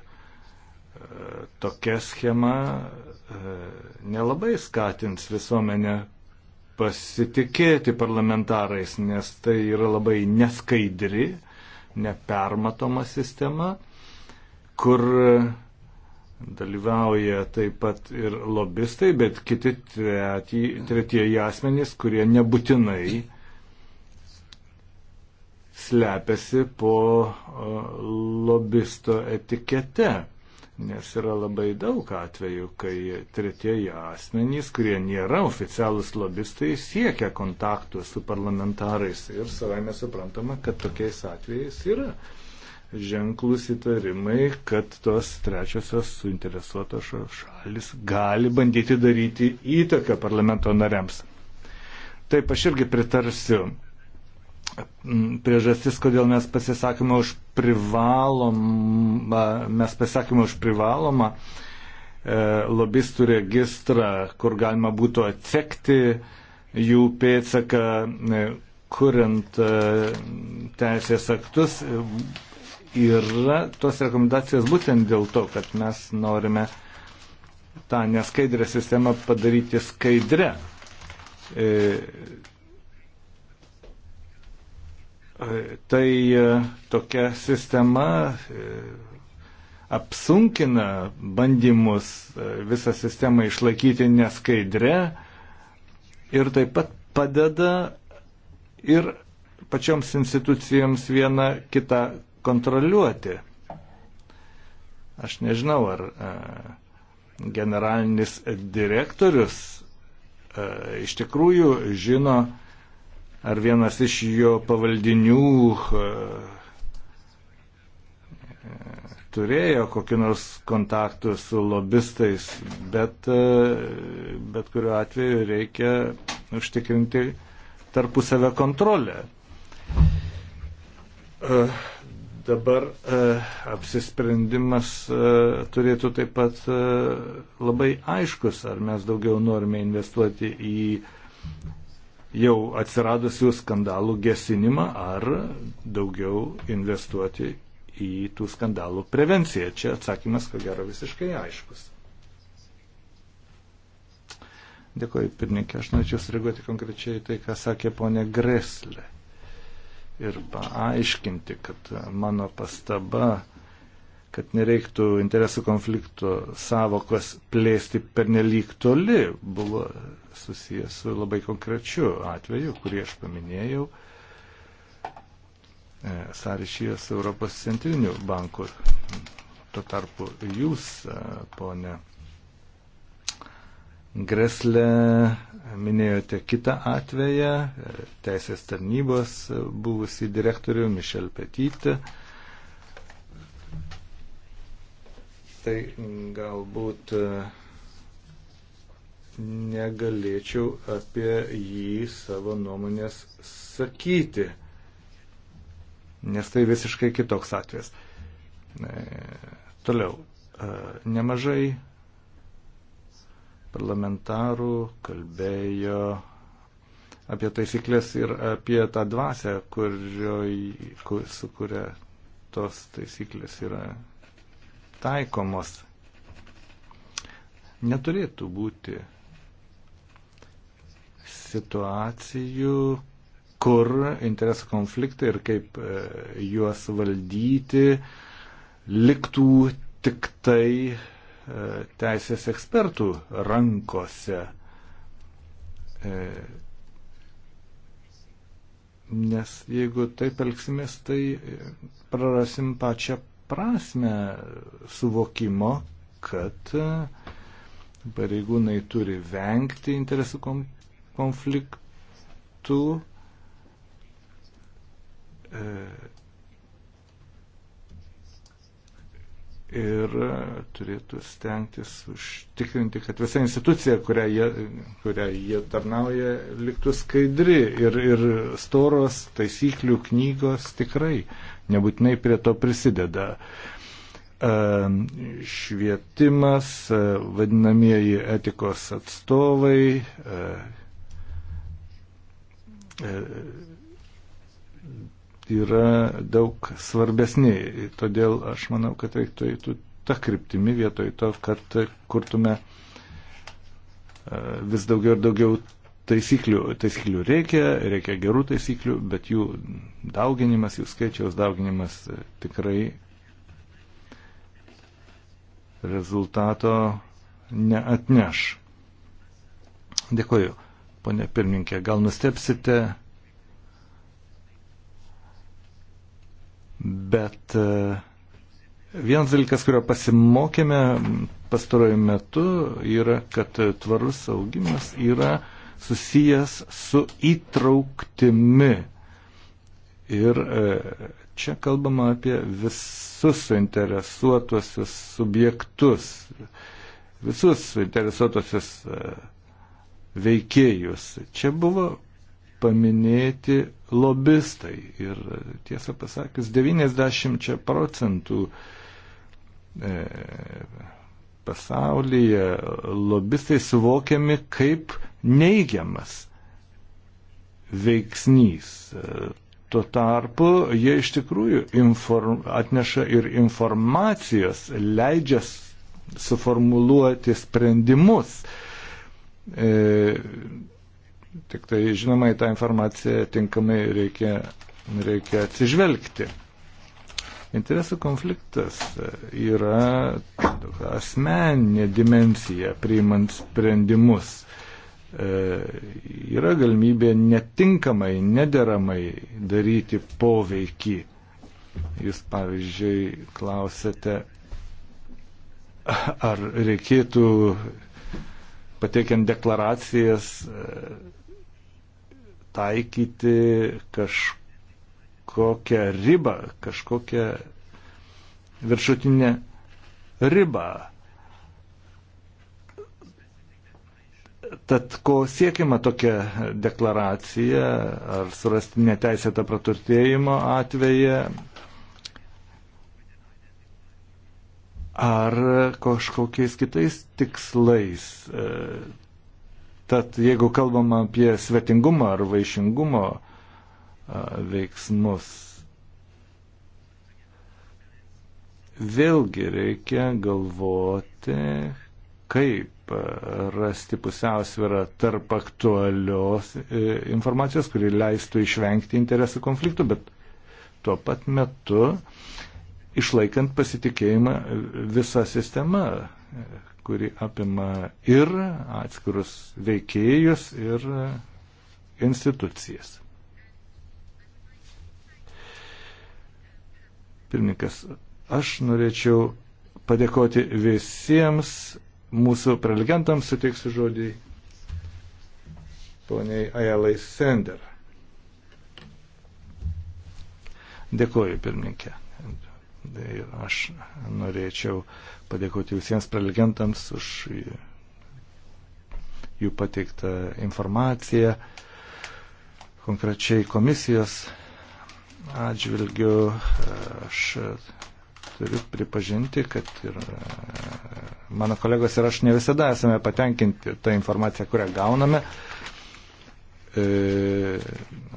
tokia schema e, nelabai skatins visuomenę pasitikėti parlamentarais, nes tai yra labai neskaidri, nepermatoma sistema, kur dalyvauja taip pat ir lobistai, bet kiti tretieji asmenys, kurie nebūtinai slepiasi po e, lobisto etikete nes yra labai daug atvejų, kai tretieji asmenys, kurie nėra oficialūs lobistai, siekia kontaktų su parlamentarais ir savai mes suprantama, kad tokiais atvejais yra ženklus įtarimai, kad tos trečiosios suinteresuotos šalis gali bandyti daryti įtaką parlamento nariams. Taip, aš irgi pritarsiu priežastis, kodėl mes pasisakome už privalomą, mes pasisakome už privalomą e, lobistų registrą, kur galima būtų atsekti jų pėtsaką, e, kuriant e, teisės aktus. Yra tos rekomendacijos būtent dėl to, kad mes norime tą neskaidrę sistemą padaryti skaidrę. E, Tai e, tokia sistema e, apsunkina bandymus e, visą sistemą išlaikyti neskaidrę ir taip pat padeda ir pačioms institucijoms vieną kitą kontroliuoti. Aš nežinau, ar generalinis direktorius iš tikrųjų žino, ar vienas iš jo pavaldinių e, turėjo kokį nors kontaktų su lobistais, bet, e, bet kuriuo atveju reikia užtikrinti tarpusavę kontrolę. E, dabar apsisprendimas turėtų taip pat labai aiškus, ar mes daugiau norime investuoti į jau atsiradusių skandalų gesinimą ar daugiau investuoti į tų skandalų prevenciją. Čia atsakymas, ko gero, visiškai aiškus. Dėkuoju, pirmininkė, aš norėčiau sureaguoti konkrečiai tai, ką sakė ponė Greslė. Ir paaiškinti, kad mano pastaba, kad nereiktų interesų konflikto savokos plėsti pernelyg toli, buvo susijęs su labai konkrečiu atveju, kurį aš paminėjau, e, sąryšyje su Europos centriniu banku. Tuo tarpu jūs, e, ponė Greslė, minėjote kitą atveją, e, teisės tarnybos buvusi direktorių Mišel Petytį. Tai galbūt uh, negalėčiau apie jį savo nuomonės sakyti, nes tai visiškai kitoks atvejas. E, toliau, e, nemažai parlamentarų kalbėjo apie taisyklės ir apie tą dvasę, kurioj, kur, su kuria tos taisyklės yra taikomos. Neturėtų būti situacijų, kur interesų konfliktai ir kaip e, juos valdyti liktų tik tai e, teisės ekspertų rankose. E, nes jeigu taip elgsimės, tai prarasim pačią prasme suvokimo, kad pareigūnai turi vengti interesų konfliktų. E, ir turėtų stengtis užtikrinti, kad visa institucija, kurią jie, kurią jie tarnauja, liktų skaidri ir, ir storos taisyklių knygos tikrai nebūtinai prie to prisideda. E, švietimas, e, vadinamieji etikos atstovai, E, yra daug svarbesni. Todėl aš manau, kad reiktų eitų tą kryptimį vietoj to, kad kurtume e, vis daugiau ir daugiau taisyklių. Taisyklių reikia, reikia gerų taisyklių, bet jų dauginimas, jų skaičiaus dauginimas e, tikrai rezultato neatneš. Dėkuoju ponė pirmininkė, gal nustepsite, bet e, vienas dalykas, kurio pasimokėme pastaruoju metu, yra, kad tvarus augimas yra susijęs su įtrauktimi. Ir e, čia kalbama apie visus suinteresuotusius subjektus, visus suinteresuotusius e, veikėjus. Čia buvo paminėti lobistai ir tiesą pasakius 90 procentų e, pasaulyje lobistai suvokiami kaip neigiamas veiksnys. Tuo tarpu jie iš tikrųjų inform, atneša ir informacijos, leidžia suformuluoti sprendimus. E, E, tik tai, žinoma, į tą informaciją tinkamai reikia, reikia atsižvelgti. Interesų konfliktas e, yra asmeninė dimensija priimant sprendimus. E, yra galimybė netinkamai, nederamai daryti poveikį. Jūs, pavyzdžiui, klausėte, ar reikėtų pateikiant deklaracijas e, taikyti kažkokią ribą, kažkokią viršutinę ribą. Tad ko siekiama tokia deklaracija, ar surasti neteisėtą praturtėjimo atveju, ar kažkokiais kitais tikslais. E, tad jeigu kalbam apie svetingumo ar vaišingumo e, veiksmus, vėlgi reikia galvoti, kaip rasti pusiausvyrą tarp aktualios e, informacijos, kuri leistų išvengti interesų konfliktų, bet tuo pat metu išlaikant pasitikėjimą visą sistemą, kuri apima ir atskirus veikėjus, ir institucijas. Pirmininkas, aš norėčiau padėkoti visiems mūsų prelegentams, suteiksiu žodį poniai Ajalai Sender. Dėkoju, pirmininkė. Aš norėčiau padėkoti visiems prelegentams už jų pateiktą informaciją, konkrečiai komisijos atžvilgiu. Aš turiu pripažinti, kad ir e, mano kolegos ir aš ne visada esame patenkinti tą informaciją, kurią gauname. E,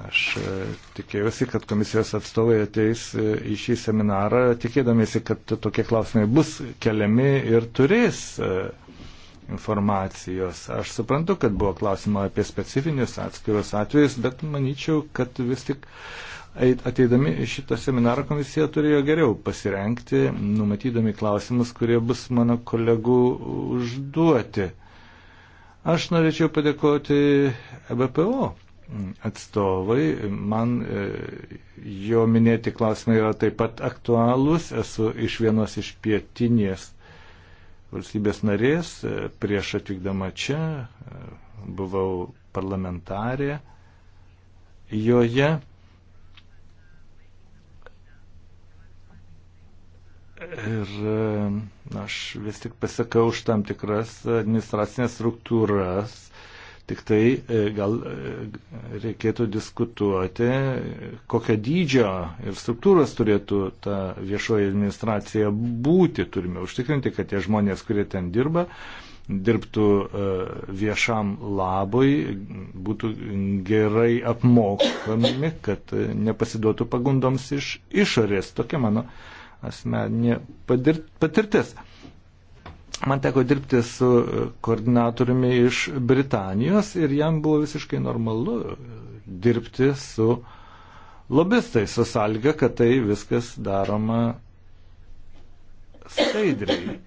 aš e, tikėjausi, kad komisijos atstovai ateis e, į šį seminarą, tikėdamėsi, kad tokie klausimai bus keliami ir turės informacijos. Aš suprantu, kad buvo klausima apie specifinius atskirus atvejus, bet manyčiau, kad vis tik ateidami į šitą seminarą komisija turėjo geriau pasirenkti, numatydami klausimus, kurie bus mano kolegų užduoti. Aš norėčiau padėkoti EBPO atstovai. Man e, jo minėti klausimai yra taip pat aktualūs. Esu iš vienos iš pietinės valstybės narės. E, prieš atvykdama čia e, buvau parlamentarė joje. Ir e, aš vis tik pasakau už tam tikras administracinės struktūras. Tik tai e, gal e, reikėtų diskutuoti, kokio dydžio ir struktūros turėtų ta viešoji administracija būti. Turime užtikrinti, kad tie žmonės, kurie ten dirba, dirbtų viešam labui, būtų gerai apmokami, kad nepasiduotų pagundoms iš išorės. Tokia mano asmeninė patirtis. Man teko dirbti su koordinatoriumi iš Britanijos ir jam buvo visiškai normalu dirbti su lobistais, su salga, kad tai viskas daroma skaidriai.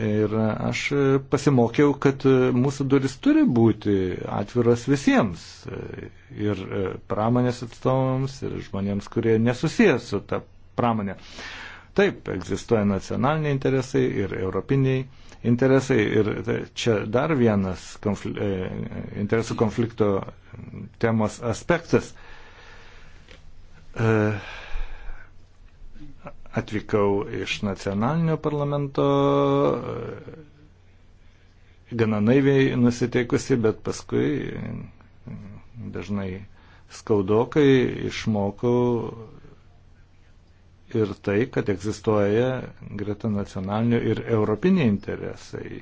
Ir aš pasimokiau, kad mūsų duris turi būti atviras visiems. Ir pramonės atstovams, ir žmonėms, kurie nesusijęs su ta pramonę. Taip, egzistuoja nacionaliniai interesai ir europiniai interesai. Ir tai čia dar vienas konfl e, interesų konflikto temos aspektas. E, atvykau iš nacionalinio parlamento, e, gana naiviai nusiteikusi, bet paskui dažnai skaudokai išmokau ir tai, kad egzistuoja greta nacionalinių ir europiniai interesai.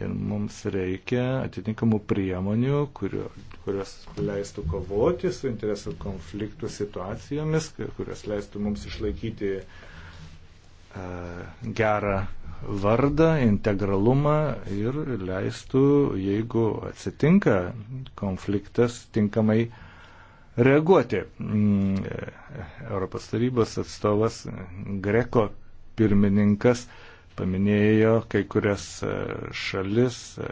Ir mums reikia atitinkamų priemonių, kurio, kurios leistų kovoti su interesų konfliktų situacijomis, kurios leistų mums išlaikyti e, gerą vardą, integralumą ir leistų, jeigu atsitinka konfliktas, tinkamai uh, reaguoti. Mm, Europos tarybos atstovas Greko pirmininkas paminėjo kai kurias e, šalis e,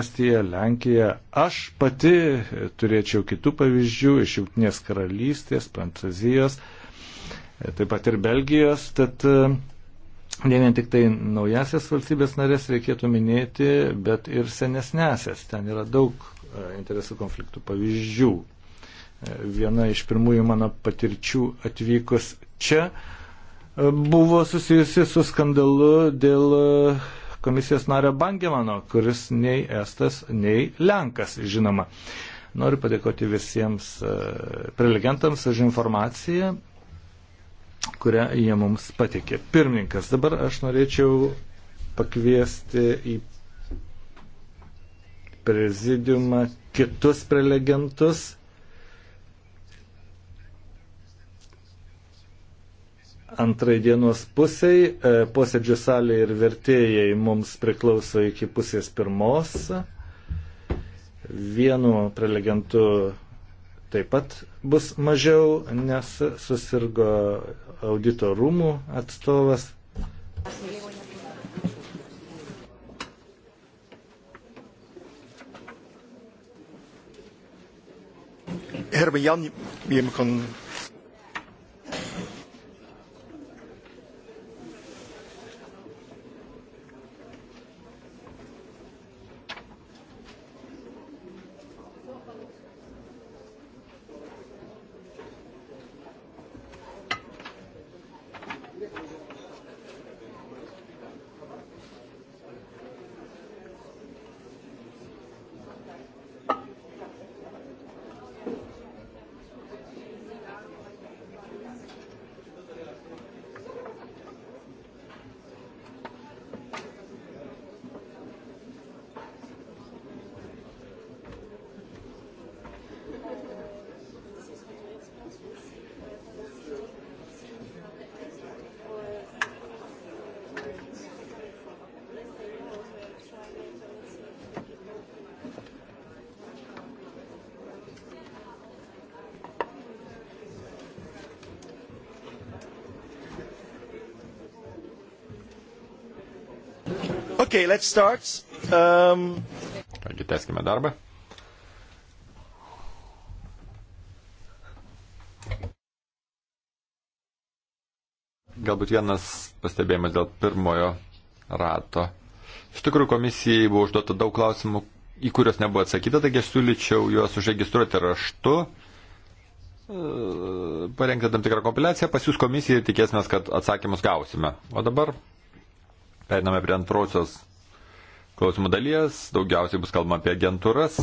Estija, Lenkija. Aš pati turėčiau kitų pavyzdžių iš Jungtinės karalystės, Prancūzijos, e, taip pat ir Belgijos. Tad ne vien tik tai naujasias valstybės narės reikėtų minėti, bet ir senesnėsias. Ten yra daug E, interesų konfliktų pavyzdžių. E, viena iš pirmųjų mano patirčių atvykus čia e, buvo susijusi su skandalu dėl komisijos nario Bangemano, kuris nei Estas, nei Lenkas, žinoma. Noriu padėkoti visiems prelegentams už informaciją, kurią jie mums patikė. Pirmininkas, dabar aš norėčiau pakviesti į prezidiumą, kitus prelegentus. Antrai dienos pusiai e, posėdžių salė ir vertėjai mums priklauso iki pusės pirmos. Vienu prelegentu taip pat bus mažiau, nes susirgo audito rūmų atstovas.
Herman Jan, je kan Okay, let's start. Um... Kągi, tęskime darbą.
Galbūt vienas pastebėjimas dėl pirmojo rato. Iš tikrųjų, komisijai buvo užduota daug klausimų, į kuriuos nebuvo atsakyta, taigi aš siūlyčiau juos užregistruoti raštu, e, parengti tam tikrą kompiliaciją, pasiūs komisijai ir tikėsime, kad atsakymus gausime. O dabar Periname prie antrosios klausimų dalies. Daugiausiai bus kalbama apie agentūras.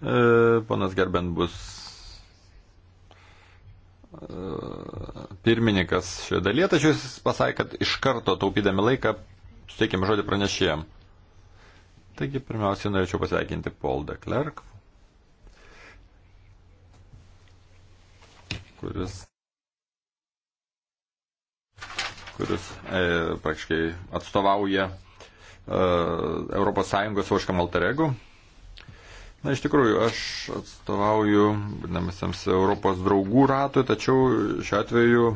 E, ponas Gerben bus e, pirmininkas šioje dalyje, tačiau jis pasakė, kad iš karto taupydami laiką suteikėme žodį pranešėjam. Taigi, pirmiausiai norėčiau pasveikinti Paul de Klerk, kuris kuris e, praktiškai atstovauja e, ES Oškam Altaregu. Na, iš tikrųjų, aš atstovauju, vadinamisiams, Europos draugų ratui, tačiau šiuo atveju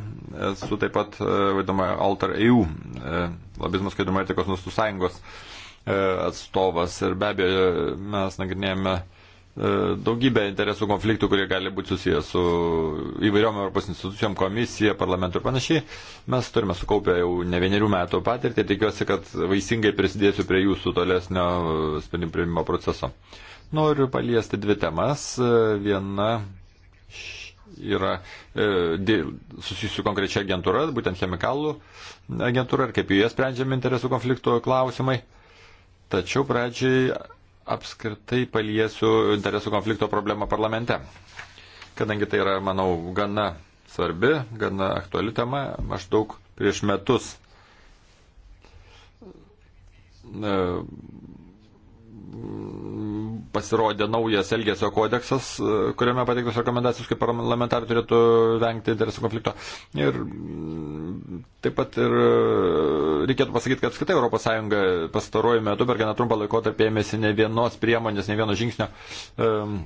esu taip pat, e, vadinama, Altar EU, e, labizmas skaidrumo etikos nustų sąjungos e, atstovas. Ir be abejo, mes nagrinėjame E, daugybę interesų konfliktų, kurie gali būti susijęs su įvairiom Europos institucijom, komisija, parlamentu ir panašiai. Mes turime sukaupę jau ne vienerių metų patirtį ir tikiuosi, kad vaisingai prisidėsiu prie jūsų tolesnio e, sprendimų priimimo proceso. Noriu paliesti dvi temas. E, viena yra susijusiu konkrečia agentūra, būtent chemikalų agentūra ir kaip joje sprendžiami interesų konfliktų klausimai. Tačiau pradžiai apskritai paliesiu interesų konflikto problemą parlamente. Kadangi tai yra, manau, gana svarbi, gana aktuali tema, maždaug prieš metus Mm, pasirodė naujas Elgesio kodeksas, e, kuriame pateiktos rekomendacijos, kaip parlamentarai turėtų vengti interesų konflikto. Ir mm, taip pat ir e, reikėtų pasakyti, kad apskritai ES pastaruoju metu per gana trumpą laikotarpį ėmėsi ne vienos priemonės, ne vieno žingsnio. Um,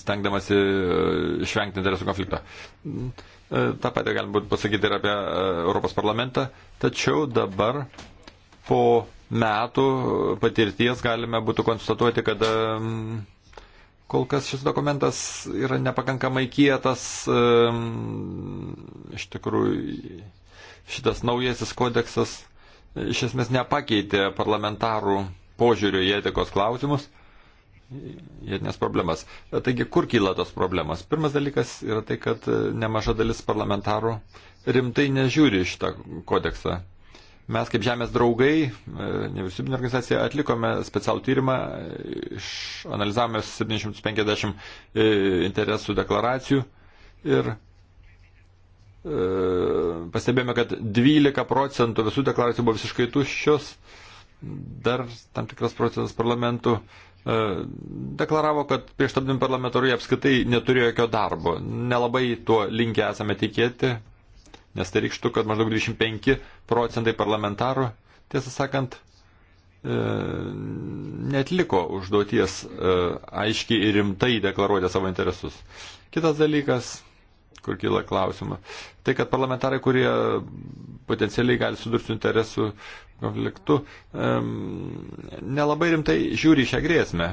stengdamasi e, išvengti interesų konflikto. Mm, Ta pati galima būtų pasakyti ir apie Europos parlamentą, tačiau dabar po metų patirties galime būtų konstatuoti, kad kol kas šis dokumentas yra nepakankamai kietas. Iš tikrųjų, šitas naujasis kodeksas e, iš esmės nepakeitė parlamentarų požiūrių į etikos klausimus, jėtinės problemas. Taigi, kur kyla tos problemas? Pirmas dalykas yra tai, kad e, nemaža dalis parlamentarų rimtai nežiūri šitą kodeksą. Mes kaip Žemės draugai, e, nevisybinė organizacija, atlikome specialų tyrimą, e, analizavome 750 e, interesų deklaracijų ir pastebėjome, kad 12 procentų visų deklaracijų buvo visiškai tuščios, dar tam tikras procentas parlamentų deklaravo, kad prieš tapdami parlamentarui apskaitai neturėjo jokio darbo. Nelabai tuo linkę esame tikėti, nes tai reikštų, kad maždaug 25 procentai parlamentarų, tiesą sakant, e, netliko užduoties e, aiškiai ir rimtai deklaruoti savo interesus. Kitas dalykas, kur kyla klausimas, tai kad parlamentarai, kurie potencialiai gali sudurti su interesų konfliktu, nelabai rimtai žiūri šią grėsmę.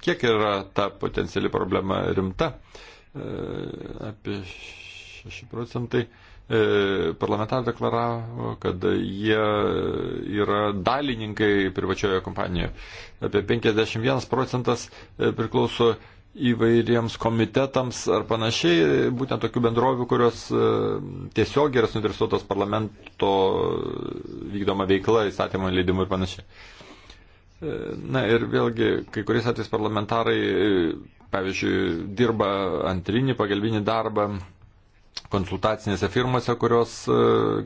Kiek yra ta potenciali problema rimta? E, apie 6 procentai E, parlamentarai deklaravo, kad jie yra dalininkai privačioje kompanijoje. Apie 51 procentas e, priklauso įvairiems komitetams ar panašiai, būtent tokių bendrovių, kurios e, tiesiog yra suinteresuotos parlamento vykdoma veikla, įstatymo leidimu ir panašiai. Na ir vėlgi, kai kuriais atvejais parlamentarai, pavyzdžiui, dirba antrinį, pagalbinį darbą konsultacinėse firmose, kurios e,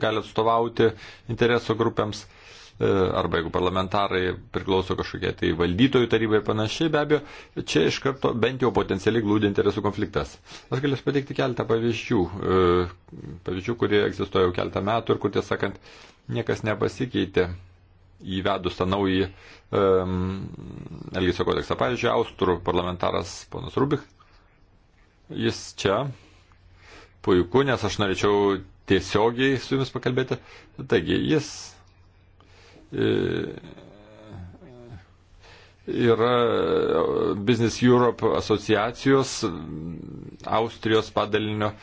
gali atstovauti interesų grupėms, e, arba jeigu parlamentarai priklauso kažkokie tai valdytojų tarybai ir panašiai, be abejo, čia iš karto bent jau potencialiai glūdė interesų konfliktas. Aš galiu pateikti keletą pavyzdžių, e, pavyzdžių, kurie egzistuoja jau keletą metų ir kur, tiesą sakant, niekas nepasikeitė įvedus tą naują um, Elgesio kodeksą. Pavyzdžiui, Austrų parlamentaras ponas Rubik, jis čia puiku, nes aš norėčiau tiesiogiai su jumis pakalbėti. Taigi, jis e, yra Business Europe asociacijos Austrijos padalinio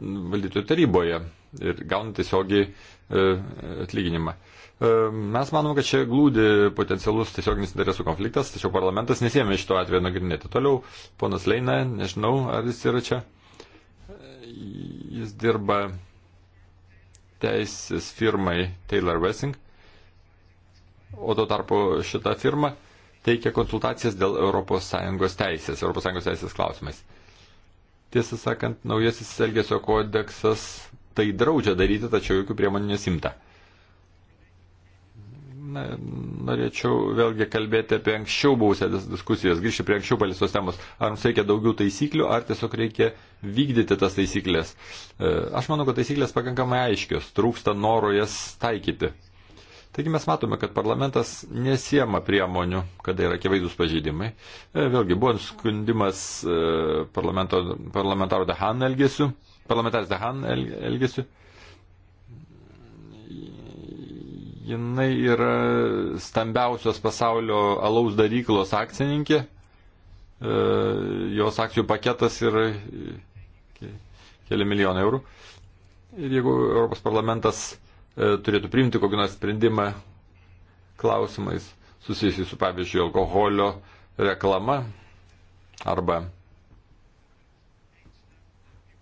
valdytojų taryboje ir gauna tiesiogiai e, atlyginimą. E, mes manome, kad čia glūdi potencialus tiesioginis interesų konfliktas, tačiau parlamentas nesėmė šito atveju nagrinėti. Toliau, ponas Leina, nežinau, ar jis yra čia jis dirba teisės firmai Taylor Wessing, o tuo tarpu šita firma teikia konsultacijas dėl ES teisės, ES teisės klausimais. Tiesą sakant, naujasis Elgesio kodeksas tai draudžia daryti, tačiau jokių priemonių nesimta. Na, norėčiau vėlgi kalbėti apie anksčiau buvusias diskusijas, grįžti prie anksčiau palistos temos. Ar mums reikia daugiau taisyklių, ar tiesiog reikia vykdyti tas taisyklės? E, aš manau, kad taisyklės pakankamai aiškios, trūksta noro jas taikyti. Taigi mes matome, kad parlamentas nesiema priemonių, kada yra akivaizdus pažydimai. E, vėlgi buvo skundimas e, parlamentarų Dehan elgesiu, parlamentaras Dehan elgesiu. jinai yra stambiausios pasaulio alaus daryklos akcininkė. E, jos akcijų paketas yra keli milijonai eurų. Ir jeigu Europos parlamentas e, turėtų priimti kokį nors sprendimą klausimais susijusius su, pavyzdžiui, alkoholio reklama arba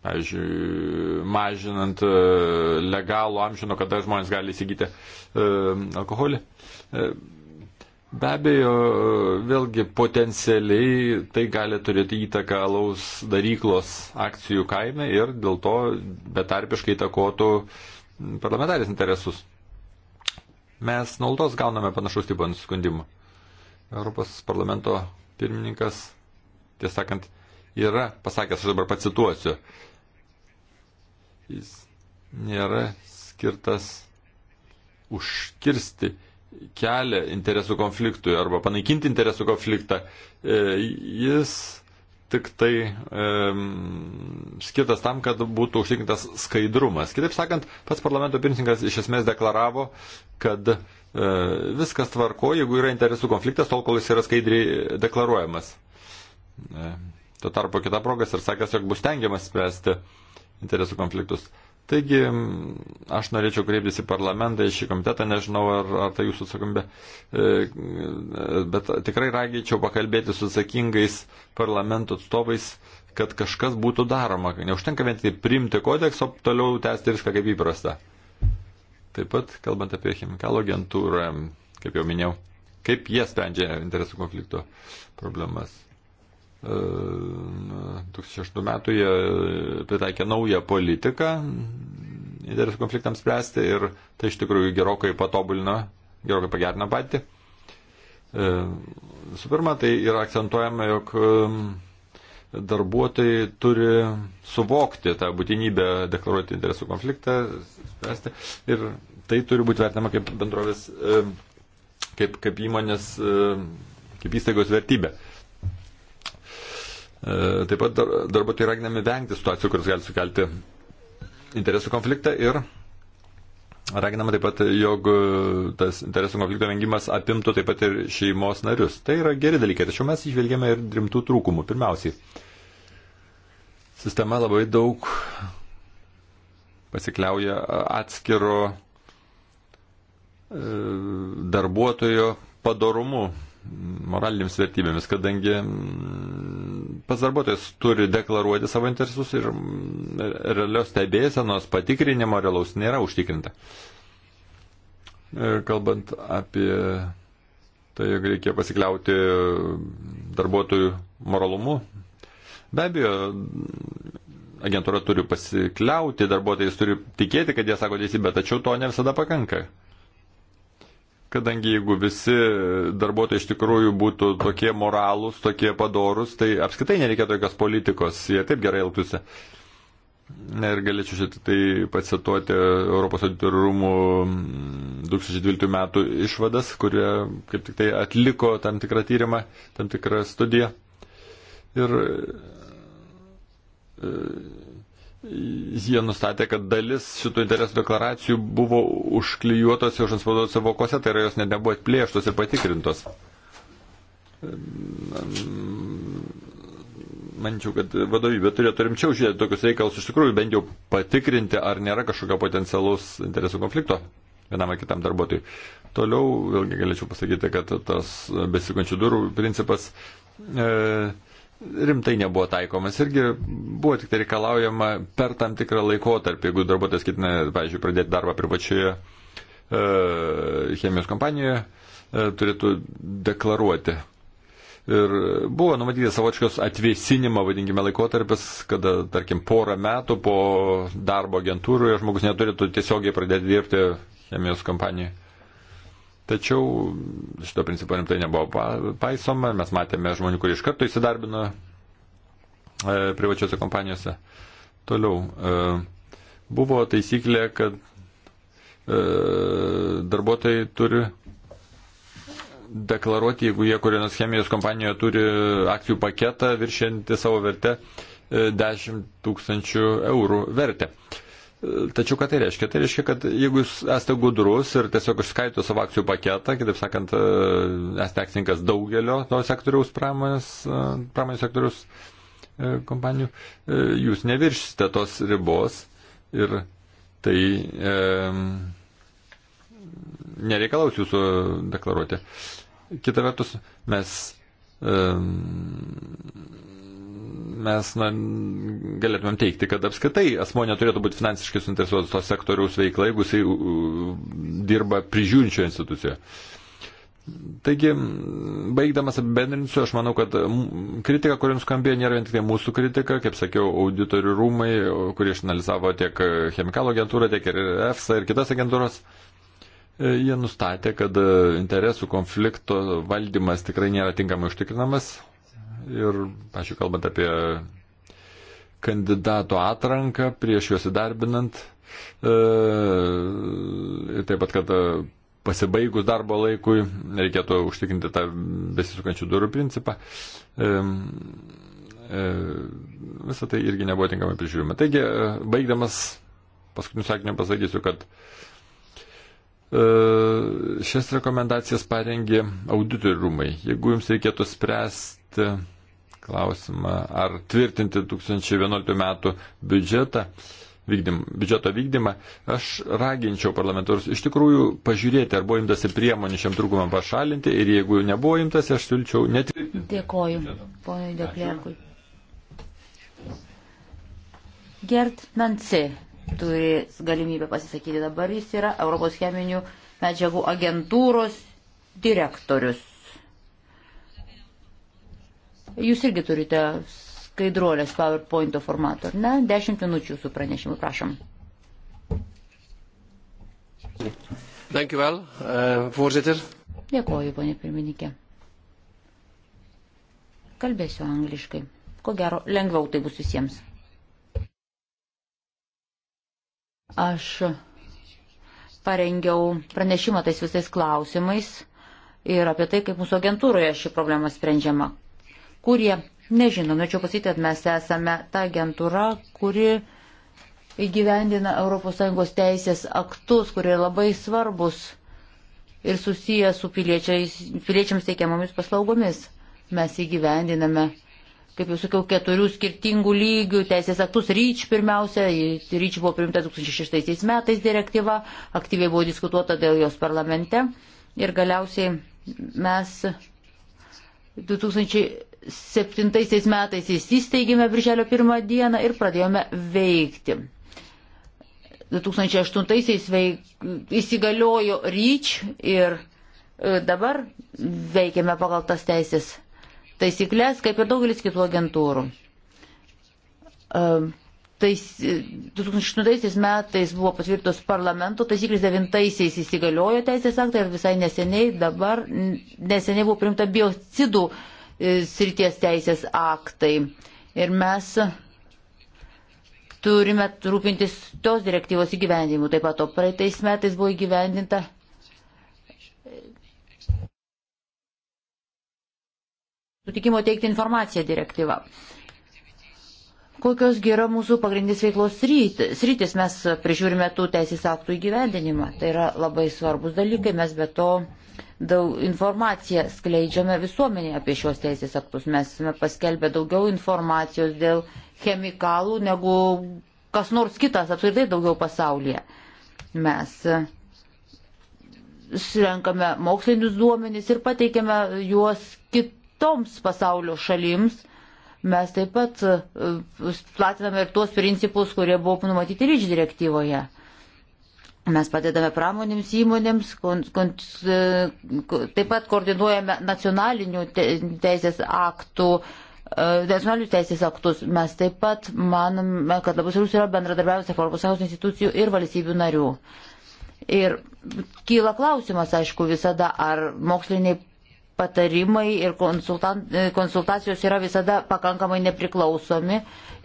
pavyzdžiui, mažinant e, legalų amžino, kada žmonės gali įsigyti e, alkoholį. E, be abejo, vėlgi potencialiai tai gali turėti įtaką alaus daryklos akcijų kainai ir dėl to betarpiškai įtakotų parlamentarės interesus. Mes nuolatos gauname panašaus tipo nusiskundimų. Europos parlamento pirmininkas, tiesą sakant, yra pasakęs, aš dabar pacituosiu, jis nėra skirtas užkirsti kelią interesų konfliktui arba panaikinti interesų konfliktą. E, jis tik tai um, skirtas tam, kad būtų užtikrintas skaidrumas. Kitaip sakant, pats parlamento pirmininkas iš esmės deklaravo, kad uh, viskas tvarko, jeigu yra interesų konfliktas, tol kol jis yra skaidriai deklaruojamas. Uh, Tuo tarpu kita progas ir sakęs, jog bus tengiamas spręsti uh, interesų konfliktus. Taigi, aš norėčiau kreiptis į parlamentą, į šį komitetą, nežinau, ar, ar tai jūsų atsakomybė, e, bet tikrai raginčiau pakalbėti su atsakingais parlamento atstovais, kad kažkas būtų daroma. Neužtenka vien tik priimti kodeksą, o toliau tęsti viską kaip įprasta. Taip pat, kalbant apie chemikalų agentūrą, kaip jau minėjau, kaip jie sprendžia interesų konflikto problemas. 2008 e, metų jie e, pritaikė naują politiką interesų konfliktams spręsti ir tai iš tikrųjų gerokai patobulino, gerokai pagerino patį. E, visų pirma, tai yra akcentuojama, jog darbuotojai turi suvokti tą būtinybę deklaruoti interesų konfliktą, spręsti ir tai turi būti vertinama kaip bendrovės, kaip, kaip įmonės, kaip įstaigos vertybė. E, taip pat dar, darbuotojai raginami vengti situacijų, kuris gali sukelti interesų konfliktą ir raginama taip pat, jog tas interesų konflikto vengimas apimtų taip pat ir šeimos narius. Tai yra geri dalykai, tačiau mes išvelgėme ir rimtų trūkumų. Pirmiausiai, sistema labai daug pasikliauja atskiro e, darbuotojo padarumu moralinėms vertybėmis, kadangi mm, pas darbuotojas turi deklaruoti savo interesus ir mm, realios stebėsenos patikrinimo realaus nėra užtikrinta. E, kalbant apie tai, jog reikia pasikliauti darbuotojų moralumu, be abejo, agentūra turi pasikliauti, darbuotojais turi tikėti, kad jie sako teisybę, tačiau to ne visada pakanka. Kadangi jeigu visi darbuotojai iš tikrųjų būtų tokie moralūs, tokie padorūs, tai apskritai nereikėtų jokios politikos, jie taip gerai elgtųsi. Na ir galėčiau šitą tai pacituoti Europos auditorų rūmų 2012 mm, metų išvadas, kurie kaip tik tai atliko tam tikrą tyrimą, tam tikrą studiją. Ir e, Jie nustatė, kad dalis šitų interesų deklaracijų buvo užklijuotos ir užanspauduotose vokose, tai yra jos net nebuvo atplėštos ir patikrintos. Manyčiau, kad vadovybė turėtų rimčiau žiūrėti tokius reikalus iš tikrųjų, bent jau patikrinti, ar nėra kažkokio potencialaus interesų konflikto vienam ar kitam darbuotojui. Toliau vėlgi galėčiau pasakyti, kad tas besikončių durų principas. E, rimtai nebuvo taikomas. Irgi buvo tik tai reikalaujama per tam tikrą laikotarpį, jeigu darbuotojas ketina, pavyzdžiui, pradėti darbą privačioje e, chemijos kompanijoje, e, turėtų deklaruoti. Ir buvo numatytas savočkos atvėsinimo, vadinkime, laikotarpis, kada, tarkim, porą metų po darbo agentūroje žmogus neturėtų tiesiogiai pradėti dirbti chemijos kompanijoje. Tačiau šito principo rimtai nebuvo paisoma, mes matėme žmonių, kurie iš karto įsidarbino e, privačiose kompanijose. Toliau e, buvo taisyklė, kad e, darbuotojai turi deklaruoti, jeigu jie kurioje nors chemijos kompanijoje turi akcijų paketą viršinti savo vertę 10 e, tūkstančių eurų vertę. E, Tačiau ką tai reiškia? Tai reiškia, kad jeigu jūs esate gudrus ir tiesiog išskaitote savo akcijų paketą, kitaip sakant, e, esate akcininkas daugelio to sektoriaus pramonės, e, pramonės sektoriaus e, kompanijų, jūs neviršite tos ribos ir tai e, nereikalaus jūsų deklaruoti. Kita vertus, mes e, mes na, galėtumėm teikti, kad apskritai asmo neturėtų būti finansiškai suinteresuotas to sektoriaus veikla, jeigu jisai dirba prižiūrinčioje institucijoje. Taigi, baigdamas apibendrinsiu, aš manau, kad kritika, kuriam skambėjo, nėra vien tik tai mūsų kritika, kaip sakiau, auditorių rūmai, kurie išanalizavo tiek chemikalų agentūrą, tiek ir EFSA ir kitas agentūras, e, jie nustatė, kad interesų konflikto valdymas tikrai nėra tinkamai užtikrinamas, ir, pažiūrėjau, kalbant apie kandidato atranką prieš juos įdarbinant, e, ir taip pat, kad e, pasibaigus darbo laikui reikėtų užtikrinti tą besisukančių durų principą. E, Visą tai irgi nebuvo tinkamai prižiūrima. Taigi, baigdamas paskutiniu sakiniu pasakysiu, kad šias rekomendacijas parengė auditorių rūmai. Jeigu jums reikėtų spręsti klausimą, ar tvirtinti 2011 metų biudžetą, vykdym, biudžeto vykdymą, aš raginčiau parlamentarus iš tikrųjų pažiūrėti, ar buvo imtasi priemonių šiam trūkumam pašalinti ir jeigu nebuvo imtasi, aš siūlyčiau netvirtinti.
Dėkoju, ponui Deklėkui. Gert Nansi turi galimybę pasisakyti dabar, jis yra Europos cheminių medžiagų agentūros direktorius. Jūs irgi turite skaidruolės PowerPoint formato, ar ne? Dešimt minučių jūsų pranešimų, prašom. Dank u wel, uh, voorzitter. Dėkoju, ponė pirmininkė. Kalbėsiu angliškai. Ko gero, lengviau tai bus visiems. Aš parengiau pranešimą tais visais klausimais ir apie tai, kaip mūsų agentūroje ši problema sprendžiama kurie nežino. Norėčiau pasakyti, kad mes esame ta agentūra, kuri įgyvendina ES teisės aktus, kurie labai svarbus ir susiję su piliečiams teikiamomis paslaugomis. Mes įgyvendiname, kaip jau sakiau, keturių skirtingų lygių teisės aktus. Ryč pirmiausia, Ryč buvo priimta 2006 metais direktyva, aktyviai buvo diskutuota dėl jos parlamente ir galiausiai mes 2000. 2007 metais įsisteigėme birželio 1 dieną ir pradėjome veikti. 2008 veik, įsigaliojo ryč ir e, dabar veikiame pagal tas teisės taisyklės, kaip ir daugelis kitų agentūrų. E, tais, 2008 metais buvo patvirtos parlamento taisyklės, 9-aisiais įsigaliojo teisės aktai ir visai neseniai, dabar neseniai buvo primta biocidų uh, E, srities teisės aktai. Ir mes turime rūpintis tos direktyvos įgyvendinimu. Taip pat to praeitais metais buvo įgyvendinta. Sutikimo teikti informaciją direktyva. Kokios yra mūsų pagrindinės veiklos rytis? Rytis mes prižiūrime tų teisės aktų įgyvendinimą. Tai yra labai svarbus dalykai, mes be to daug informaciją skleidžiame visuomenėje apie šios teisės aktus. Mes esame paskelbę daugiau informacijos dėl chemikalų negu kas nors kitas apskritai daugiau pasaulyje. Mes surenkame e, mokslinius duomenys ir pateikiame juos kitoms pasaulio šalims. Mes taip pat e, platiname ir tuos principus, kurie buvo numatyti ryč direktyvoje Mes padedame pramonėms įmonėms, kon, kon, e, taip pat koordinuojame nacionalinių teisės aktų. E, nacionalinių teisės aktus mes taip pat manome, kad labai svarbus yra bendradarbiavimas tarp ES institucijų ir valstybių narių. Ir kyla klausimas, aišku, visada, ar moksliniai patarimai ir konsultacijos yra visada pakankamai nepriklausomi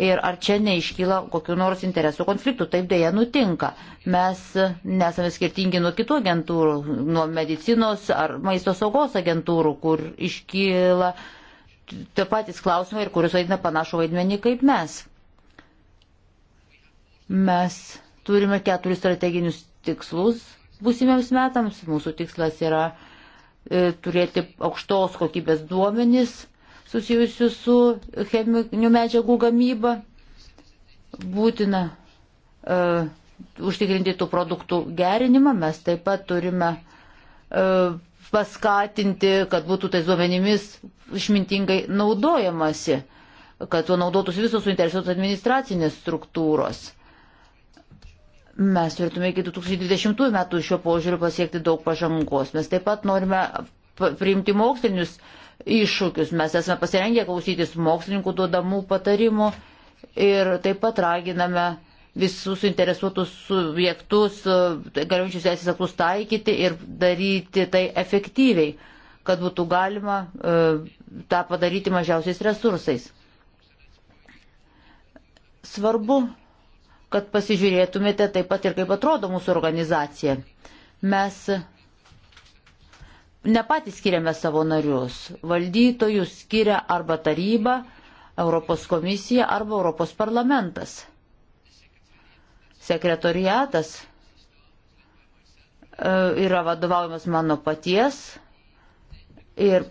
ir ar čia neiškyla kokiu nors interesų konfliktų. Taip dėja nutinka. Mes nesame skirtingi nuo kitų agentūrų, nuo medicinos ar maisto saugos agentūrų, kur iškyla tie patys klausimai ir kuris vaidina panašų vaidmenį kaip mes. Mes turime keturis strateginius tikslus būsimiems metams. Mūsų tikslas yra E, turėti aukštos kokybės duomenys susijusius su cheminių medžiagų gamyba. Būtina uh, užtikrinti tų produktų gerinimą. Mes taip pat turime uh, paskatinti, kad būtų tais duomenimis išmintingai naudojamasi, kad tuo naudotųsi visos suinteresuotos administracinės struktūros. Uh, Mes turėtume iki 2020 metų šiuo požiūriu pasiekti daug pažangos. Mes taip pat norime priimti mokslinius iššūkius. Mes esame pasirengę klausytis mokslininkų duodamų patarimų ir taip pat raginame visus interesuotus subjektus, e, tai galiojančius teisės aktus taikyti ir daryti tai efektyviai, kad būtų galima e, tą padaryti mažiausiais resursais. Svarbu kad pasižiūrėtumėte taip pat ir kaip atrodo mūsų organizacija. Mes ne patys skiriame savo narius, valdytojus skiria arba taryba, Europos komisija arba Europos parlamentas. Sekretoriatas e, yra vadovaujamas mano paties ir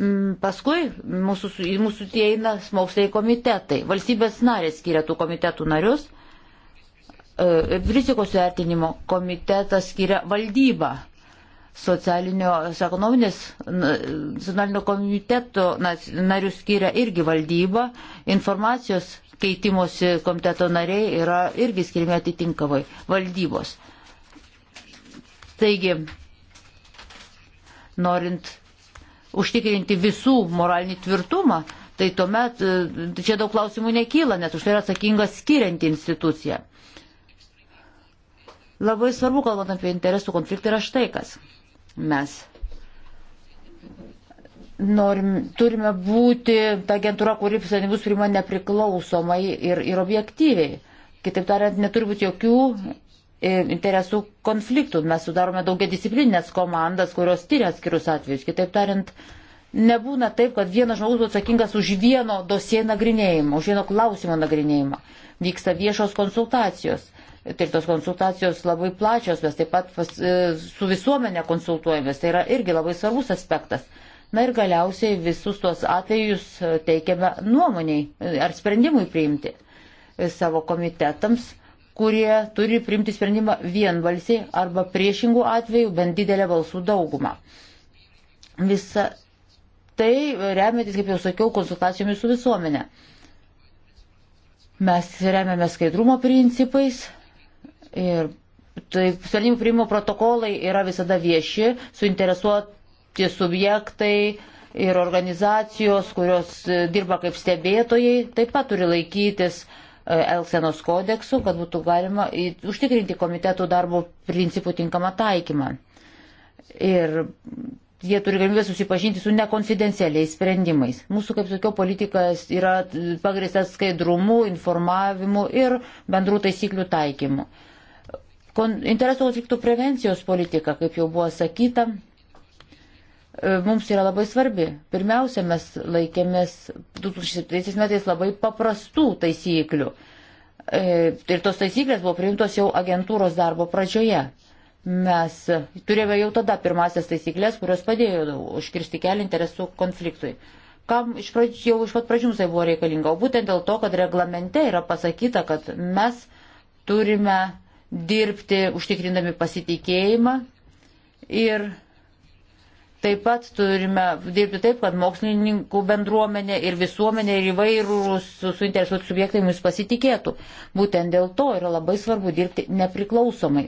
mm, paskui mūsų, mūsų tie eina smauksliai komitetai. Valstybės narės skiria tų komitetų narius E, rizikos vertinimo komitetas skiria valdybą socialinio, ekonominės, nacionalinio komiteto narių skiria irgi valdyba, informacijos keitimosi komiteto nariai yra irgi skirimi atitinkamai valdybos. Taigi, norint užtikrinti visų moralinį tvirtumą, tai tuomet e, čia daug klausimų nekyla, nes už tai yra atsakinga skirianti institucija. Labai svarbu, kalbant apie interesų konfliktą, yra štai kas. Mes norim, turime būti ta agentūra, kuri sprendimus priima nepriklausomai ir, ir objektyviai. Kitaip tariant, neturi būti jokių e, interesų konfliktų. Mes sudarome daugia disciplininės komandas, kurios tyria atskirus atvejus. Kitaip tariant, nebūna taip, kad vienas žmogus būtų atsakingas už vieno dosie nagrinėjimą, už vieno klausimo nagrinėjimą. Vyksta viešos konsultacijos ir tai tos konsultacijos labai plačios, mes taip pat pas, e, su visuomenė konsultuojamės, tai yra irgi labai svarbus aspektas. Na ir galiausiai visus tuos atvejus e, teikiame nuomoniai e, ar sprendimui priimti savo komitetams, kurie turi priimti sprendimą vienbalsiai arba priešingų atvejų bent didelę balsų daugumą. Visa tai remiantis, kaip jau sakiau, konsultacijomis su visuomenė. Mes remiame skaidrumo principais, Ir tai sprendimų priimimo protokolai yra visada vieši, suinteresuoti subjektai ir organizacijos, kurios e, dirba kaip stebėtojai, taip pat turi laikytis e, Elsenos kodeksu, kad būtų galima užtikrinti komitetų darbo principų tinkamą taikymą. Ir jie turi galimybę susipažinti su nekonfidencialiais sprendimais. Mūsų, kaip sakiau, politikas yra e, pagristas skaidrumu, informavimu ir bendrų taisyklių taikymu. Interesų konfliktų prevencijos politika, kaip jau buvo sakyta, e, mums yra labai svarbi. Pirmiausia, mes laikėmės 2007 metais labai paprastų taisyklių. E, ir tos taisyklės buvo priimtos jau agentūros darbo pradžioje. Mes turėjome jau tada pirmasias taisyklės, kurios padėjo užkirsti kelią interesų konfliktui. Kam iš pradžių, jau iš pat pradžių tai buvo reikalinga? O būtent dėl to, kad reglamente yra pasakyta, kad mes turime dirbti užtikrindami pasitikėjimą ir taip pat turime dirbti taip, kad mokslininkų bendruomenė ir visuomenė ir įvairūs suinteresuoti subjektai mus pasitikėtų. Būtent dėl to yra labai svarbu dirbti nepriklausomai.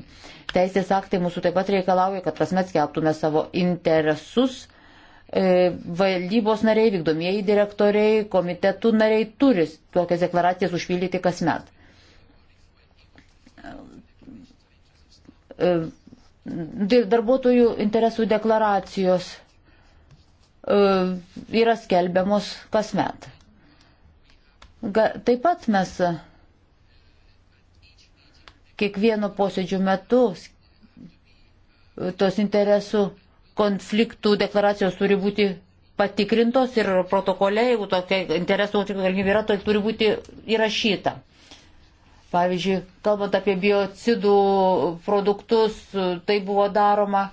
Teisės aktai mūsų taip pat reikalauja, kad kasmet skelbtume savo interesus e, valdybos nariai, vykdomieji direktoriai, komitetų nariai turi tokias deklaracijas užpildyti kasmet. E, darbuotojų interesų deklaracijos e, yra skelbiamos kasmet. Taip pat mes kiekvieno posėdžio metu tos interesų konfliktų deklaracijos turi būti patikrintos ir protokole, jeigu tokia interesų galimybė yra, tai turi būti įrašyta. Pavyzdžiui, kalbant apie biocidų produktus, tai buvo daroma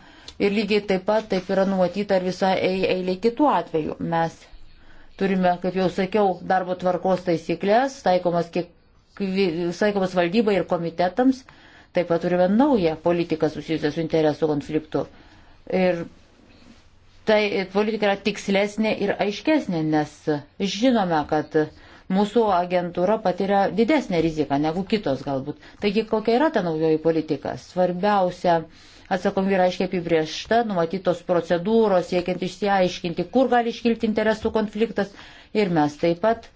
ir lygiai taip pat taip yra numatyta ir visai eilė kitų atvejų. Mes turime, kaip jau sakiau, darbo tvarkos taisyklės, taikomas, kiek, taikomas valdybai ir komitetams, taip pat turime naują politiką susijusią su interesų konfliktu. Ir tai politika yra tikslesnė ir aiškesnė, nes žinome, kad mūsų agentūra patiria didesnę riziką negu kitos galbūt. Taigi kokia yra ta naujoji politika? Svarbiausia atsakomybė yra aiškiai apibriešta, numatytos procedūros, siekiant išsiaiškinti, kur gali iškilti interesų konfliktas. Ir mes taip pat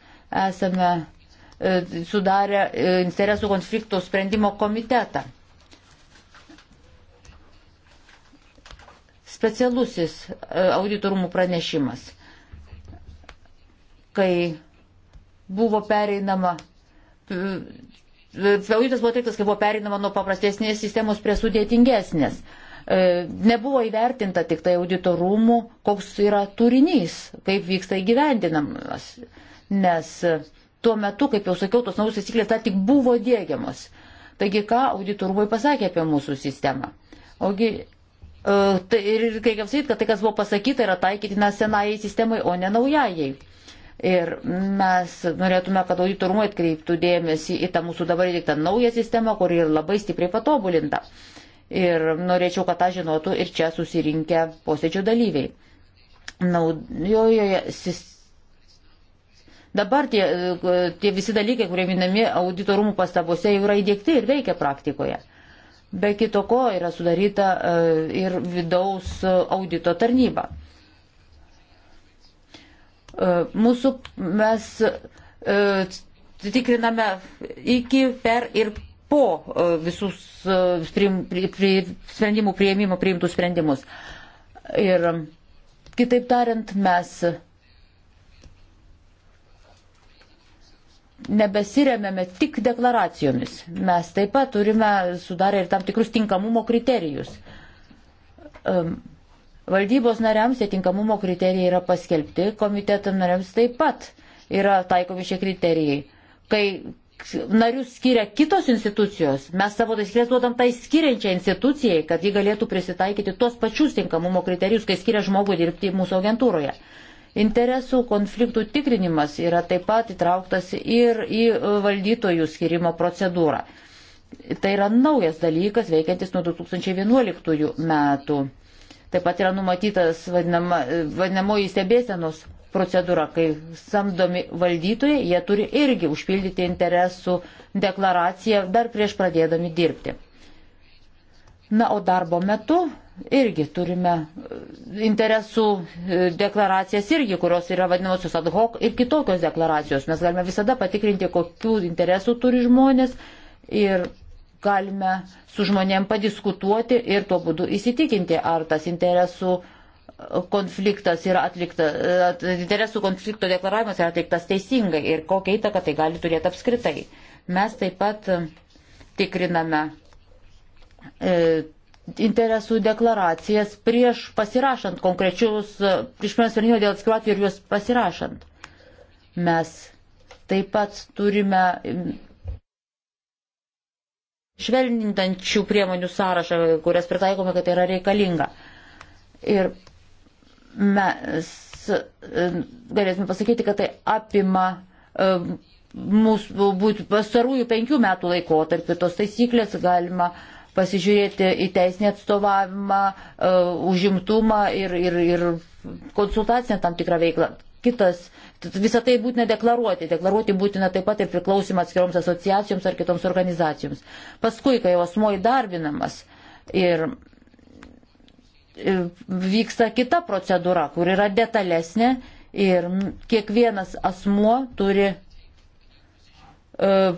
esame e, sudarę e, interesų konfliktų sprendimo komitetą. Specialusis e, auditorumų pranešimas, kai buvo pereinama, auditas e, buvo atliktas, kai buvo pereinama nuo paprastesnės sistemos prie sudėtingesnės. E, nebuvo įvertinta tik tai audito rūmų, koks yra turinys, kaip vyksta įgyvendinamas. Nes tuo metu, kaip jau sakiau, tos naujos taisyklės ta tik buvo dėgiamas. Taigi, ką audito rūmai pasakė apie mūsų sistemą? Ogi e, Tai ir reikia sakyti, kad tai, kas buvo pasakyta, yra taikytina senajai sistemai, o ne naujajai. Ir mes norėtume, kad auditorumai atkreiptų dėmesį į tą mūsų dabar įdėktą naują sistemą, kuri ir labai stipriai patobulinta. Ir norėčiau, kad tą žinotų ir čia susirinkę posėdžio dalyviai. Naujojoje sistemoje. Dabar tie, tie visi dalykai, kurie minami auditorumų pastabose, jau yra įdėkti ir veikia praktikoje. Be kito ko yra sudaryta e, ir vidaus audito tarnyba. E, mūsų mes e, tikriname iki, per ir po e, visus sprendimų prieimimo priimtus sprendimus. Ir kitaip tariant, mes nebesiremėme tik deklaracijomis. Mes taip pat turime sudarę ir tam tikrus tinkamumo kriterijus. Um, Valdybos nariams tie tinkamumo kriterijai yra paskelbti, komiteto nariams taip pat yra taikomi šie kriterijai. Kai narius skiria kitos institucijos, mes savo taisyklės duodam tai skiriančiai institucijai, kad ji galėtų prisitaikyti tuos pačius tinkamumo kriterijus, kai skiria žmogų dirbti mūsų agentūroje. Interesų konfliktų tikrinimas yra taip pat įtrauktas ir į e, valdytojų skirimo procedūrą. Tai yra naujas dalykas, veikiantis nuo 2011 metų. Taip pat yra numatytas vadinama, vadinamoji stebėsenos procedūra, kai samdomi valdytojai, jie turi irgi užpildyti interesų deklaraciją dar prieš pradėdami dirbti. Na, o darbo metu irgi turime e, interesų e, deklaracijas irgi, kurios yra vadinamosios ad hoc ir kitokios deklaracijos. Mes galime visada patikrinti, kokių interesų turi žmonės ir galime su žmonėm padiskutuoti ir tuo būdu įsitikinti, ar tas interesų e, konfliktas yra atliktas, e, interesų konflikto deklaravimas yra atliktas teisingai ir kokią įtaką tai gali turėti apskritai. Mes taip pat e, tikriname interesų deklaracijas prieš pasirašant konkrečius, prieš mes sprendimą dėl atskirų atvejų ir juos pasirašant. Mes taip pat turime švelninančių priemonių sąrašą, kurias pritaikome, kad tai yra reikalinga. Ir mes e, galėsime pasakyti, kad tai apima e, mūsų pastarųjų penkių metų laikotarpį. Tos taisyklės galima pasižiūrėti į teisinį atstovavimą, e, užimtumą ir, ir, ir konsultacinę tam tikrą veiklą kitas, visą tai būtina deklaruoti. Deklaruoti būtina taip pat ir priklausimą atskiroms asociacijoms ar kitoms organizacijoms. Paskui, kai jau asmo įdarbinamas ir vyksta kita procedūra, kur yra detalesnė ir kiekvienas asmuo turi e,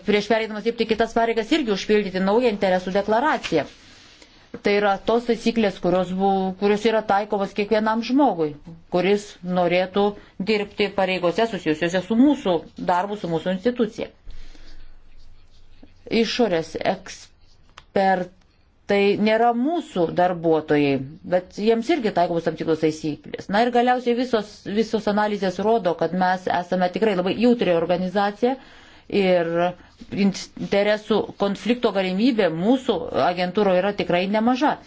prieš pereidamas dirbti kitas pareigas irgi užpildyti naują interesų deklaraciją. Tai yra tos taisyklės, kurios, buvo, kurios yra taikomas kiekvienam žmogui, kuris norėtų dirbti pareigose susijusiuose su mūsų darbu, su mūsų institucija. Išorės ekspertai nėra mūsų darbuotojai, bet jiems irgi taikomus tam tikros taisyklės. Na ir galiausiai visos, visos analizės rodo, kad mes esame tikrai labai jautri organizacija ir interesų konflikto galimybė mūsų agentūroje yra tikrai nemaža.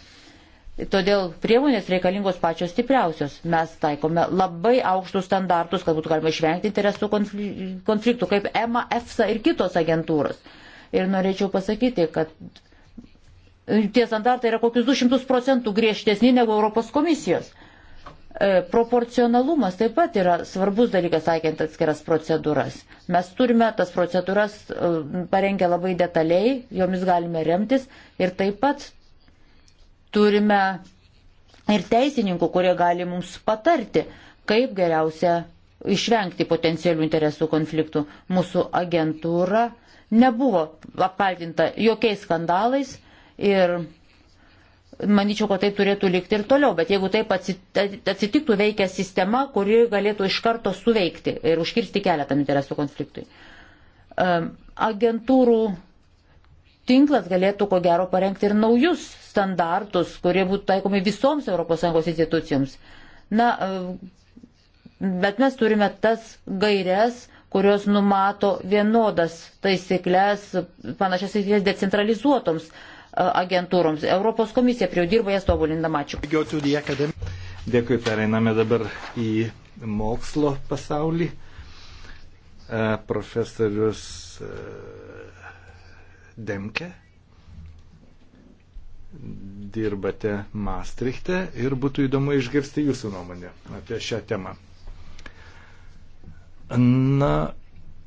Todėl priemonės reikalingos pačios stipriausios. Mes taikome labai aukštus standartus, kad būtų galima išvengti interesų konfliktų, kaip EMA, EFSA ir kitos agentūros. Ir norėčiau pasakyti, kad tie standartai yra kokius 200 procentų griežtesni negu Europos komisijos. E, proporcionalumas taip pat yra svarbus dalykas, sakant atskiras procedūras. Mes turime tas procedūras e, parengę labai detaliai, jomis galime remtis ir taip pat turime ir teisininkų, kurie gali mums patarti, kaip geriausia išvengti potencialių interesų konfliktų. Mūsų agentūra nebuvo apkaltinta jokiais skandalais ir manyčiau, kad taip turėtų likti ir toliau, bet jeigu taip atsitiktų veikia sistema, kuri galėtų iš karto suveikti ir užkirsti kelią tam interesų konfliktui. Agentūrų tinklas galėtų ko gero parengti ir naujus standartus, kurie būtų taikomi visoms ES institucijoms. Na, bet mes turime tas gairias, kurios numato vienodas taisyklės, panašias taisyklės decentralizuotoms agentūroms. Europos komisija prie jų dirba jas tobulindama. Ačiū. Dėkui, pereiname dabar į mokslo pasaulį.
E, profesorius e, Demke. Dirbate Maastrichte ir būtų įdomu išgirsti jūsų nuomonę apie šią temą. Na,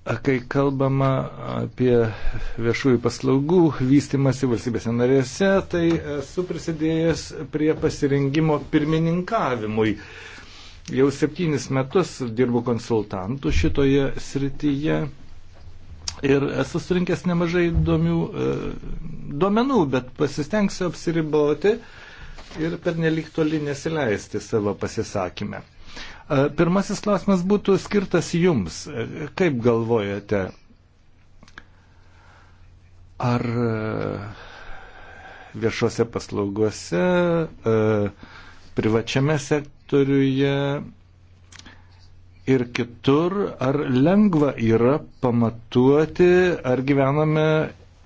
Kai kalbama apie viešųjų paslaugų vystimasi valstybėse narėse, tai esu prisidėjęs prie pasirengimo pirmininkavimui. Jau septynis metus dirbu konsultantų šitoje srityje ir esu surinkęs nemažai įdomių e, duomenų, bet pasistengsiu apsiriboti ir per nelik toli nesileisti savo pasisakymę. E, pirmasis klausimas būtų skirtas jums. E, kaip galvojate, ar e, viešuose paslaugose, privačiame sektoriuje ir kitur, ar lengva yra pamatuoti, ar gyvename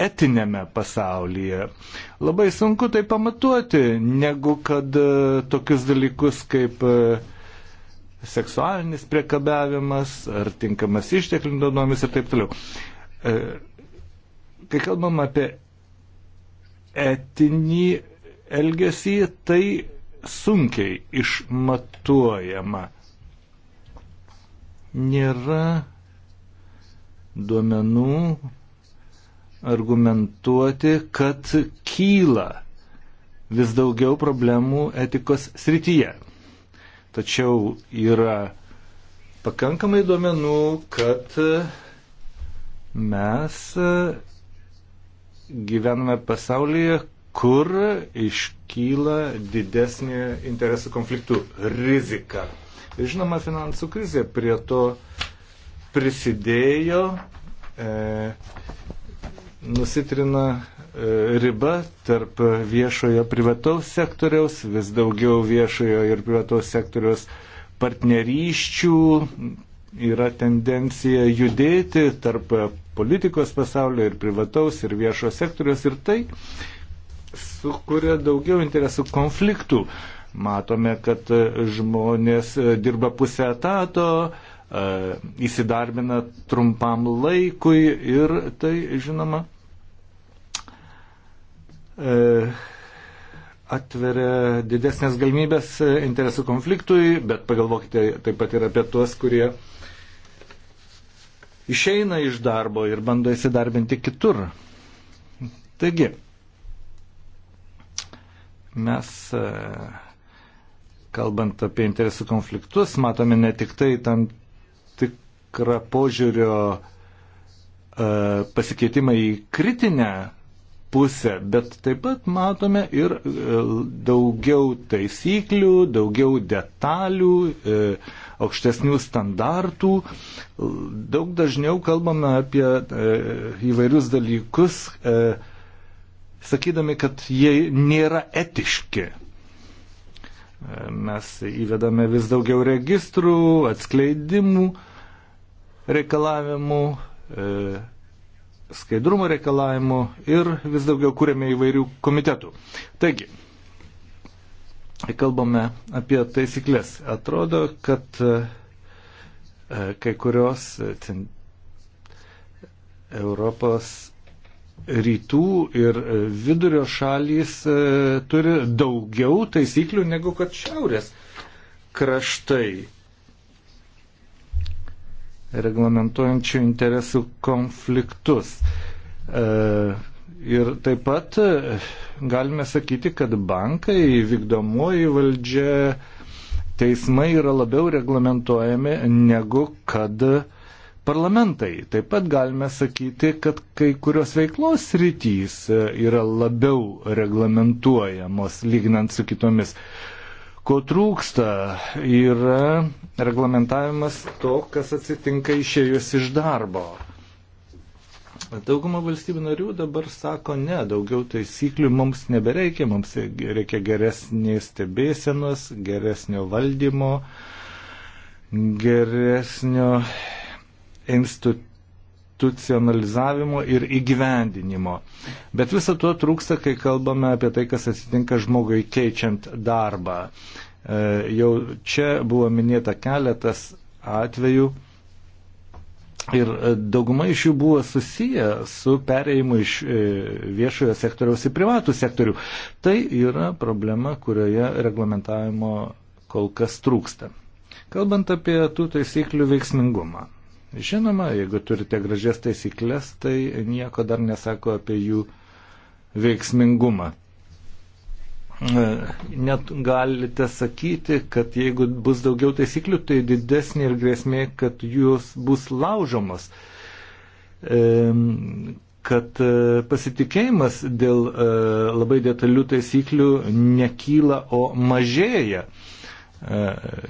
etinėme pasaulyje. Labai sunku tai pamatuoti, negu kad tokius dalykus kaip uh, seksualinis priekabiavimas, ar tinkamas išteklių naudojimas ir taip toliau. E, kai kalbam apie etinį elgesį, tai sunkiai išmatuojama. Nėra duomenų argumentuoti, kad kyla vis daugiau problemų etikos srityje. Tačiau yra pakankamai duomenų, kad mes gyvename pasaulyje, kur iškyla didesnė interesų konfliktų rizika. Ir žinoma, finansų krizė prie to prisidėjo, e, nusitrina riba tarp viešojo privataus sektoriaus, vis daugiau viešojo ir privataus sektoriaus partnerysčių, yra tendencija judėti tarp politikos pasaulio ir privataus ir viešo sektoriaus ir tai sukuria daugiau interesų konfliktų. Matome, kad žmonės dirba pusę etato, e, įsidarbina trumpam laikui ir tai, žinoma, E, atveria didesnės galimybės e, interesų konfliktui, bet pagalvokite taip pat ir apie tuos, kurie išeina iš darbo ir bando įsidarbinti kitur. Taigi, mes, e, kalbant apie interesų konfliktus, matome ne tik tai tam tikrą požiūrio pasikeitimą į kritinę pusę, bet taip pat matome ir e, daugiau taisyklių, daugiau detalių, e, aukštesnių standartų. Daug dažniau kalbame apie e, įvairius dalykus, sakydami, kad jie nėra etiški. Mes įvedame vis daugiau registrų, atskleidimų, reikalavimų, skaidrumo reikalavimų ir vis daugiau kūrėme įvairių komitetų. Taigi, kalbame apie taisyklės. Atrodo, kad e, kai kurios e, Europos rytų ir e, vidurio šalys turi daugiau taisyklių negu kad šiaurės kraštai reglamentuojančių interesų konfliktus. E, ir taip pat e, galime sakyti, kad bankai, vykdomoji valdžia, teismai yra labiau reglamentuojami negu kad parlamentai. Taip pat galime sakyti, kad kai kurios veiklos rytys e, yra labiau reglamentuojamos lyginant su kitomis. Ko trūksta yra reglamentavimas to, kas atsitinka išėjus iš darbo. Dauguma valstybių narių dabar sako, ne, daugiau taisyklių mums nebereikia, mums reikia geresnės stebėsenos, geresnio valdymo, geresnio institucionalizavimo ir įgyvendinimo. Bet viso to trūksta, kai kalbame apie tai, kas atsitinka žmogui keičiant darbą. E, jau čia buvo minėta keletas atvejų ir e, dauguma iš jų buvo susiję su pereimu iš e, viešojo sektoriaus į privatų sektorių. Tai yra problema, kurioje reglamentavimo kol kas trūksta. Kalbant apie tų taisyklių veiksmingumą. Žinoma, jeigu turite gražias taisyklės, tai nieko dar nesako apie jų veiksmingumą. E, net galite sakyti, kad jeigu bus daugiau taisyklių, tai didesnė ir grėsmė, kad jūs bus laužomas, e, kad e, pasitikėjimas dėl labai detalių taisyklių nekyla, o mažėja. E,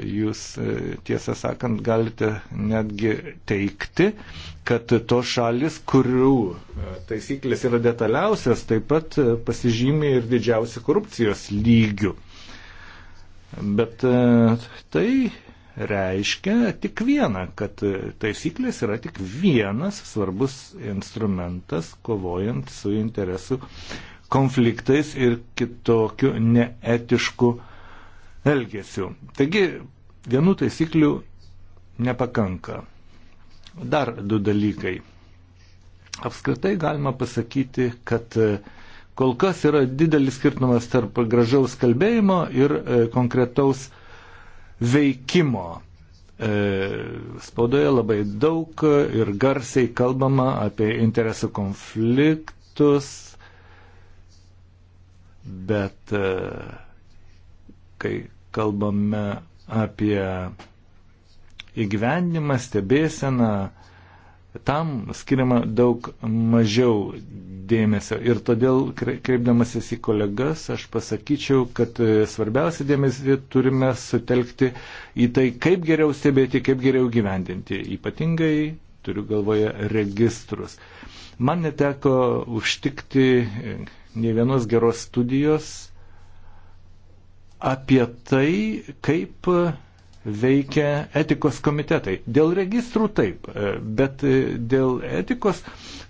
jūs e, tiesą sakant galite netgi teikti, kad tos šalis, kurių e, taisyklės yra detaliausias, taip pat pasižymė ir didžiausi korupcijos lygių. Bet tai reiškia tik vieną, kad taisyklės yra tik vienas svarbus instrumentas kovojant su interesų konfliktais ir kitokiu neetišku uh, elgesiu. Taigi, vienų taisyklių nepakanka. Dar du dalykai. Apskritai galima pasakyti, kad e, kol kas yra didelis skirtumas tarp gražaus kalbėjimo ir e, konkretaus veikimo. E, spaudoje labai daug ir garsiai kalbama apie interesų konfliktus, bet kai kalbame apie įgyvendimą, stebėseną, tam skiriama daug mažiau dėmesio. Ir todėl, kreipdamasis į kolegas, aš pasakyčiau, kad e, svarbiausia dėmesį turime sutelkti į tai, kaip geriau stebėti, kaip geriau gyvendinti. Ypatingai turiu galvoje registrus. Man neteko užtikti e, ne vienos geros studijos apie tai, kaip veikia etikos komitetai. Dėl registrų taip, bet dėl etikos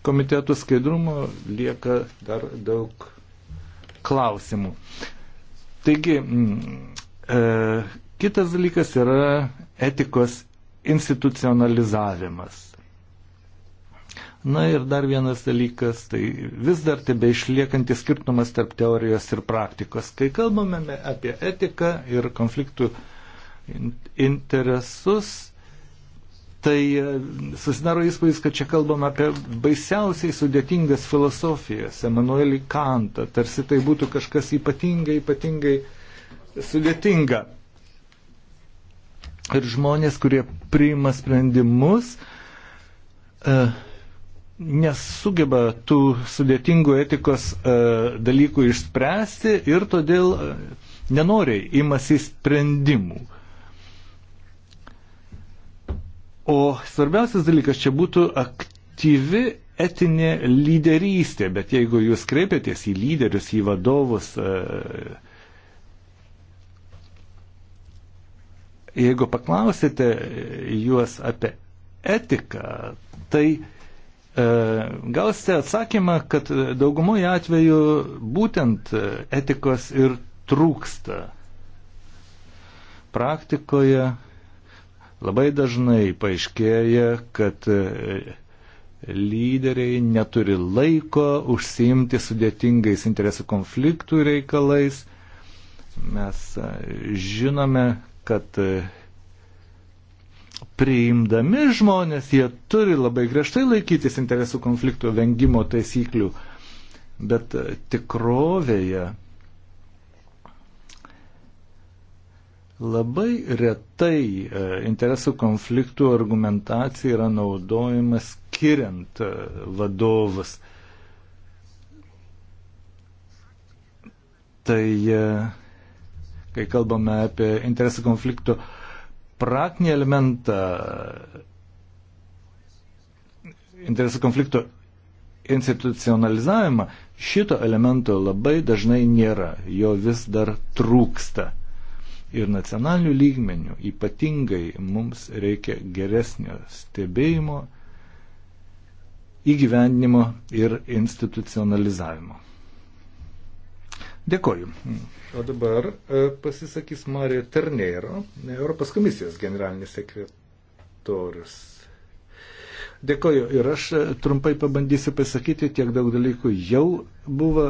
komitetų skaidrumo lieka dar daug klausimų. Taigi, e, kitas dalykas yra etikos institucionalizavimas. Na ir dar vienas dalykas, tai vis dar tebe išliekantis skirtumas tarp teorijos ir praktikos. Kai kalbame apie etiką ir konfliktų interesus, tai e, susidaro įspūdis, kad čia kalbame apie baisiausiai sudėtingas filosofijas, Emanuelį Kantą, tarsi tai būtų kažkas ypatingai, ypatingai sudėtinga. Ir žmonės, kurie priima sprendimus, uh, nesugeba tų sudėtingų etikos e, dalykų išspręsti ir todėl e, nenoriai imasi sprendimų. O svarbiausias dalykas čia būtų aktyvi etinė lyderystė, bet jeigu jūs kreipiatės į lyderius, į vadovus, e, jeigu paklausite juos apie etiką, tai E, gausite atsakymą, kad daugumoje atveju būtent etikos ir trūksta. Praktikoje labai dažnai paaiškėja, kad e, lyderiai neturi laiko užsiimti sudėtingais interesų konfliktų reikalais. Mes e, žinome, kad priimdami žmonės, jie turi labai griežtai laikytis interesų konfliktų vengimo taisyklių. Bet e, tikrovėje labai retai e, interesų konfliktų argumentacija yra naudojama skiriant e, vadovus. Tai kai kalbame apie interesų konfliktų uh, praktinį elementą interesų konflikto institucionalizavimą, šito elemento labai dažnai nėra, jo vis dar trūksta. Ir nacionalinių lygmenių ypatingai mums reikia geresnio stebėjimo, įgyvendinimo ir institucionalizavimo. Dėkoju. O dabar e, pasisakys Marija Terneiro, Europos komisijos generalinis sekretorius. Dėkoju ir aš e, trumpai pabandysiu pasakyti, tiek daug dalykų jau buvo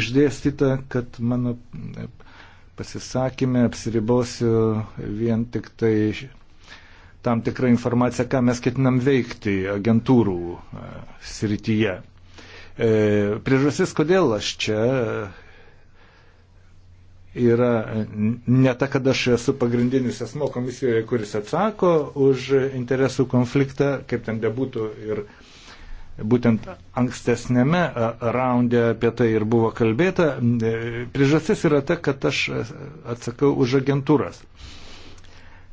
išdėstyta, kad mano e, pasisakymė apsiribosiu vien tik tai tam tikrą informaciją, ką mes ketinam veikti agentūrų srityje. Priežasis, kodėl aš čia yra ne ta, kad aš esu pagrindinis asmo komisijoje, kuris atsako už interesų konfliktą, kaip ten bebūtų ir būtent ankstesnėme raunde apie tai ir buvo kalbėta. E, priežastis yra ta, kad aš atsakau už agentūras.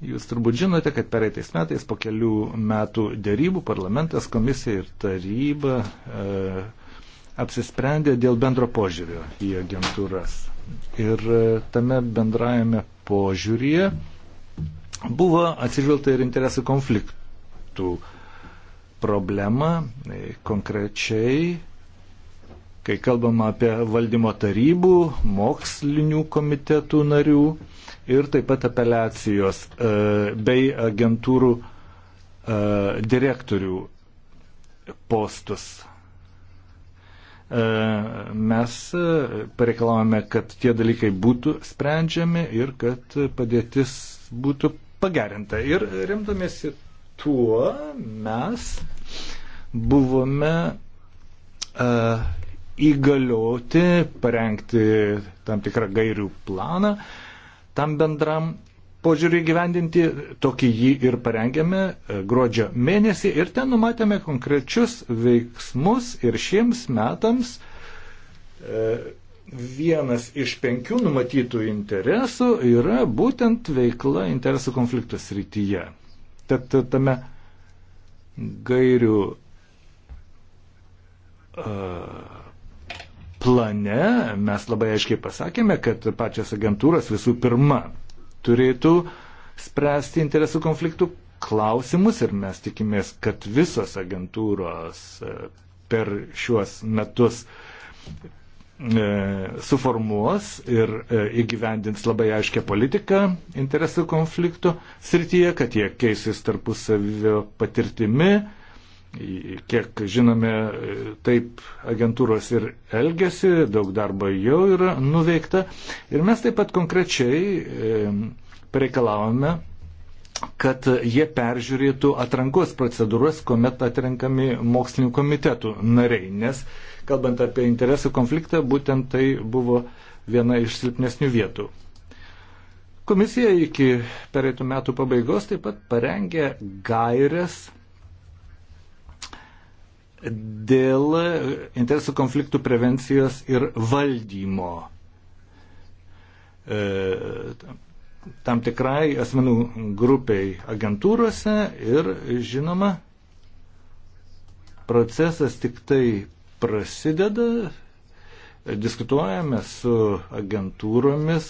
Jūs turbūt žinote, kad pereitais metais po kelių metų dėrybų parlamentas, komisija ir taryba e, apsisprendė dėl bendro požiūrio į agentūras. Ir e, tame bendrajame požiūryje buvo atsižvelgta ir interesų konfliktų problema. E, konkrečiai, kai kalbama apie valdymo tarybų, mokslinių komitetų narių ir taip pat apeliacijos e, bei agentūrų direktorių postus. E, mes e, pareikalavome, kad tie dalykai būtų sprendžiami ir kad padėtis būtų pagerinta. Ir remdamėsi tuo mes buvome uh, įgalioti parengti tam tikrą gairių planą tam bendram požiūrį gyvendinti, tokį jį ir parengėme e, gruodžio mėnesį ir ten numatėme konkrečius veiksmus ir šiems metams e, vienas iš penkių numatytų interesų yra būtent veikla interesų konfliktos rytyje. Tad tame gairių e, plane mes labai aiškiai pasakėme, kad pačias agentūras visų pirma turėtų spręsti interesų konfliktų klausimus ir mes tikimės, kad visos agentūros e, per šiuos metus e, suformuos ir e, įgyvendins labai aiškę politiką interesų konfliktų srityje, kad jie keisis tarpusavio patirtimi, Kiek žinome, taip agentūros ir elgesi, daug darbo jau yra nuveikta. Ir mes taip pat konkrečiai e, pareikalavome, kad jie peržiūrėtų atrankos procedūras, kuomet atrenkami mokslininkų komitetų nariai. Nes, kalbant apie interesų konfliktą, būtent tai buvo viena iš silpnesnių vietų. Komisija iki pereitų metų pabaigos taip pat parengė gairias dėl interesų konfliktų prevencijos ir valdymo. E, tam tikrai asmenų grupiai agentūrose ir, žinoma, procesas tik tai prasideda, diskutuojame su agentūromis,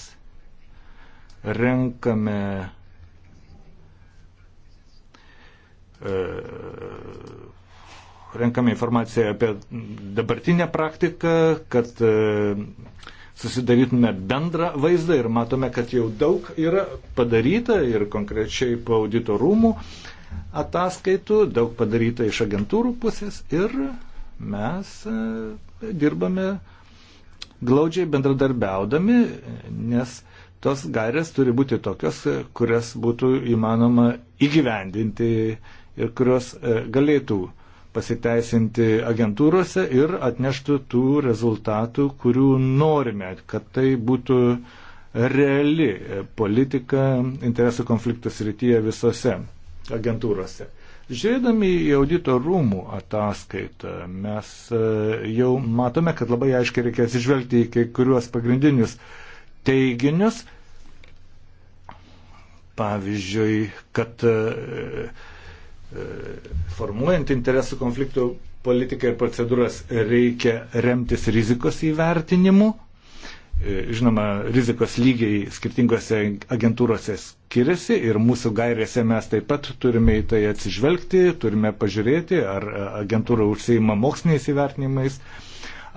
renkame e, renkame informaciją apie dabartinę praktiką, kad e, susidarytume bendrą vaizdą ir matome, kad jau daug yra padaryta ir konkrečiai po audito rūmų ataskaitų, daug padaryta iš agentūrų pusės ir mes e, dirbame glaudžiai bendradarbiaudami, nes tos gairės turi būti tokios, kurias būtų įmanoma įgyvendinti ir kurios e, galėtų pasiteisinti agentūrose ir atneštų tų rezultatų, kurių norime, kad tai būtų reali politika interesų konfliktų srityje visose agentūrose. Žiūrėdami į audito rūmų ataskaitą, mes e, jau matome, kad labai aiškiai reikia atsižvelgti į kai kuriuos pagrindinius teiginius. Pavyzdžiui, kad e, formuojant interesų konfliktų politiką ir procedūras reikia remtis rizikos įvertinimu. E, žinoma, rizikos lygiai skirtingose agentūrose skiriasi ir mūsų gairėse mes taip pat turime į tai atsižvelgti, turime pažiūrėti, ar agentūra užsieima moksliniais įvertinimais,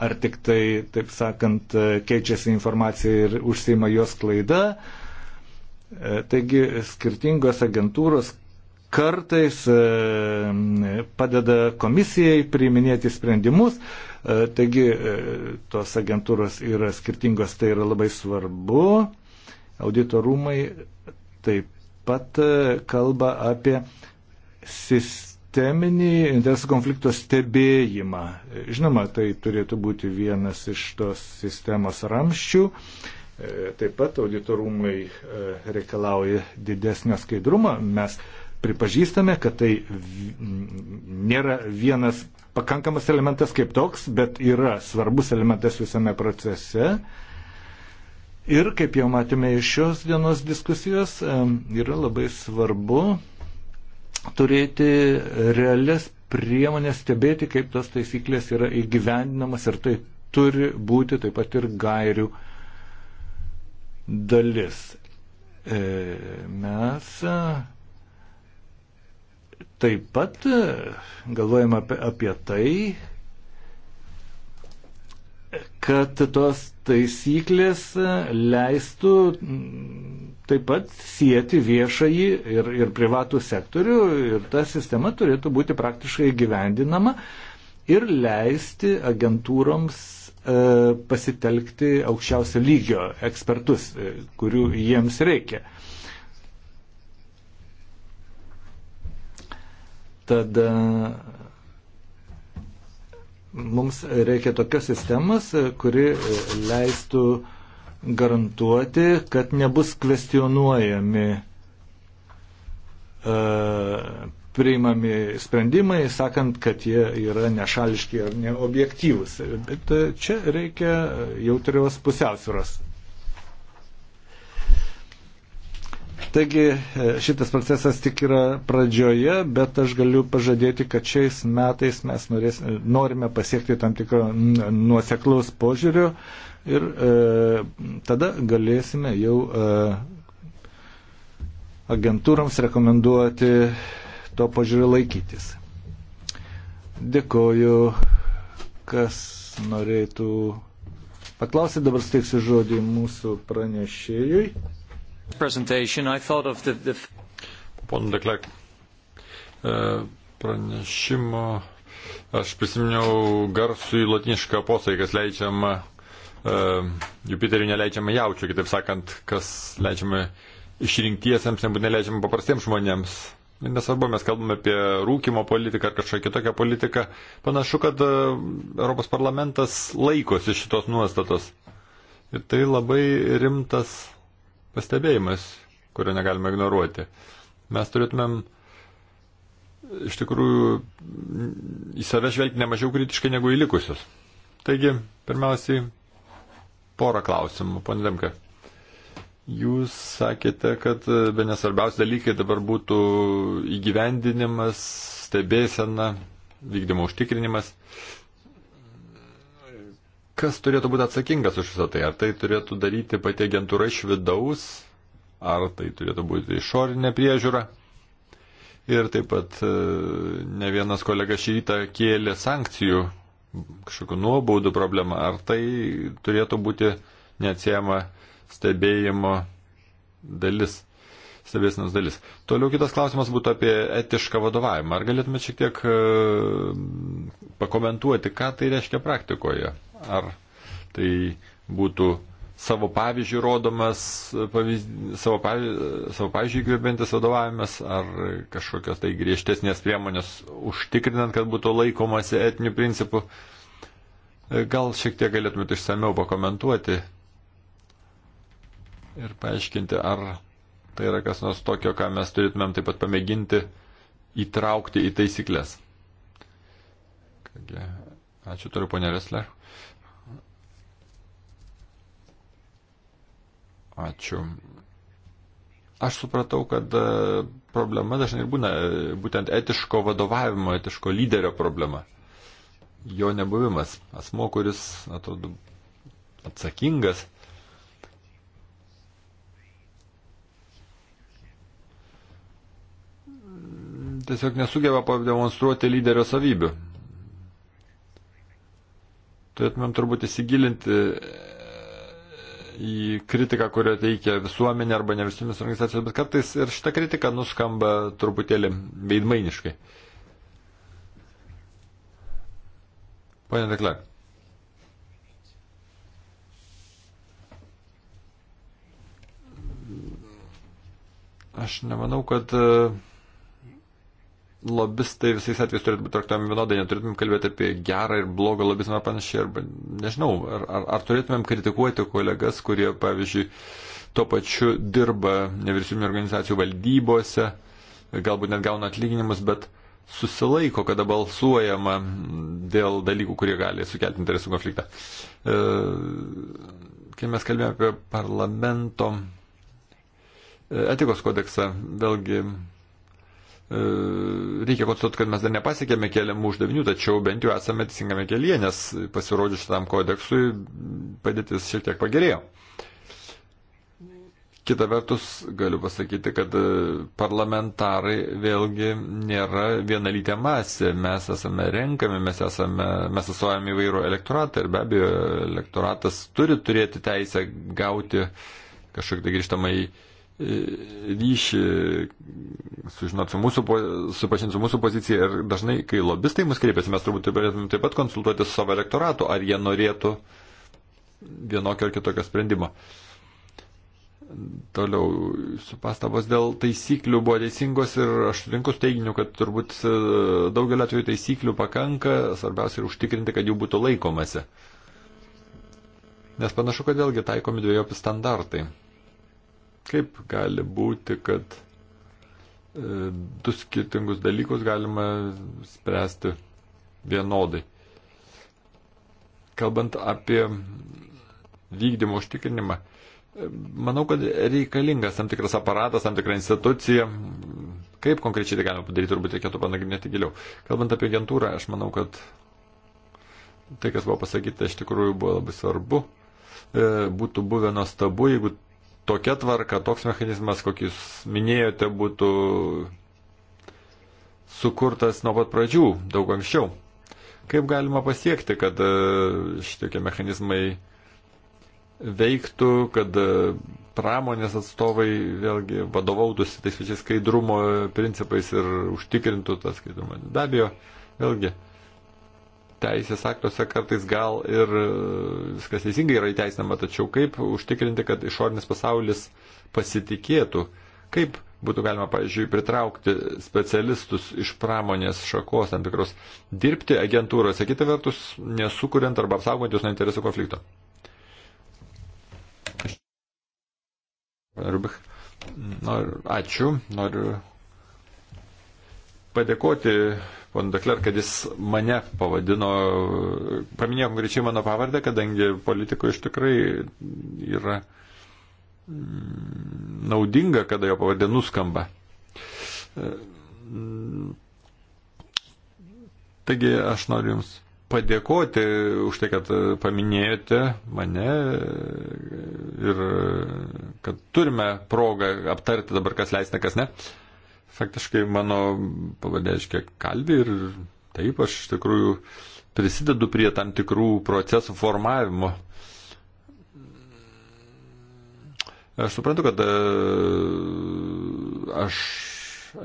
ar tik tai, taip sakant, keičiasi informacija ir užsieima jos klaida. E, taigi skirtingos agentūros kartais e, padeda komisijai priiminėti sprendimus, e, taigi e, tos agentūros yra skirtingos, tai yra labai svarbu. Auditorumai taip pat kalba apie sisteminį interesų konflikto stebėjimą. Žinoma, tai turėtų būti vienas iš tos sistemos ramščių. Taip pat auditorumai reikalauja didesnio skaidrumo. Mes pripažįstame, kad tai nėra vienas pakankamas elementas kaip toks, bet yra svarbus elementas visame procese. Ir kaip jau matėme iš šios dienos diskusijos, yra labai svarbu turėti realias priemonės stebėti, kaip tos taisyklės yra įgyvendinamas ir tai turi būti taip pat ir gairių dalis. E, mes Taip pat e, galvojame apie, apie tai, kad tos taisyklės e, leistų taip pat sieti viešąjį ir, ir privatų sektorių ir ta sistema turėtų būti praktiškai gyvendinama ir leisti agentūroms e, pasitelkti aukščiausio lygio ekspertus, e, kurių jiems reikia. Tad e, mums reikia tokios sistemas, e, kuri e, leistų garantuoti, kad nebus kvestionuojami priimami sprendimai, sakant, kad jie yra nešališki ar neobjektyvus. Bet čia reikia jautrios pusiausvėros. Taigi e, šitas procesas tik yra pradžioje, bet aš galiu pažadėti, kad šiais metais mes norės, e, norime pasiekti tam tikro nuoseklaus požiūrio ir e, tada galėsime jau e, agentūrams rekomenduoti to požiūrio laikytis. Dėkoju, kas norėtų paklausyti, dabar steiksiu žodį mūsų pranešėjui.
The...
Pono Deklek, e, pranešimo aš prisiminiau garsų į latinišką posakį, kas leidžiama Uh, e, Jupiteriu neleidžiama jaučiu, kitaip sakant, kas leidžiama išrinktiesiems, nebūtinai leidžiama paprastiems žmonėms. Ir nesvarbu, mes kalbame apie rūkimo politiką ar kažkokią kitokią politiką. Panašu, kad uh, Europos parlamentas laikosi šitos nuostatos. Ir tai labai rimtas pastebėjimas, kurio negalime ignoruoti. Mes turėtumėm iš tikrųjų į save žvelgti nemažiau kritiškai negu į likusius. Taigi, pirmiausiai, porą klausimų, ponė Demke. Jūs sakėte, kad e, be nesvarbiausi dalykai dabar būtų įgyvendinimas, stebėsena, vykdymo užtikrinimas. Uh, Kas turėtų būti atsakingas už visą tai? Ar tai turėtų daryti pati agentūra iš vidaus, ar tai turėtų būti išorinė priežiūra? Ir taip pat e, ne vienas kolega šį rytą kėlė sankcijų, kažkokių nuobaudų problemą. Ar tai turėtų būti neatsiejama stebėjimo dalis? stebėsinos dalis. Toliau kitas klausimas būtų apie etišką vadovavimą. Ar galėtumėte šiek tiek e, pakomentuoti, ką tai reiškia praktikoje? Ar tai būtų savo pavyzdžių rodomas, pavyz, savo, pavyzdžių, savo pavyzdžių įkvėpintis vadovavimas, ar kažkokios tai griežtesnės priemonės užtikrinant, kad būtų laikomasi etinių principų. Gal šiek tiek galėtumėte išsameu pakomentuoti ir paaiškinti, ar tai yra kas nors tokio, ką mes turėtumėm taip pat pamėginti įtraukti į taisyklės. Kągi, ačiū turiu, ponė Resler. Ačiū. Aš supratau, kad e, problema dažnai ir būna e, būtent etiško vadovavimo, etiško lyderio problema. Jo nebuvimas. Asmo, kuris, atrodo, atsakingas. Tiesiog nesugeba pademonstruoti lyderio savybių. Turėtumėm turbūt įsigilinti į kritiką, kurią teikia visuomenė arba nevyriausybinės organizacijos, bet kartais ir šita kritika nuskamba truputėlį veidmainiškai. Pane Dekler. Aš nemanau, kad uh, lobistai visais atvejais turėtų būti traktuojami vienodai, neturėtumėm kalbėti apie gerą ir blogą lobizmą ar panašiai, arba nežinau, ar, ar, ar turėtumėm kritikuoti kolegas, kurie, pavyzdžiui, tuo pačiu dirba nevyriausybinio organizacijų valdybose, galbūt net gauna atlyginimus, bet susilaiko, kada balsuojama dėl dalykų, kurie gali sukelti interesų konfliktą. E, kai mes kalbėjome apie parlamento e, etikos kodeksą, vėlgi E, reikia konstatuoti, kad mes dar nepasiekėme keliamų uždavinių, tačiau bent jau esame teisingame kelyje, nes pasirodžius šitam kodeksui padėtis šiek tiek pagerėjo. Kita vertus, galiu pasakyti, kad e, parlamentarai vėlgi nėra vienalytė masė. Mes esame renkami, mes esame, mes asuojame įvairų elektoratą ir be abejo, elektoratas turi turėti teisę gauti kažkokį tai grįžtamą į ryšį, sužinot su mūsų, supažinti su mūsų pozicija ir dažnai, kai lobistai mus kreipiasi, mes turbūt turėtume taip pat konsultuoti su savo elektoratu, ar jie norėtų vienokio ar kitokio sprendimo. Toliau, su pastabos dėl taisyklių buvo teisingos ir aš sutinku teiginiu, kad turbūt e, daugelio atveju taisyklių pakanka, svarbiausia yra užtikrinti, kad jų būtų laikomasi. Nes panašu, kad vėlgi taikomi dviejopi standartai. Kaip gali būti, kad e, du skirtingus dalykus galima spręsti vienodai? Kalbant apie vykdymo užtikrinimą, e, manau, kad reikalingas tam tikras aparatas, tam tikra institucija. Kaip konkrečiai tai galima padaryti, turbūt reikėtų panagrinėti giliau. Kalbant apie agentūrą, aš manau, kad tai, kas buvo pasakyta, iš tikrųjų buvo labai svarbu. E, būtų buvę nuostabu, jeigu tokia tvarka, toks mechanizmas, kokius minėjote, būtų sukurtas nuo pat pradžių, daug anksčiau. Kaip galima pasiekti, kad e, šitokie mechanizmai veiktų, kad e, pramonės atstovai vėlgi vadovautųsi tais pačiais skaidrumo principais ir užtikrintų tą skaidrumą. Be abejo, vėlgi, teisės aktuose kartais gal ir e, viskas teisingai yra įteisinama, tačiau kaip užtikrinti, kad išorinis pasaulis pasitikėtų, kaip būtų galima, pavyzdžiui, pritraukti specialistus iš pramonės šakos, tam tikros, dirbti agentūrose, kita vertus, nesukuriant arba apsaugant jūs nuo interesų konflikto. Rubik, noriu, ačiū, noriu padėkoti pon Dekler, kad jis mane pavadino, paminėjo konkrečiai mano pavardę, kadangi politikoje iš tikrai yra mm, naudinga, kada jo pavardė nuskamba. Taigi aš noriu Jums padėkoti už tai, kad paminėjote mane ir kad turime progą aptarti dabar, kas leisna, kas ne. Uh, faktiškai mano pavadė reiškia kalbį ir taip aš iš tikrųjų prisidedu prie tam tikrų procesų formavimo. Aš suprantu, kad e, aš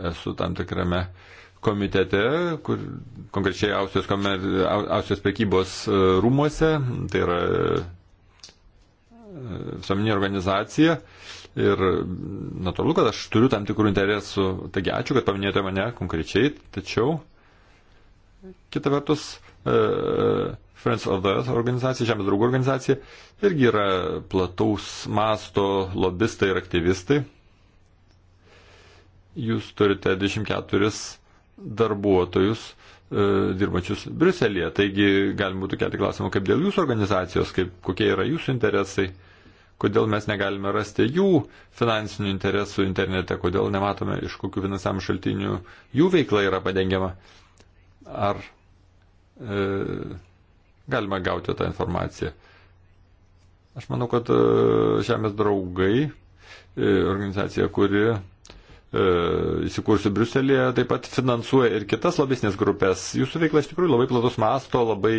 esu tam tikrame komitete, kur konkrečiai Austrijos, komer, Austrijos prekybos e, rūmuose, tai yra e, visuomeninė organizacija, Ir natūralu, kad aš turiu tam tikrų interesų. Taigi ačiū, kad paminėjote mane konkrečiai, tačiau kita vertus. E, Friends of the Earth organizacija, Žemės draugų organizacija, irgi yra plataus masto lobistai ir aktyvistai. Jūs turite 24 darbuotojus e, dirbančius Briuselėje, taigi galima būtų kelti klausimą, kaip dėl jūsų organizacijos, kaip, kokie yra jūsų interesai. E, kodėl mes negalime rasti jų finansinių interesų internete, kodėl nematome, iš kokių finansavimo šaltinių jų veikla yra padengiama. Ar e, galima gauti tą informaciją? Aš manau, kad e, Žemės draugai, e, organizacija, kuri E, įsikūrusių Briuselėje, taip pat finansuoja ir kitas lobisnės grupės. Jūsų veikla iš tikrųjų labai platus masto, labai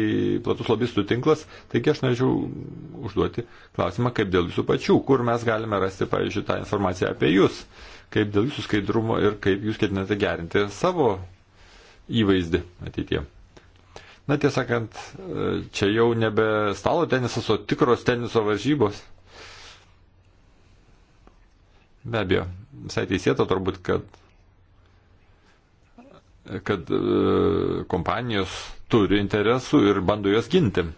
platus lobistų tinklas, taigi aš norėčiau užduoti klausimą, kaip dėl jūsų pačių, kur mes galime rasti, pavyzdžiui, tą informaciją apie jūs, kaip dėl jūsų skaidrumo ir kaip jūs ketinate gerinti savo įvaizdį ateityje. Na tiesąkant, e, čia jau nebe stalo tenisas, o tikros teniso varžybos. Be abejo, visai teisėta turbūt, kad, kad e, kompanijos turi interesų ir bando juos ginti e,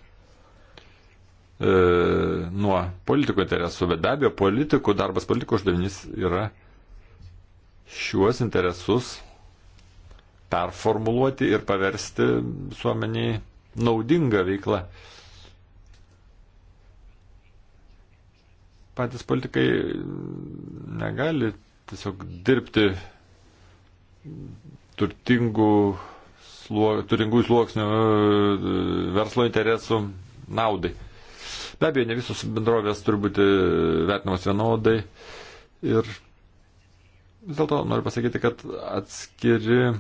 nuo politikų interesų, bet be abejo, politikų darbas, politikų uždavinys yra šiuos interesus performuluoti ir paversti visuomeniai naudingą veiklą. E, patys politikai negali tiesiog dirbti turtingų, sluok, turingų sluoksnių e, verslo interesų naudai. Be abejo, ne visos bendrovės turi būti vertinamos vienodai ir Vis dėlto noriu pasakyti, kad atskiri e,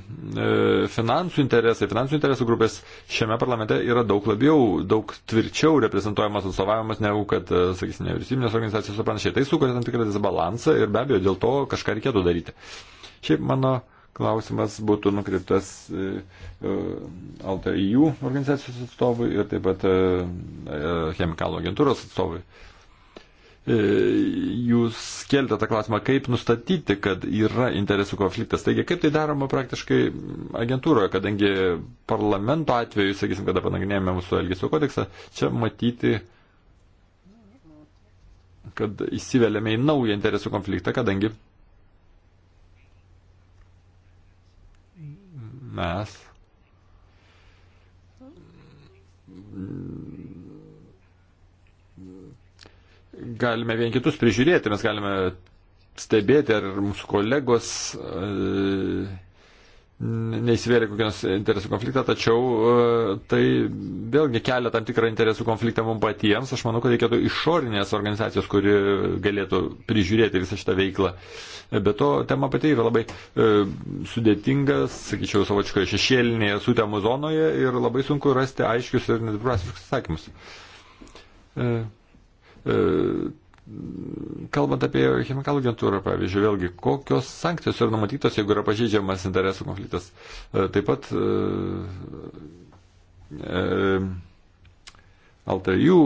finansų interesai, finansų interesų grupės šiame parlamente yra daug labiau, daug tvirčiau reprezentuojamas atstovavimas negu kad, e, sakysime, nevyriausybinės organizacijos ir panašiai. Tai sukuria tam tikrą disbalansą ir be abejo dėl to kažką reikėtų daryti. Šiaip mano klausimas būtų nukreiptas e, e, Alta EU organizacijos atstovui ir taip pat e, e, chemikalų agentūros atstovui. E, E, jūs keltė tą klausimą, kaip nustatyti, kad yra interesų konfliktas. Taigi, kaip tai daroma praktiškai agentūroje, kadangi parlamento atveju, sakysim, kada panagrinėjame mūsų elgesio kodeksą, čia matyti, kad įsiveliame į naują interesų konfliktą, kadangi mes galime vien kitus prižiūrėti, mes galime stebėti, ar mūsų kolegos e, neįsivėlė kokios interesų konfliktą, tačiau e, tai vėlgi kelia tam tikrą interesų konfliktą mums patiems. Aš manau, kad reikėtų išorinės organizacijos, kuri galėtų prižiūrėti visą šitą veiklą. Be to, tema pati yra labai e, sudėtinga, sakyčiau, savočkoje šešėlinėje sutemų zonoje ir labai sunku rasti aiškius ir nedviprasmiškus atsakymus. E, E, kalbant apie chemikalų agentūrą, pavyzdžiui, vėlgi, kokios sankcijos yra numatytos, jeigu yra pažeidžiamas interesų konfliktas. E, taip pat e, LTU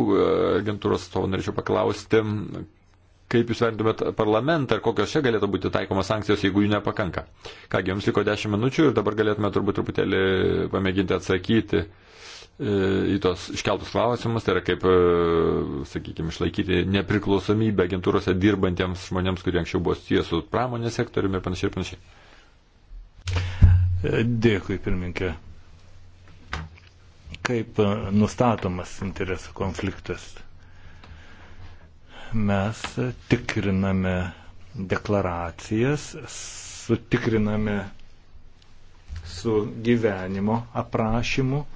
agentūros atstovą norėčiau paklausti, kaip jūs vertintumėt parlamentą ir kokios čia galėtų būti taikomas sankcijos, jeigu jų nepakanka. Kągi, jums liko 10 minučių ir dabar galėtume turbūt truputėlį pamėginti atsakyti E, į tos iškeltus klausimus, tai yra kaip, e, sakykime, išlaikyti nepriklausomybę agentūrose dirbantiems žmonėms, kurie anksčiau buvo susijęs su pramonės sektoriumi ir panašiai ir panašiai. E, dėkui, pirmininkė.
Kaip nustatomas interesų konfliktas? Mes tikriname deklaracijas, sutikriname su gyvenimo aprašymu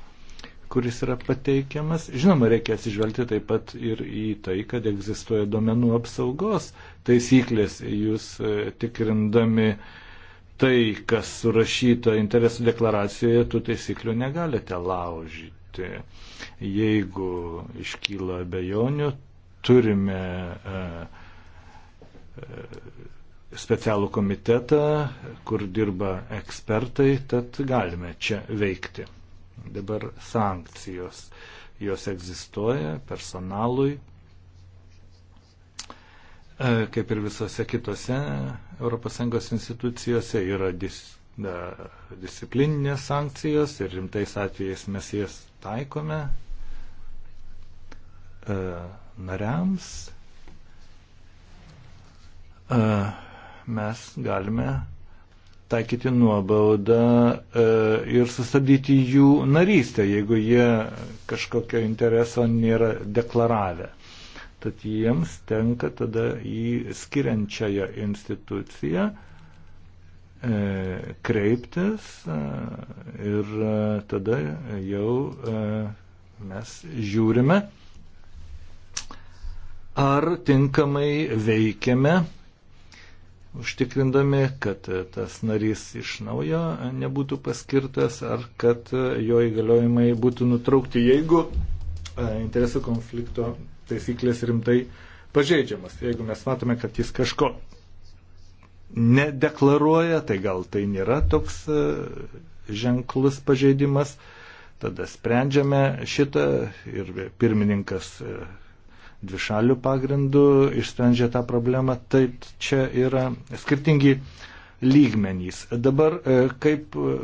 kuris yra pateikiamas. Žinoma, reikia atsižvelgti taip pat ir į tai, kad egzistuoja duomenų apsaugos taisyklės. Jūs e, tikrindami tai, kas surašyta interesų deklaracijoje, tų taisyklių negalite laužyti. Jeigu iškyla abejonių, turime e, e, specialų komitetą, kur dirba ekspertai, tad galime čia veikti. Dabar sankcijos. Jos egzistuoja personalui, e, kaip ir visose kitose ES institucijose, yra dis, da, e, disciplininės sankcijos ir rimtais atvejais mes jas taikome e, nariams. E, mes galime taikyti nuobaudą e, ir sustabdyti jų narystę, jeigu jie kažkokio intereso nėra deklaravę. Tad jiems tenka tada į skiriančiąją instituciją e, kreiptis e, ir tada jau mes žiūrime, ar tinkamai veikiame užtikrindami, kad tas narys iš naujo nebūtų paskirtas ar kad jo įgaliojimai būtų nutraukti, jeigu e, interesų konflikto taisyklės rimtai pažeidžiamas. Jeigu mes matome, kad jis kažko nedeklaruoja, tai gal tai nėra toks e, ženklus pažeidimas. Tada sprendžiame šitą ir pirmininkas e, dvišalių pagrindų išsprendžia tą problemą, tai čia yra skirtingi lygmenys. Dabar e, kaip e,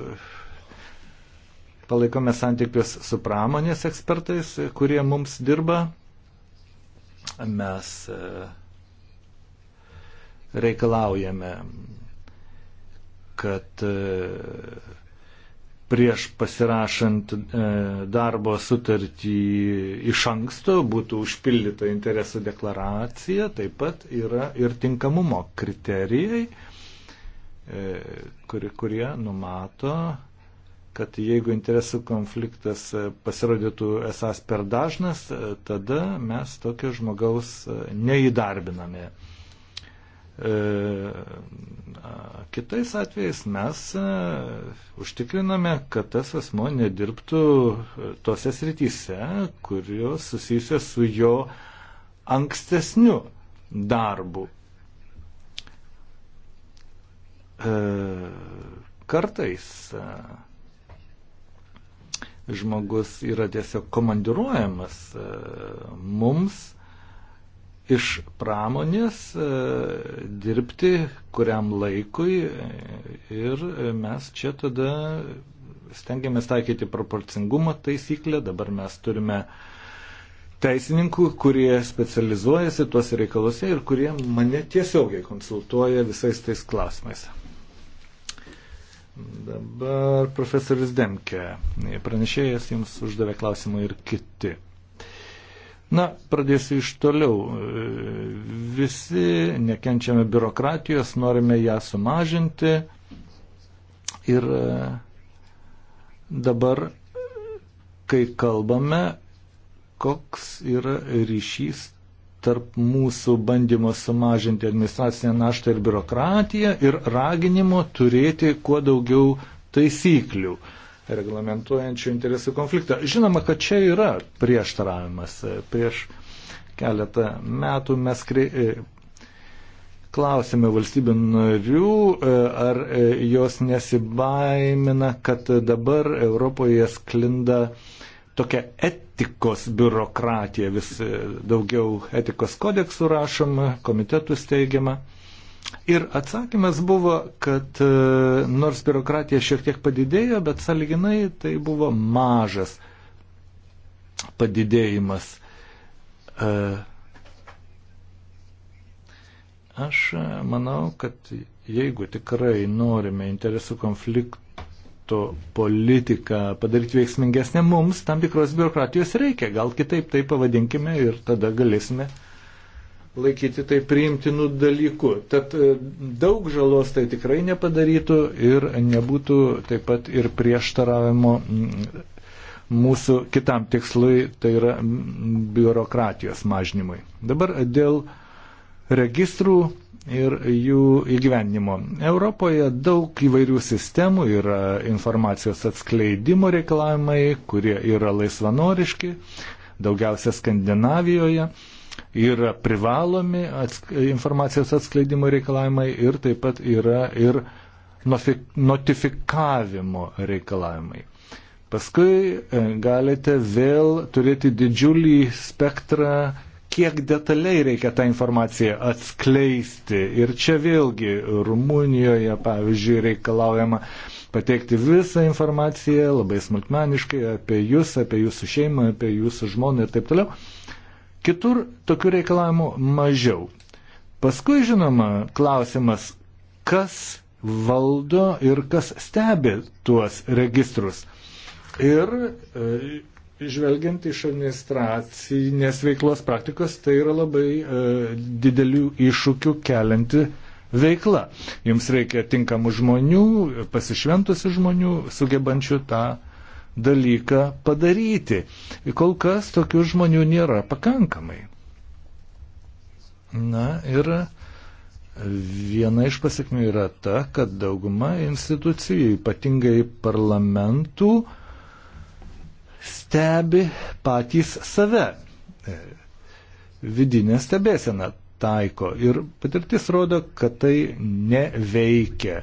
palaikome santykius su pramonės ekspertais, e, kurie mums dirba, mes reikalaujame, kad prieš pasirašant e, darbo sutartį iš anksto būtų užpildyta interesų deklaracija, taip pat yra ir tinkamumo kriterijai, e, kurie, kurie numato, kad jeigu interesų konfliktas e, pasirodytų esas per dažnas, tada mes tokio žmogaus neįdarbiname. E, kitais atvejais mes e, užtikriname, kad tas asmo nedirbtų e, tose srityse, kurios susijusios su jo ankstesniu darbu. Kartais žmogus yra tiesiog komandiruojamas mums iš pramonės e, dirbti kuriam laikui e, ir mes čia tada stengiamės taikyti proporcingumo taisyklę, dabar mes turime teisininkų, kurie specializuojasi tuose reikaluose ir kurie mane tiesiogiai konsultuoja visais tais klausimais. Dabar profesorius Demke, pranešėjas jums uždavė klausimą ir kiti. Na, pradėsiu iš toliau. Visi nekenčiame biurokratijos, norime ją sumažinti ir e, dabar, kai kalbame, koks yra ryšys tarp mūsų bandymo sumažinti administracinę naštą ir biurokratiją ir raginimo turėti kuo daugiau taisyklių. Uh, reglamentuojančių interesų konfliktą. Žinoma, kad čia yra prieštaravimas. Prieš keletą metų mes kre... klausėme valstybių narių, e, ar e, jos nesibaimina, kad dabar Europoje sklinda tokia etikos biurokratija, vis e, daugiau etikos kodeksų rašoma, komitetų steigiama. Ir atsakymas buvo, kad e, nors biurokratija šiek tiek padidėjo, bet saliginai tai buvo mažas padidėjimas. E, aš e, manau, kad jeigu tikrai norime interesų konflikto politiką padaryti veiksmingesnę, mums tam tikros biurokratijos reikia. Gal kitaip tai pavadinkime ir tada galėsime uh, laikyti tai priimtinų dalykų. Tad e, daug žalos tai tikrai nepadarytų ir nebūtų taip pat ir prieštaravimo mm, mūsų kitam tikslui, tai yra mm, biurokratijos mažinimui. Dabar dėl registrų ir jų įgyvenimo. Europoje daug įvairių sistemų yra informacijos atskleidimo reikalavimai, kurie yra laisvanoriški, daugiausia Skandinavijoje yra privalomi atsk informacijos atskleidimo reikalavimai ir taip pat yra ir notifikavimo reikalavimai. Paskui e, galite vėl turėti didžiulį spektrą, kiek detaliai reikia tą informaciją atskleisti. Ir čia vėlgi Rumunijoje, pavyzdžiui, reikalaujama pateikti visą informaciją labai smulkmeniškai apie jūs, apie jūsų šeimą, apie jūsų žmoną ir taip toliau. Kitur tokių reikalavimų mažiau. Paskui, žinoma, klausimas, kas valdo ir kas stebi tuos registrus. Ir e, žvelgiant iš administracinės veiklos praktikos, tai yra labai e, didelių iššūkių kelianti veikla. Jums reikia tinkamų žmonių, pasišventusių žmonių, sugebančių tą e, dalyką padaryti. Kol kas tokių žmonių nėra pakankamai. Na ir viena iš pasiekmių yra ta, kad dauguma institucijų, ypatingai parlamentų, stebi patys save. E, vidinė stebėsena taiko ir patirtis rodo, kad tai neveikia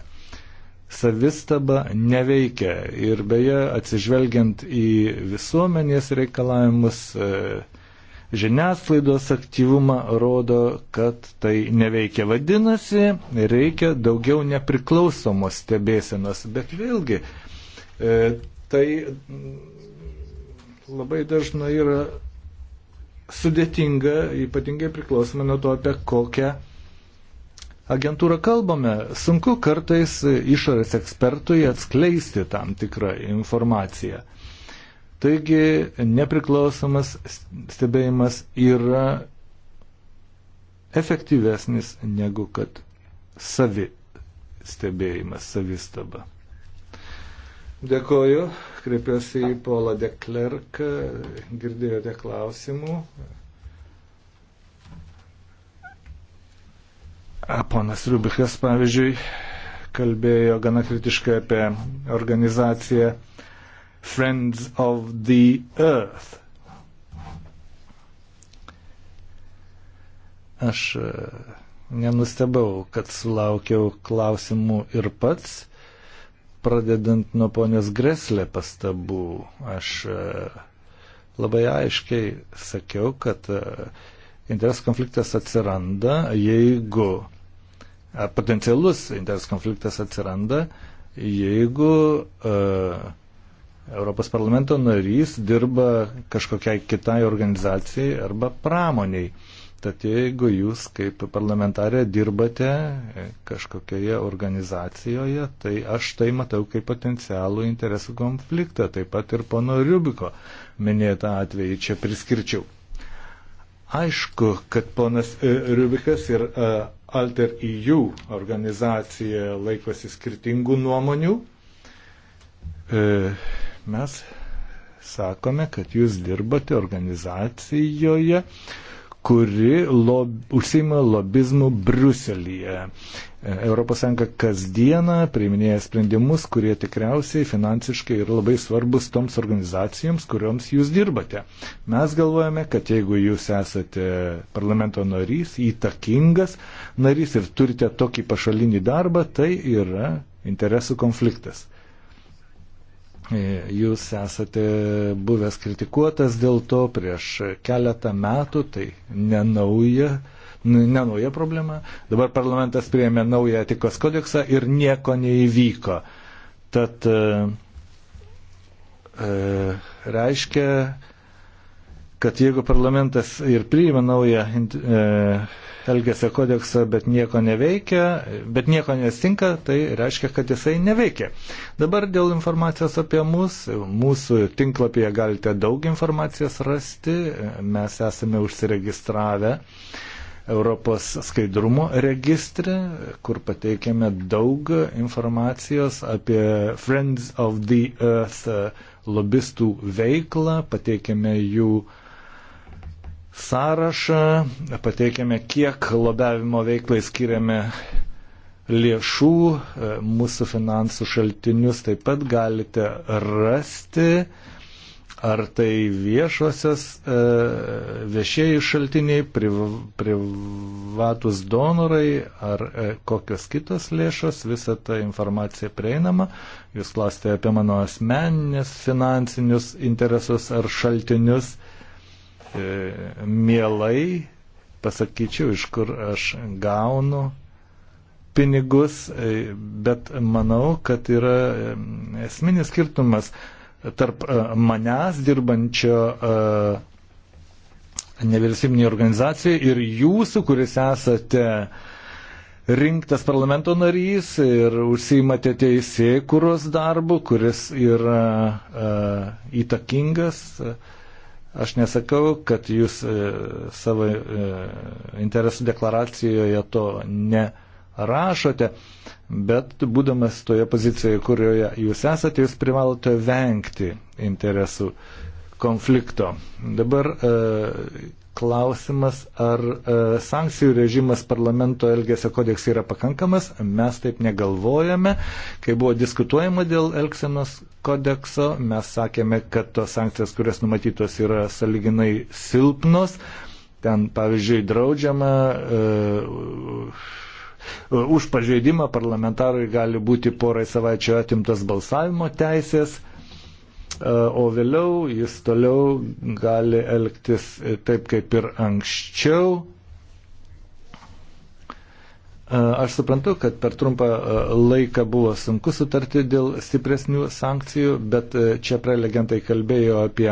savistaba neveikia. Ir beje, atsižvelgiant į visuomenės reikalavimus, e, žiniasklaidos aktyvumą rodo, kad tai neveikia. Vadinasi, reikia daugiau nepriklausomos stebėsenos. Bet vėlgi, e, tai labai dažnai yra sudėtinga, ypatingai priklausomai nuo to, apie kokią agentūrą kalbame, sunku kartais išorės ekspertui atskleisti tam tikrą informaciją. Taigi nepriklausomas stebėjimas yra efektyvesnis negu kad savi stebėjimas, savistaba. Dėkoju, kreipiuosi į Polą Deklerką, girdėjote klausimų. Ponas Rubikas, pavyzdžiui, kalbėjo gana kritiškai apie organizaciją Friends of the Earth. Aš e, nenustebau, kad sulaukiau klausimų ir pats, pradedant nuo ponios Greslė pastabų. Aš e, labai aiškiai sakiau, kad e, interesų konfliktas atsiranda, jeigu potencialus interesų konfliktas atsiranda, jeigu uh, Europos parlamento narys dirba kažkokiai kitai organizacijai arba pramoniai. Tad jeigu jūs kaip parlamentarė dirbate kažkokioje organizacijoje, tai aš tai matau kaip potencialų interesų konfliktą, taip pat ir pono Riubiko minėtą atvejį čia priskirčiau. Aišku, kad ponas e, Rubikas ir e, Alter EU organizacija laikosi skirtingų nuomonių. E, mes sakome, kad jūs dirbate organizacijoje, kuri lob, užsima lobizmu Bruselėje. ES kasdieną priiminėja sprendimus, kurie tikriausiai finansiškai yra labai svarbus toms organizacijoms, kurioms jūs dirbate. Mes galvojame, kad jeigu jūs esate parlamento narys, įtakingas narys ir turite tokį pašalinį darbą, tai yra interesų konfliktas. Jūs esate buvęs kritikuotas dėl to prieš keletą metų, tai nenauja, nenauja problema. Dabar parlamentas priėmė naują etikos kodeksą ir nieko neįvyko. Tad e, e reiškia, kad jeigu parlamentas ir priima naują e, Elgesio kodeksą, bet nieko neveikia, bet nieko nesinka, tai reiškia, kad jisai neveikia. Dabar dėl informacijos apie mus, mūsų tinklapyje galite daug informacijos rasti, mes esame užsiregistravę. Europos skaidrumo registrė, kur pateikėme daug informacijos apie Friends of the Earth lobistų veiklą, pateikėme jų uh, sąrašą, pateikėme, kiek lobiavimo veiklai skiriame lėšų, e, mūsų finansų šaltinius taip pat galite rasti ar tai viešosios, e, viešieji šaltiniai, privatus donorai, ar e, kokios kitos lėšos, visa ta informacija prieinama. Jūs klausite apie mano asmeninės finansinius interesus ar šaltinius. E, mielai pasakyčiau, iš kur aš gaunu pinigus, e, bet manau, kad yra e, esminis skirtumas tarp manęs dirbančio nevyriausybinėje organizacijoje ir jūsų, kuris esate rinktas parlamento narys ir užsiimate teisėkuros darbu, kuris yra įtakingas. Uh, Aš nesakau, kad jūs e, savo e, interesų deklaracijoje to nerašote, bet būdamas toje pozicijoje, kurioje jūs esate, jūs privalote vengti interesų konflikto. Dabar e, klausimas, ar sankcijų režimas parlamento elgesio kodeks yra pakankamas, mes taip negalvojame. Kai buvo diskutuojama dėl elgsenos kodekso. Mes sakėme, kad tos sankcijos, kurias numatytos, yra saliginai silpnos. Ten, pavyzdžiui, draudžiama uh, už pažeidimą parlamentarui gali būti porai savaičių atimtas balsavimo teisės, uh, o vėliau jis toliau gali elgtis taip kaip ir anksčiau. Aš suprantu, kad per trumpą laiką buvo sunku sutarti dėl stipresnių sankcijų, bet čia prelegentai kalbėjo apie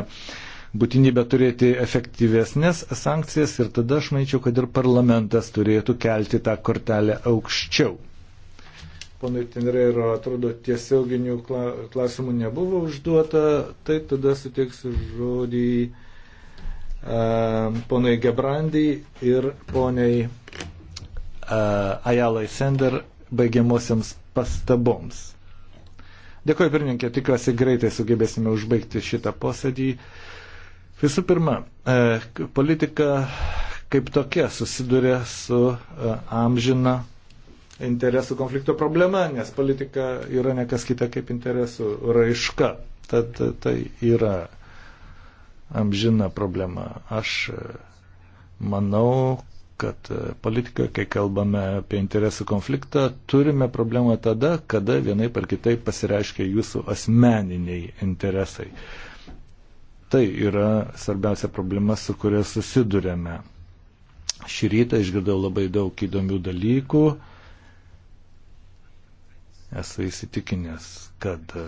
būtinybę turėti efektyvesnės sankcijas ir tada aš manyčiau, kad ir parlamentas turėtų kelti tą kortelę aukščiau. Ponui Tenreiro, atrodo, tiesioginių klausimų nebuvo užduota, tai tada suteiksiu žodį ponui Gebrandį ir poniai Uh, Ajalai Sender baigiamosiams pastaboms. Dėkuoju, pirmininkė, tikiuosi greitai sugebėsime užbaigti šitą posėdį. Visų pirma, uh, politika kaip tokia susiduria su uh, amžina interesų konflikto problema, nes politika yra nekas kita kaip interesų raiška. Tad tai yra amžina problema. Aš manau, kad e, politikoje, kai kalbame apie interesų konfliktą, turime problemą tada, kada vienai par kitai pasireiškia jūsų asmeniniai interesai. Tai yra svarbiausia problema, su kuria susidurėme. Šį rytą išgirdau labai daug įdomių dalykų. Esu įsitikinęs, kad e,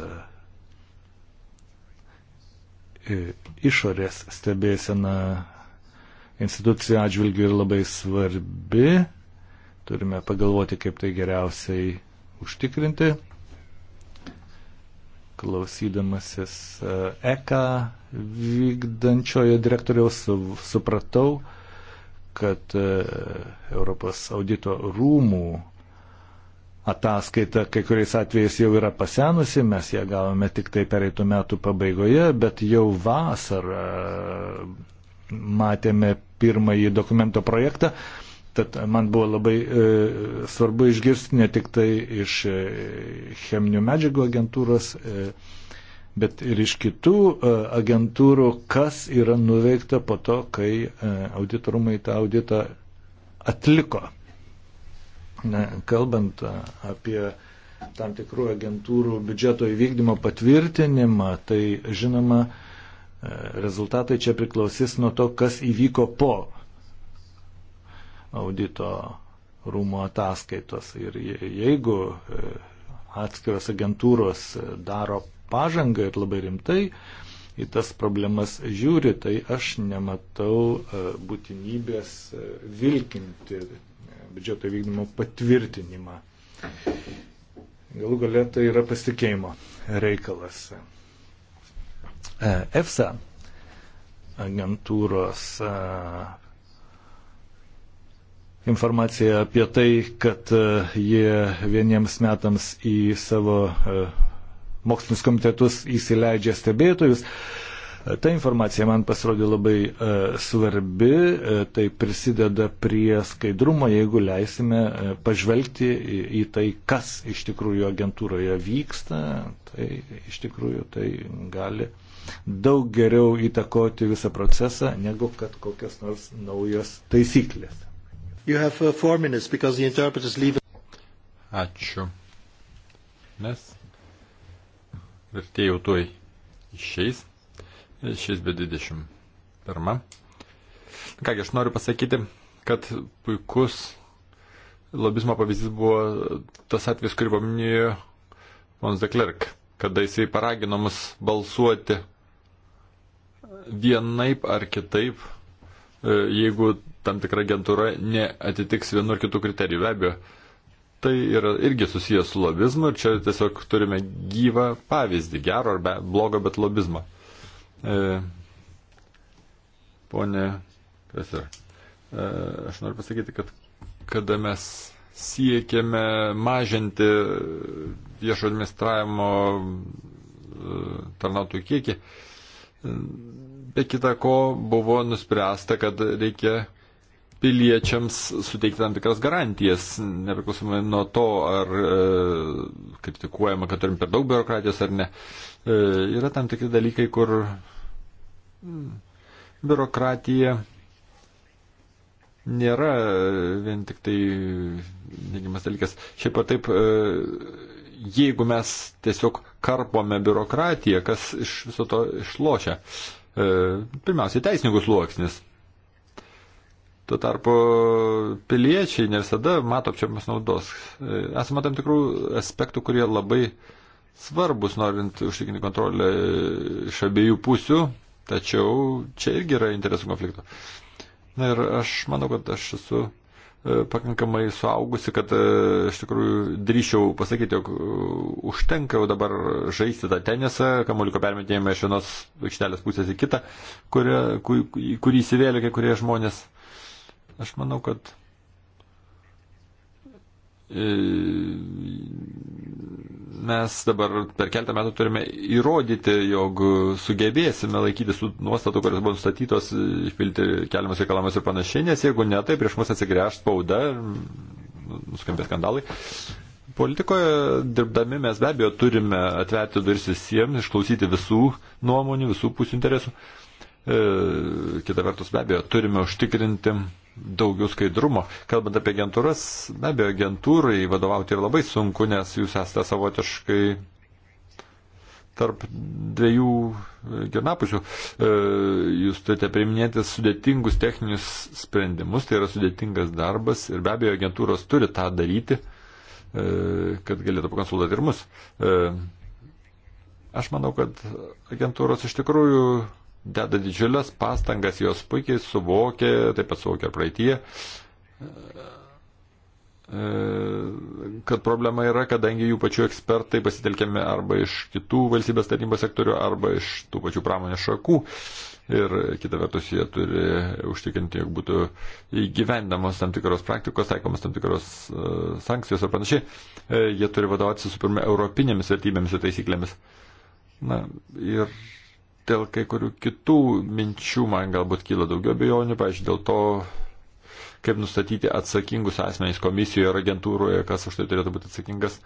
išorės stebėsena institucijų atžvilgių ir labai svarbi. Turime pagalvoti, kaip tai geriausiai užtikrinti. Klausydamasis ECA vykdančiojo direktoriaus supratau, kad e, Europos audito rūmų ataskaita kai kuriais atvejais jau yra pasenusi, mes ją gavome tik tai pereitų metų pabaigoje, bet jau vasarą matėme pirmąjį dokumento projektą. Tad man buvo labai e, svarbu išgirsti ne tik tai iš e, cheminių medžiagų agentūros, e, bet ir iš kitų e, agentūrų, kas yra nuveikta po to, kai e, auditorumai tą auditą atliko. Ne, kalbant e, apie tam tikrų agentūrų biudžeto įvykdymo patvirtinimą, tai žinoma, e, Rezultatai čia priklausys nuo to, kas įvyko po audito rūmo ataskaitos. Ir jeigu e, atskiros agentūros e, daro pažangą ir labai rimtai į tas problemas žiūri, tai aš nematau e, būtinybės vilkinti biudžeto vykdymo patvirtinimą. Galų galia tai yra pasitikėjimo reikalas. E, EFSA agentūros e, informacija apie tai, kad e, jie vieniems metams į savo mokslinius komitetus įsileidžia stebėtojus. Ta informacija man pasirodė labai svarbi, tai prisideda prie skaidrumo, jeigu leisime pažvelgti į tai, kas iš tikrųjų agentūroje vyksta, tai iš tikrųjų tai gali daug geriau įtakoti visą procesą, negu kad
kokios nors naujos
taisyklės.
Uh, minutes, leave...
Ačiū. Nes vertėjai jau tuoj išeis. Išeis be 21. Kągi, aš noriu pasakyti, kad puikus lobizmo pavyzdys buvo tas atvejis, kurį paminėjo Mons de Klerk, kada jisai paragino mus balsuoti vienaip ar kitaip, e, jeigu tam tikra agentūra neatitiks vienu ar kitų kriterijų. Be abejo, tai yra irgi susijęs su lobizmu ir čia tiesiog turime gyvą pavyzdį, gero ar be, blogo, bet lobizmo. E, pone, kas yra? E, aš noriu pasakyti, kad kada mes siekiame mažinti viešo administravimo e, tarnautojų kiekį, e, Be kita ko buvo nuspręsta, kad reikia piliečiams suteikti tam tikras garantijas, nepriklausomai nuo to, ar e, kritikuojama, kad turim per daug biurokratijos ar ne. E, yra tam tikri dalykai, kur mm, biurokratija nėra vien tik tai neigiamas dalykas. Šiaip ar taip. E, jeigu mes tiesiog karpome biurokratiją, kas iš viso to išlošia? E, pirmiausia, teisininkų sluoksnis. Tuo tarpu piliečiai ne visada mato apčiopiamas naudos. E, esame tam tikrų aspektų, kurie labai svarbus, norint užtikrinti kontrolę iš abiejų pusių, tačiau čia irgi yra interesų konflikto. Na ir aš manau, kad aš esu E, pakankamai suaugusi, kad e, iš tikrųjų drįšiau pasakyti, jog e, užtenka jau dabar žaisti tą tenisą, kamuoliuko permetėjimą iš vienos aikštelės pusės į kitą, kurį, kurį įsivėlė kai kurie žmonės. Aš manau, kad E, mes dabar per keltą metų turime įrodyti, jog sugebėsime laikytis tų nuostatų, kurios buvo nustatytos, išpilti keliamus reikalavimus ir panašiai, nes jeigu ne, tai prieš mus atsigręš spauda, nuskambės skandalai. Politikoje dirbdami mes be abejo turime atverti duris visiems, išklausyti visų nuomonių, visų pusių interesų. E, kita vertus, be abejo, turime užtikrinti daugiau skaidrumo. Kalbant apie agentūras, be abejo, agentūrai vadovauti yra labai sunku, nes jūs esate savotiškai tarp dviejų e, gernapusių. E, jūs turite priminėti sudėtingus techninius sprendimus, tai yra sudėtingas darbas ir be abejo agentūros turi tą daryti, e, kad galėtų pakonsultuoti ir mus. Aš manau, kad agentūros iš tikrųjų deda didžiulės pastangas, jos puikiai suvokia, taip pat suvokia praeitie, e, kad problema yra, kadangi jų pačių ekspertai pasitelkiami arba iš kitų valstybės tarnybos sektorių, arba iš tų pačių pramonės šakų. Ir kita vertus, jie turi užtikrinti, jog būtų įgyvendamos tam tikros praktikos, taikomos tam tikros uh, sankcijos ir panašiai. E, jie turi vadovautis visų pirma europinėmis vertybėmis ir taisyklėmis. Na, ir dėl kai kurių kitų minčių man galbūt kyla daugiau bejonių, pažiūrėjau, dėl to, kaip nustatyti atsakingus asmenys komisijoje ir agentūroje, kas už tai turėtų būti atsakingas.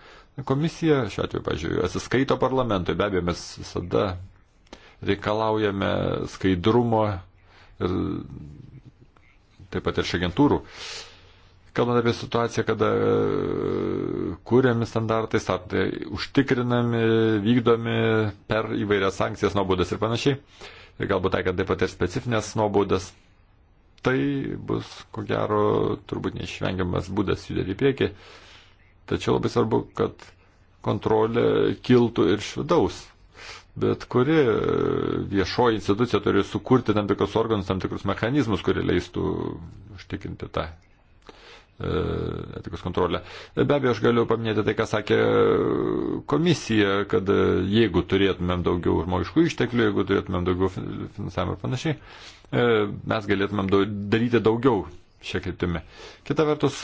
Komisija, šiuo atveju, pažiūrėjau, atsiskaito parlamentui, be abejo, mes visada reikalaujame skaidrumo ir taip pat ir iš agentūrų. Uh, kalbant apie situaciją, kada e, kūriami standartai, startai užtikrinami, vykdomi per įvairias sankcijas, nuobaudas ir panašiai, ir galbūt taikant taip pat ir specifines nuobaudas, tai bus, ko gero, turbūt neišvengiamas būdas judėti į priekį. Tačiau labai svarbu, kad kontrolė kiltų ir iš vidaus. Bet kuri e, viešoji institucija turi sukurti tam tikrus organus, tam tikrus mechanizmus, kurie leistų užtikrinti tą E, etikos kontrolę. Be abejo, aš galiu paminėti tai, ką sakė komisija, kad e, jeigu turėtumėm daugiau žmogiškų išteklių, jeigu turėtumėm daugiau finansavimo ir panašiai, e, mes galėtumėm daryti daugiau šiek tiek tumi. Kita vertus,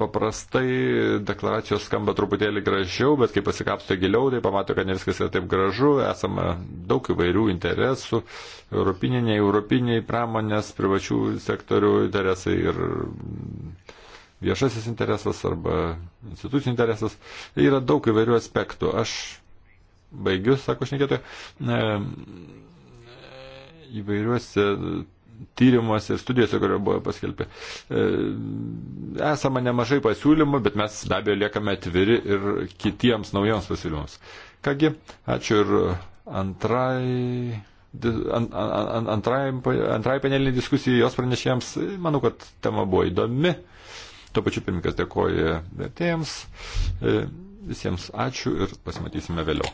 Paprastai deklaracijos skamba truputėlį gražiau, bet kai pasikapsto giliau, tai pamato, kad ne viskas yra taip gražu, esama daug įvairių interesų, europiniai, europiniai pramonės, privačių sektorių interesai ir viešasis interesas arba institucijų interesas. Yra daug įvairių aspektų. Aš baigiu, sako šnekėtoja, e, įvairiuose tyrimuose ir studijose, kurio buvo paskelbė. E, esama nemažai pasiūlymų, bet mes be abejo liekame atviri ir kitiems naujoms pasiūlymams. Kągi, ačiū ir antrai. Ant, ant, antrai, antrai panelinė diskusija jos pranešėjams, manau, kad tema buvo įdomi. Tuo pačiu pirmininkas dėkoja vertėjams. E, visiems ačiū ir pasimatysime vėliau.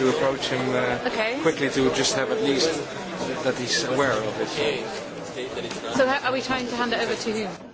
to approach him uh, okay. quickly to just have at least that he's aware of it. So
how are we trying to hand it over to whom?